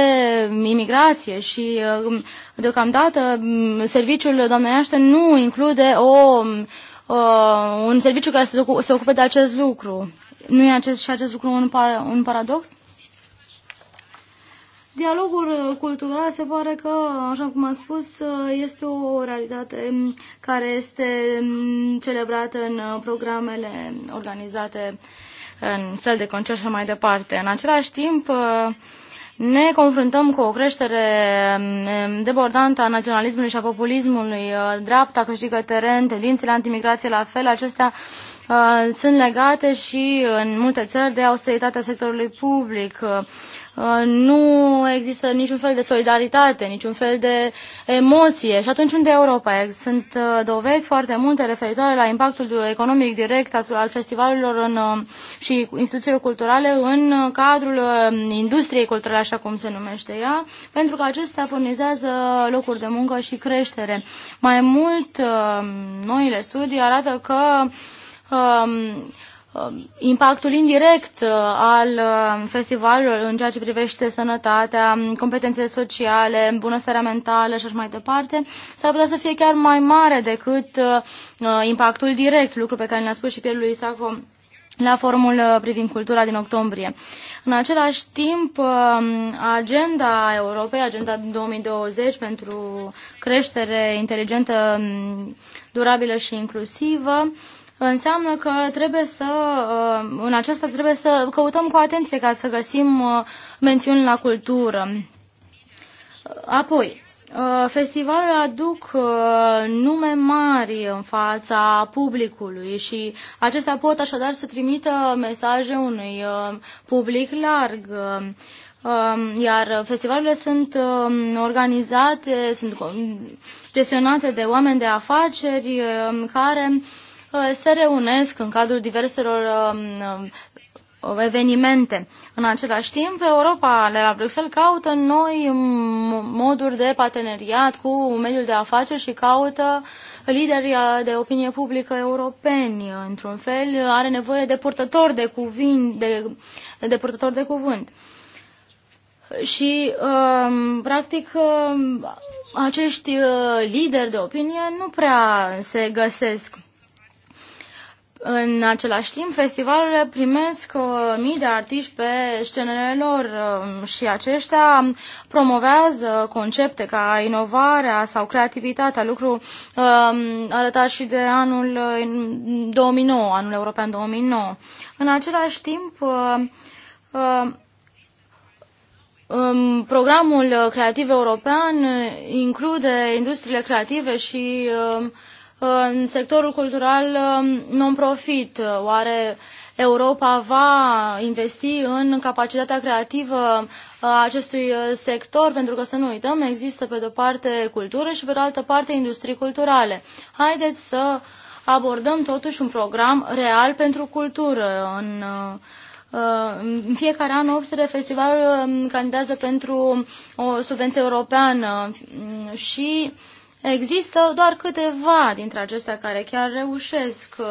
imigrație și um, deocamdată um, serviciul doamnei Aște nu include o, um, uh, un serviciu care se, se ocupe de acest lucru. Nu e acest, și acest lucru un, par, un paradox? Dialogul cultural se pare că, așa cum am spus, este o realitate care este um, celebrată în programele organizate în săli de concert și mai departe. În același timp, uh, ne confruntăm cu o creștere um, debordantă a naționalismului și a populismului. Uh, dreapta câștigă teren, tendințele antimigrație la fel, acestea Uh, sunt legate și în multe țări de austeritatea sectorului public. Uh, nu există niciun fel de solidaritate, niciun fel de emoție. Și atunci unde Europa? Sunt uh, dovezi foarte multe referitoare la impactul economic direct al festivalurilor în, și instituțiilor culturale în cadrul industriei culturale, așa cum se numește ea, pentru că acestea furnizează locuri de muncă și creștere. Mai mult, noile studii arată că Um, um, impactul indirect uh, al uh, festivalului în ceea ce privește sănătatea, um, competențele sociale, bunăstarea mentală și așa mai departe, s-ar putea să fie chiar mai mare decât uh, impactul direct, lucru pe care l a spus și Pierre lui Isaco la forumul privind cultura din octombrie. În același timp, um, agenda Europei, agenda 2020 pentru creștere inteligentă, durabilă și inclusivă, înseamnă că trebuie să, uh, în aceasta trebuie să căutăm cu atenție ca să găsim uh, mențiuni la cultură. Apoi, uh, Festivalul aduc nume mari în fața publicului și acestea pot așadar să trimită mesaje unui public larg. Um, iar festivalurile sunt um, organizate, sunt gestionate de oameni de afaceri um, care Uh, se reunesc în cadrul diverselor um, um, evenimente. În același timp, Europa de la Bruxelles caută noi moduri de parteneriat cu mediul de afaceri și caută lideri uh, de opinie publică europeni. Într-un fel, are nevoie de portători de, cuvin, de, de, purtător de cuvânt. Și, um, practic, acești uh, lideri de opinie nu prea se găsesc în același timp, festivalurile primesc uh, mii de artiști pe scenele lor um, și aceștia promovează concepte ca inovarea sau creativitatea, lucru um, arătat și de anul 2009, uh, anul european 2009. În același timp, uh, um, programul creativ european include industriile creative și în sectorul cultural um, non-profit. Oare Europa va investi în capacitatea creativă a uh, acestui uh, sector, pentru că să nu uităm, există pe de-o parte cultură și pe de altă parte industrii culturale. Haideți să abordăm totuși un program real pentru cultură. În, uh, în fiecare an 800 de festivaluri um, candidează pentru o subvenție europeană mm, și Există doar câteva dintre acestea care chiar reușesc uh,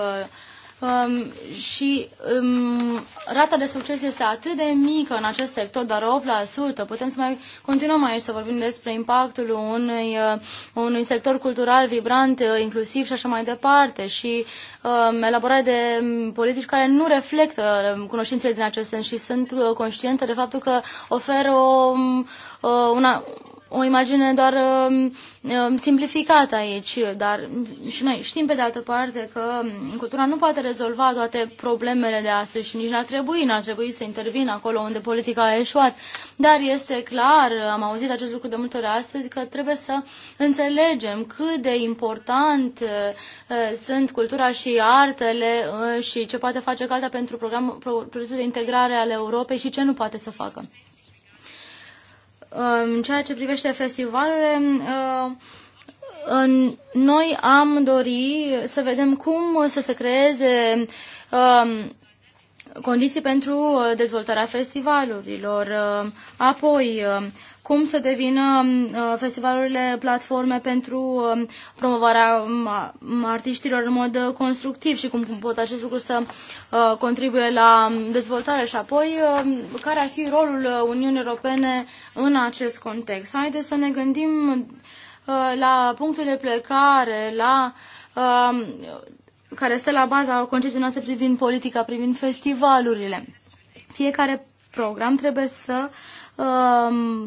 um, și um, rata de succes este atât de mică în acest sector, doar 8%. Putem să mai continuăm aici să vorbim despre impactul unui, uh, unui sector cultural vibrant, uh, inclusiv și așa mai departe și um, elaborare de um, politici care nu reflectă um, cunoștințele din acest sens și sunt conștientă de faptul că oferă o, um, una, o imagine doar um, um, simplificată aici, dar și noi știm pe de altă parte că cultura nu poate rezolva toate problemele de astăzi și nici n-ar trebui, n-ar trebui să intervină acolo unde politica a eșuat. Dar este clar, am auzit acest lucru de multe ori astăzi, că trebuie să înțelegem cât de important uh, sunt cultura și artele uh, și ce poate face calda pentru procesul de integrare al Europei și ce nu poate să facă. În ceea ce privește festivalele, uh, noi am dori să vedem cum să se creeze um, condiții pentru uh, dezvoltarea festivalurilor. Uh, apoi, cum să devină um, uh, festivalurile platforme pentru um, promovarea um, artiștilor în mod uh, constructiv și cum pot acest lucru să uh, contribuie la dezvoltare și apoi care ar fi rolul Uniunii Europene în acest context. Haideți să ne gândim la punctul de plecare, la care stă la baza concepției noastre privind politica, privind festivalurile. Fiecare program trebuie să uh,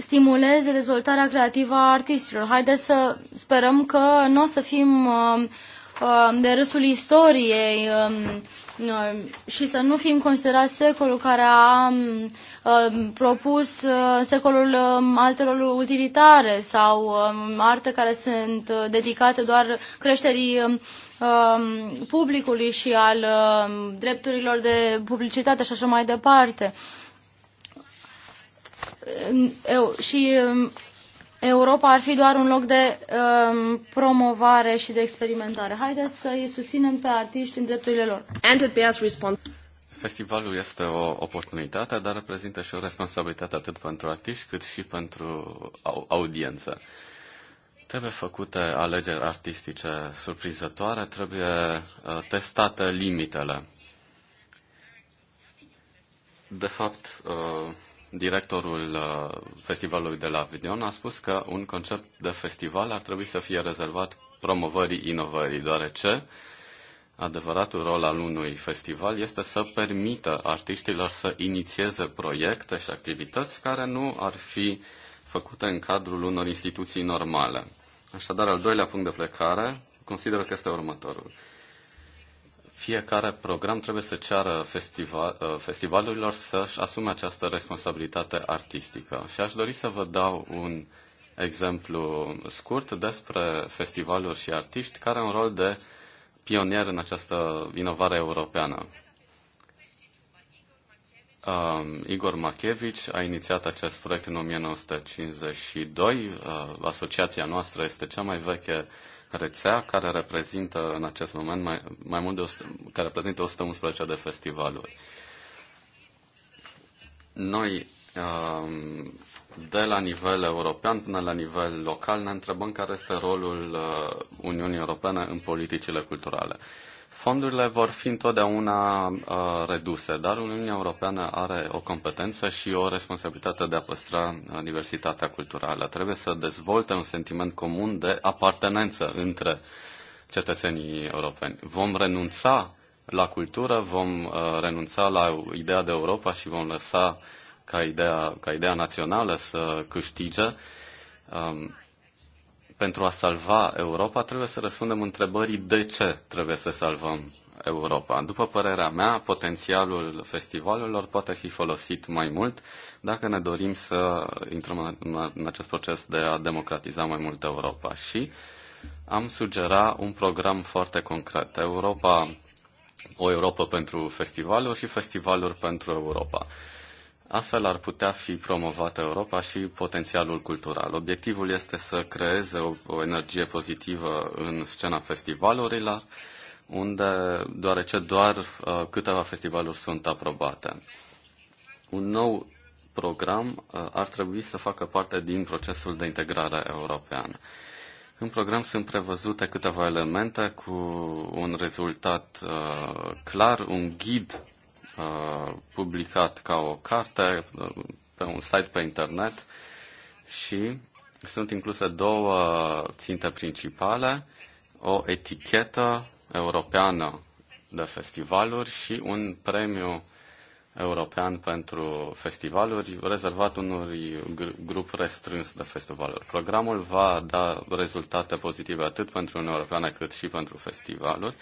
stimuleze dezvoltarea creativă a artiștilor. Haideți să sperăm că nu o să fim um, um, de râsul istoriei um, și să nu fim considerați secolul care a propus uh, secolul altelor utilitare sau arte care sunt uh, dedicate doar creșterii publicului și al drepturilor de publicitate și așa mai departe eu, și um, Europa ar fi doar un loc de um, promovare și de experimentare. Haideți să îi susținem pe artiști în drepturile lor. Festivalul este o oportunitate, dar reprezintă și o responsabilitate atât pentru artiști cât și pentru audiență. Trebuie făcute alegeri artistice surprinzătoare, trebuie uh, testate limitele. De fapt, uh, directorul uh, festivalului de la Vidion a spus că un concept de festival ar trebui să fie rezervat promovării inovării, deoarece adevăratul rol al unui festival este să permită artiștilor să inițieze proiecte și activități care nu ar fi făcute în cadrul unor instituții normale. Așadar, al doilea punct de plecare consider că este următorul fiecare program trebuie să ceară festival, uh, festivalurilor să-și asume această responsabilitate artistică. Și aș dori să vă dau un exemplu scurt despre festivaluri și artiști care au un rol de pionier în această inovare europeană. Um, Igor Machevici a inițiat acest proiect în 1952. Uh, asociația noastră este cea mai veche uh, rețea care reprezintă în acest moment mai, mai mult de 100, care reprezintă 111 de festivaluri. Noi um, de la nivel european până la nivel local ne întrebăm care este rolul uh, Uniunii Europene în politicile culturale. Fondurile vor fi întotdeauna uh, reduse, dar Uniunea Europeană are o competență și o responsabilitate de a păstra uh, diversitatea culturală. Trebuie să dezvolte un sentiment comun de apartenență între cetățenii europeni. Vom renunța la cultură, vom uh, renunța la ideea de Europa și vom lăsa ca ideea, ca ideea națională să câștige. Um, pentru a salva Europa, trebuie să răspundem întrebării de ce trebuie să salvăm Europa. După părerea mea, potențialul festivalurilor poate fi folosit mai mult dacă ne dorim să intrăm în acest proces de a democratiza mai mult Europa. Și am sugera un program foarte concret. Europa, o Europa pentru festivaluri și festivaluri pentru Europa. Astfel ar putea fi promovată Europa și potențialul cultural. Obiectivul este să creeze o, o energie pozitivă în scena festivalurilor, unde, deoarece doar uh, câteva festivaluri sunt aprobate. Un nou program uh, ar trebui să facă parte din procesul de integrare europeană. În program sunt prevăzute câteva elemente cu un rezultat uh, clar, un ghid Uh, publicat ca o carte uh, pe un site pe internet și sunt incluse două ținte principale, o etichetă europeană de festivaluri și un premiu european pentru festivaluri rezervat unui grup restrâns de festivaluri. Programul va da rezultate pozitive atât pentru Uniunea Europeană cât și pentru festivaluri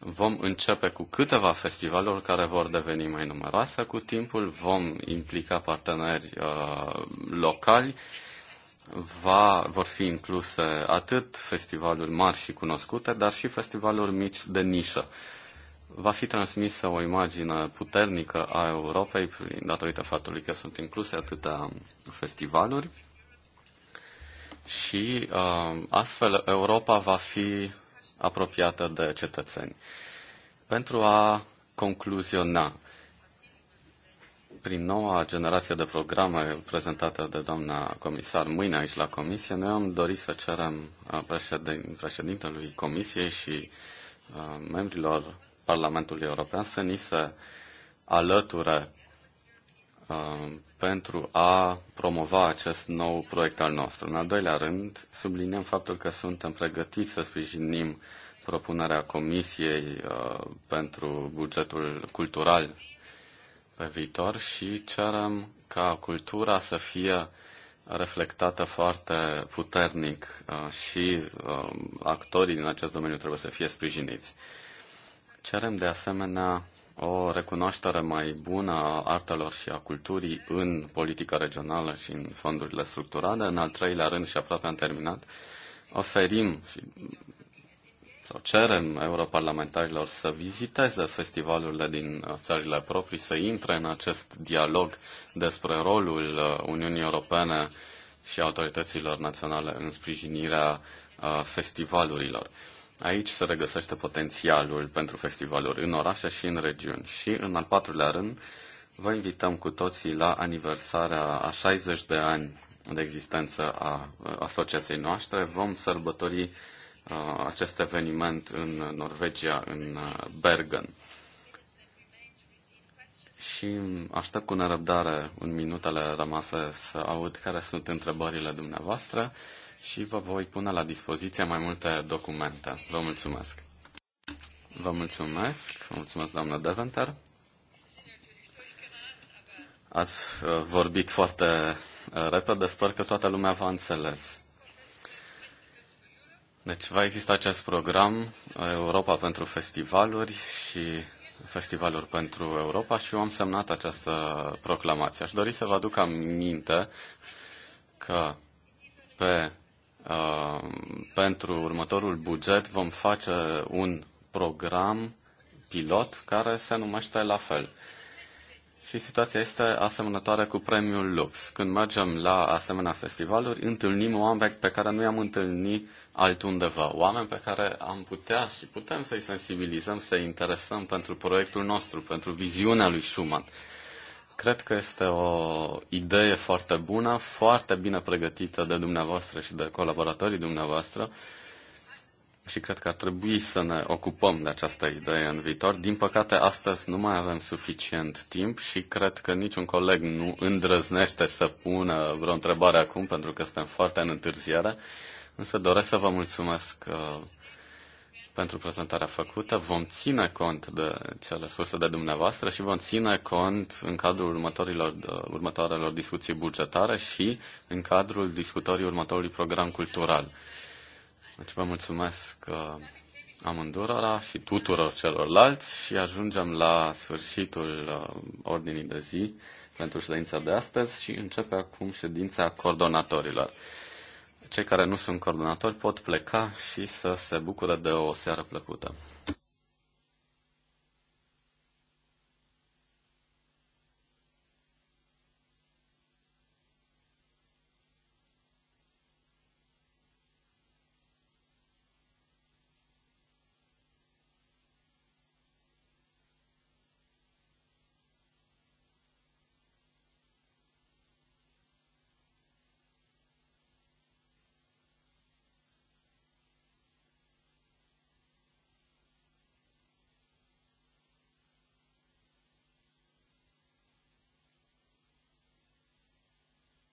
Vom începe cu câteva festivaluri care vor deveni mai numeroase cu timpul, vom implica parteneri uh, locali, va, vor fi incluse atât festivaluri mari și cunoscute, dar și festivaluri mici de nișă. Va fi transmisă o imagine puternică a Europei prin datorită faptului că sunt incluse atâtea festivaluri și uh, astfel Europa va fi apropiată de cetățeni. Pentru a concluziona, prin noua generație de programe prezentată de doamna comisar mâine aici la comisie, noi am dorit să cerem uh, președin, președintelui comisiei și uh, membrilor Parlamentului European să ni se alăture Um, pentru a promova acest nou proiect al nostru. În al doilea rând, subliniem faptul că suntem pregătiți să sprijinim propunerea Comisiei uh, pentru bugetul cultural pe viitor și cerem ca cultura să fie reflectată foarte puternic uh, și um, actorii din acest domeniu trebuie să fie sprijiniți. Cerem de asemenea o recunoaștere mai bună a artelor și a culturii în politica regională și în fondurile structurale. În al treilea rând, și aproape am terminat, oferim și sau cerem europarlamentarilor să viziteze festivalurile din uh, țările proprii, să intre în acest dialog despre rolul uh, Uniunii Europene și autorităților naționale în sprijinirea uh, festivalurilor. Aici se regăsește potențialul pentru festivaluri în orașe și în regiuni. Și în al patrulea rând, vă invităm cu toții la aniversarea a 60 de ani de existență a asociației noastre. Vom sărbători uh, acest eveniment în Norvegia, în uh, Bergen. Și aștept cu nerăbdare în minutele rămase să aud care sunt întrebările dumneavoastră și vă voi pune la dispoziție mai multe documente. Vă mulțumesc! Vă mulțumesc, mulțumesc doamnă Deventer. Ați uh, vorbit foarte uh, repede, sper că toată lumea v-a înțeles. Deci va exista acest program uh, Europa pentru festivaluri și festivaluri pentru Europa și eu am semnat această proclamație. Aș dori să vă aduc aminte că pe Uh, pentru următorul buget vom face un program pilot care se numește la fel. Și situația este asemănătoare cu premiul Lux. Când mergem la asemenea festivaluri, întâlnim oameni pe care nu i-am întâlnit altundeva. Oameni pe care am putea și putem să-i sensibilizăm, să-i interesăm pentru proiectul nostru, pentru viziunea lui Schumann. Cred că este o idee foarte bună, foarte bine pregătită de dumneavoastră și de colaboratorii dumneavoastră și cred că ar trebui să ne ocupăm de această idee în viitor. Din păcate, astăzi nu mai avem suficient timp și cred că niciun coleg nu îndrăznește să pună vreo întrebare acum pentru că suntem foarte în întârziere, însă doresc să vă mulțumesc uh, pentru prezentarea făcută. Vom ține cont de cele spuse de dumneavoastră și vom ține cont în cadrul următorilor, următoarelor discuții bugetare și în cadrul discutării următorului program cultural. Deci vă mulțumesc uh, amândurora și tuturor celorlalți și ajungem la sfârșitul uh, ordinii de zi pentru ședința de astăzi și începe acum ședința coordonatorilor. Cei care nu sunt coordonatori pot pleca și să se bucure de o seară plăcută.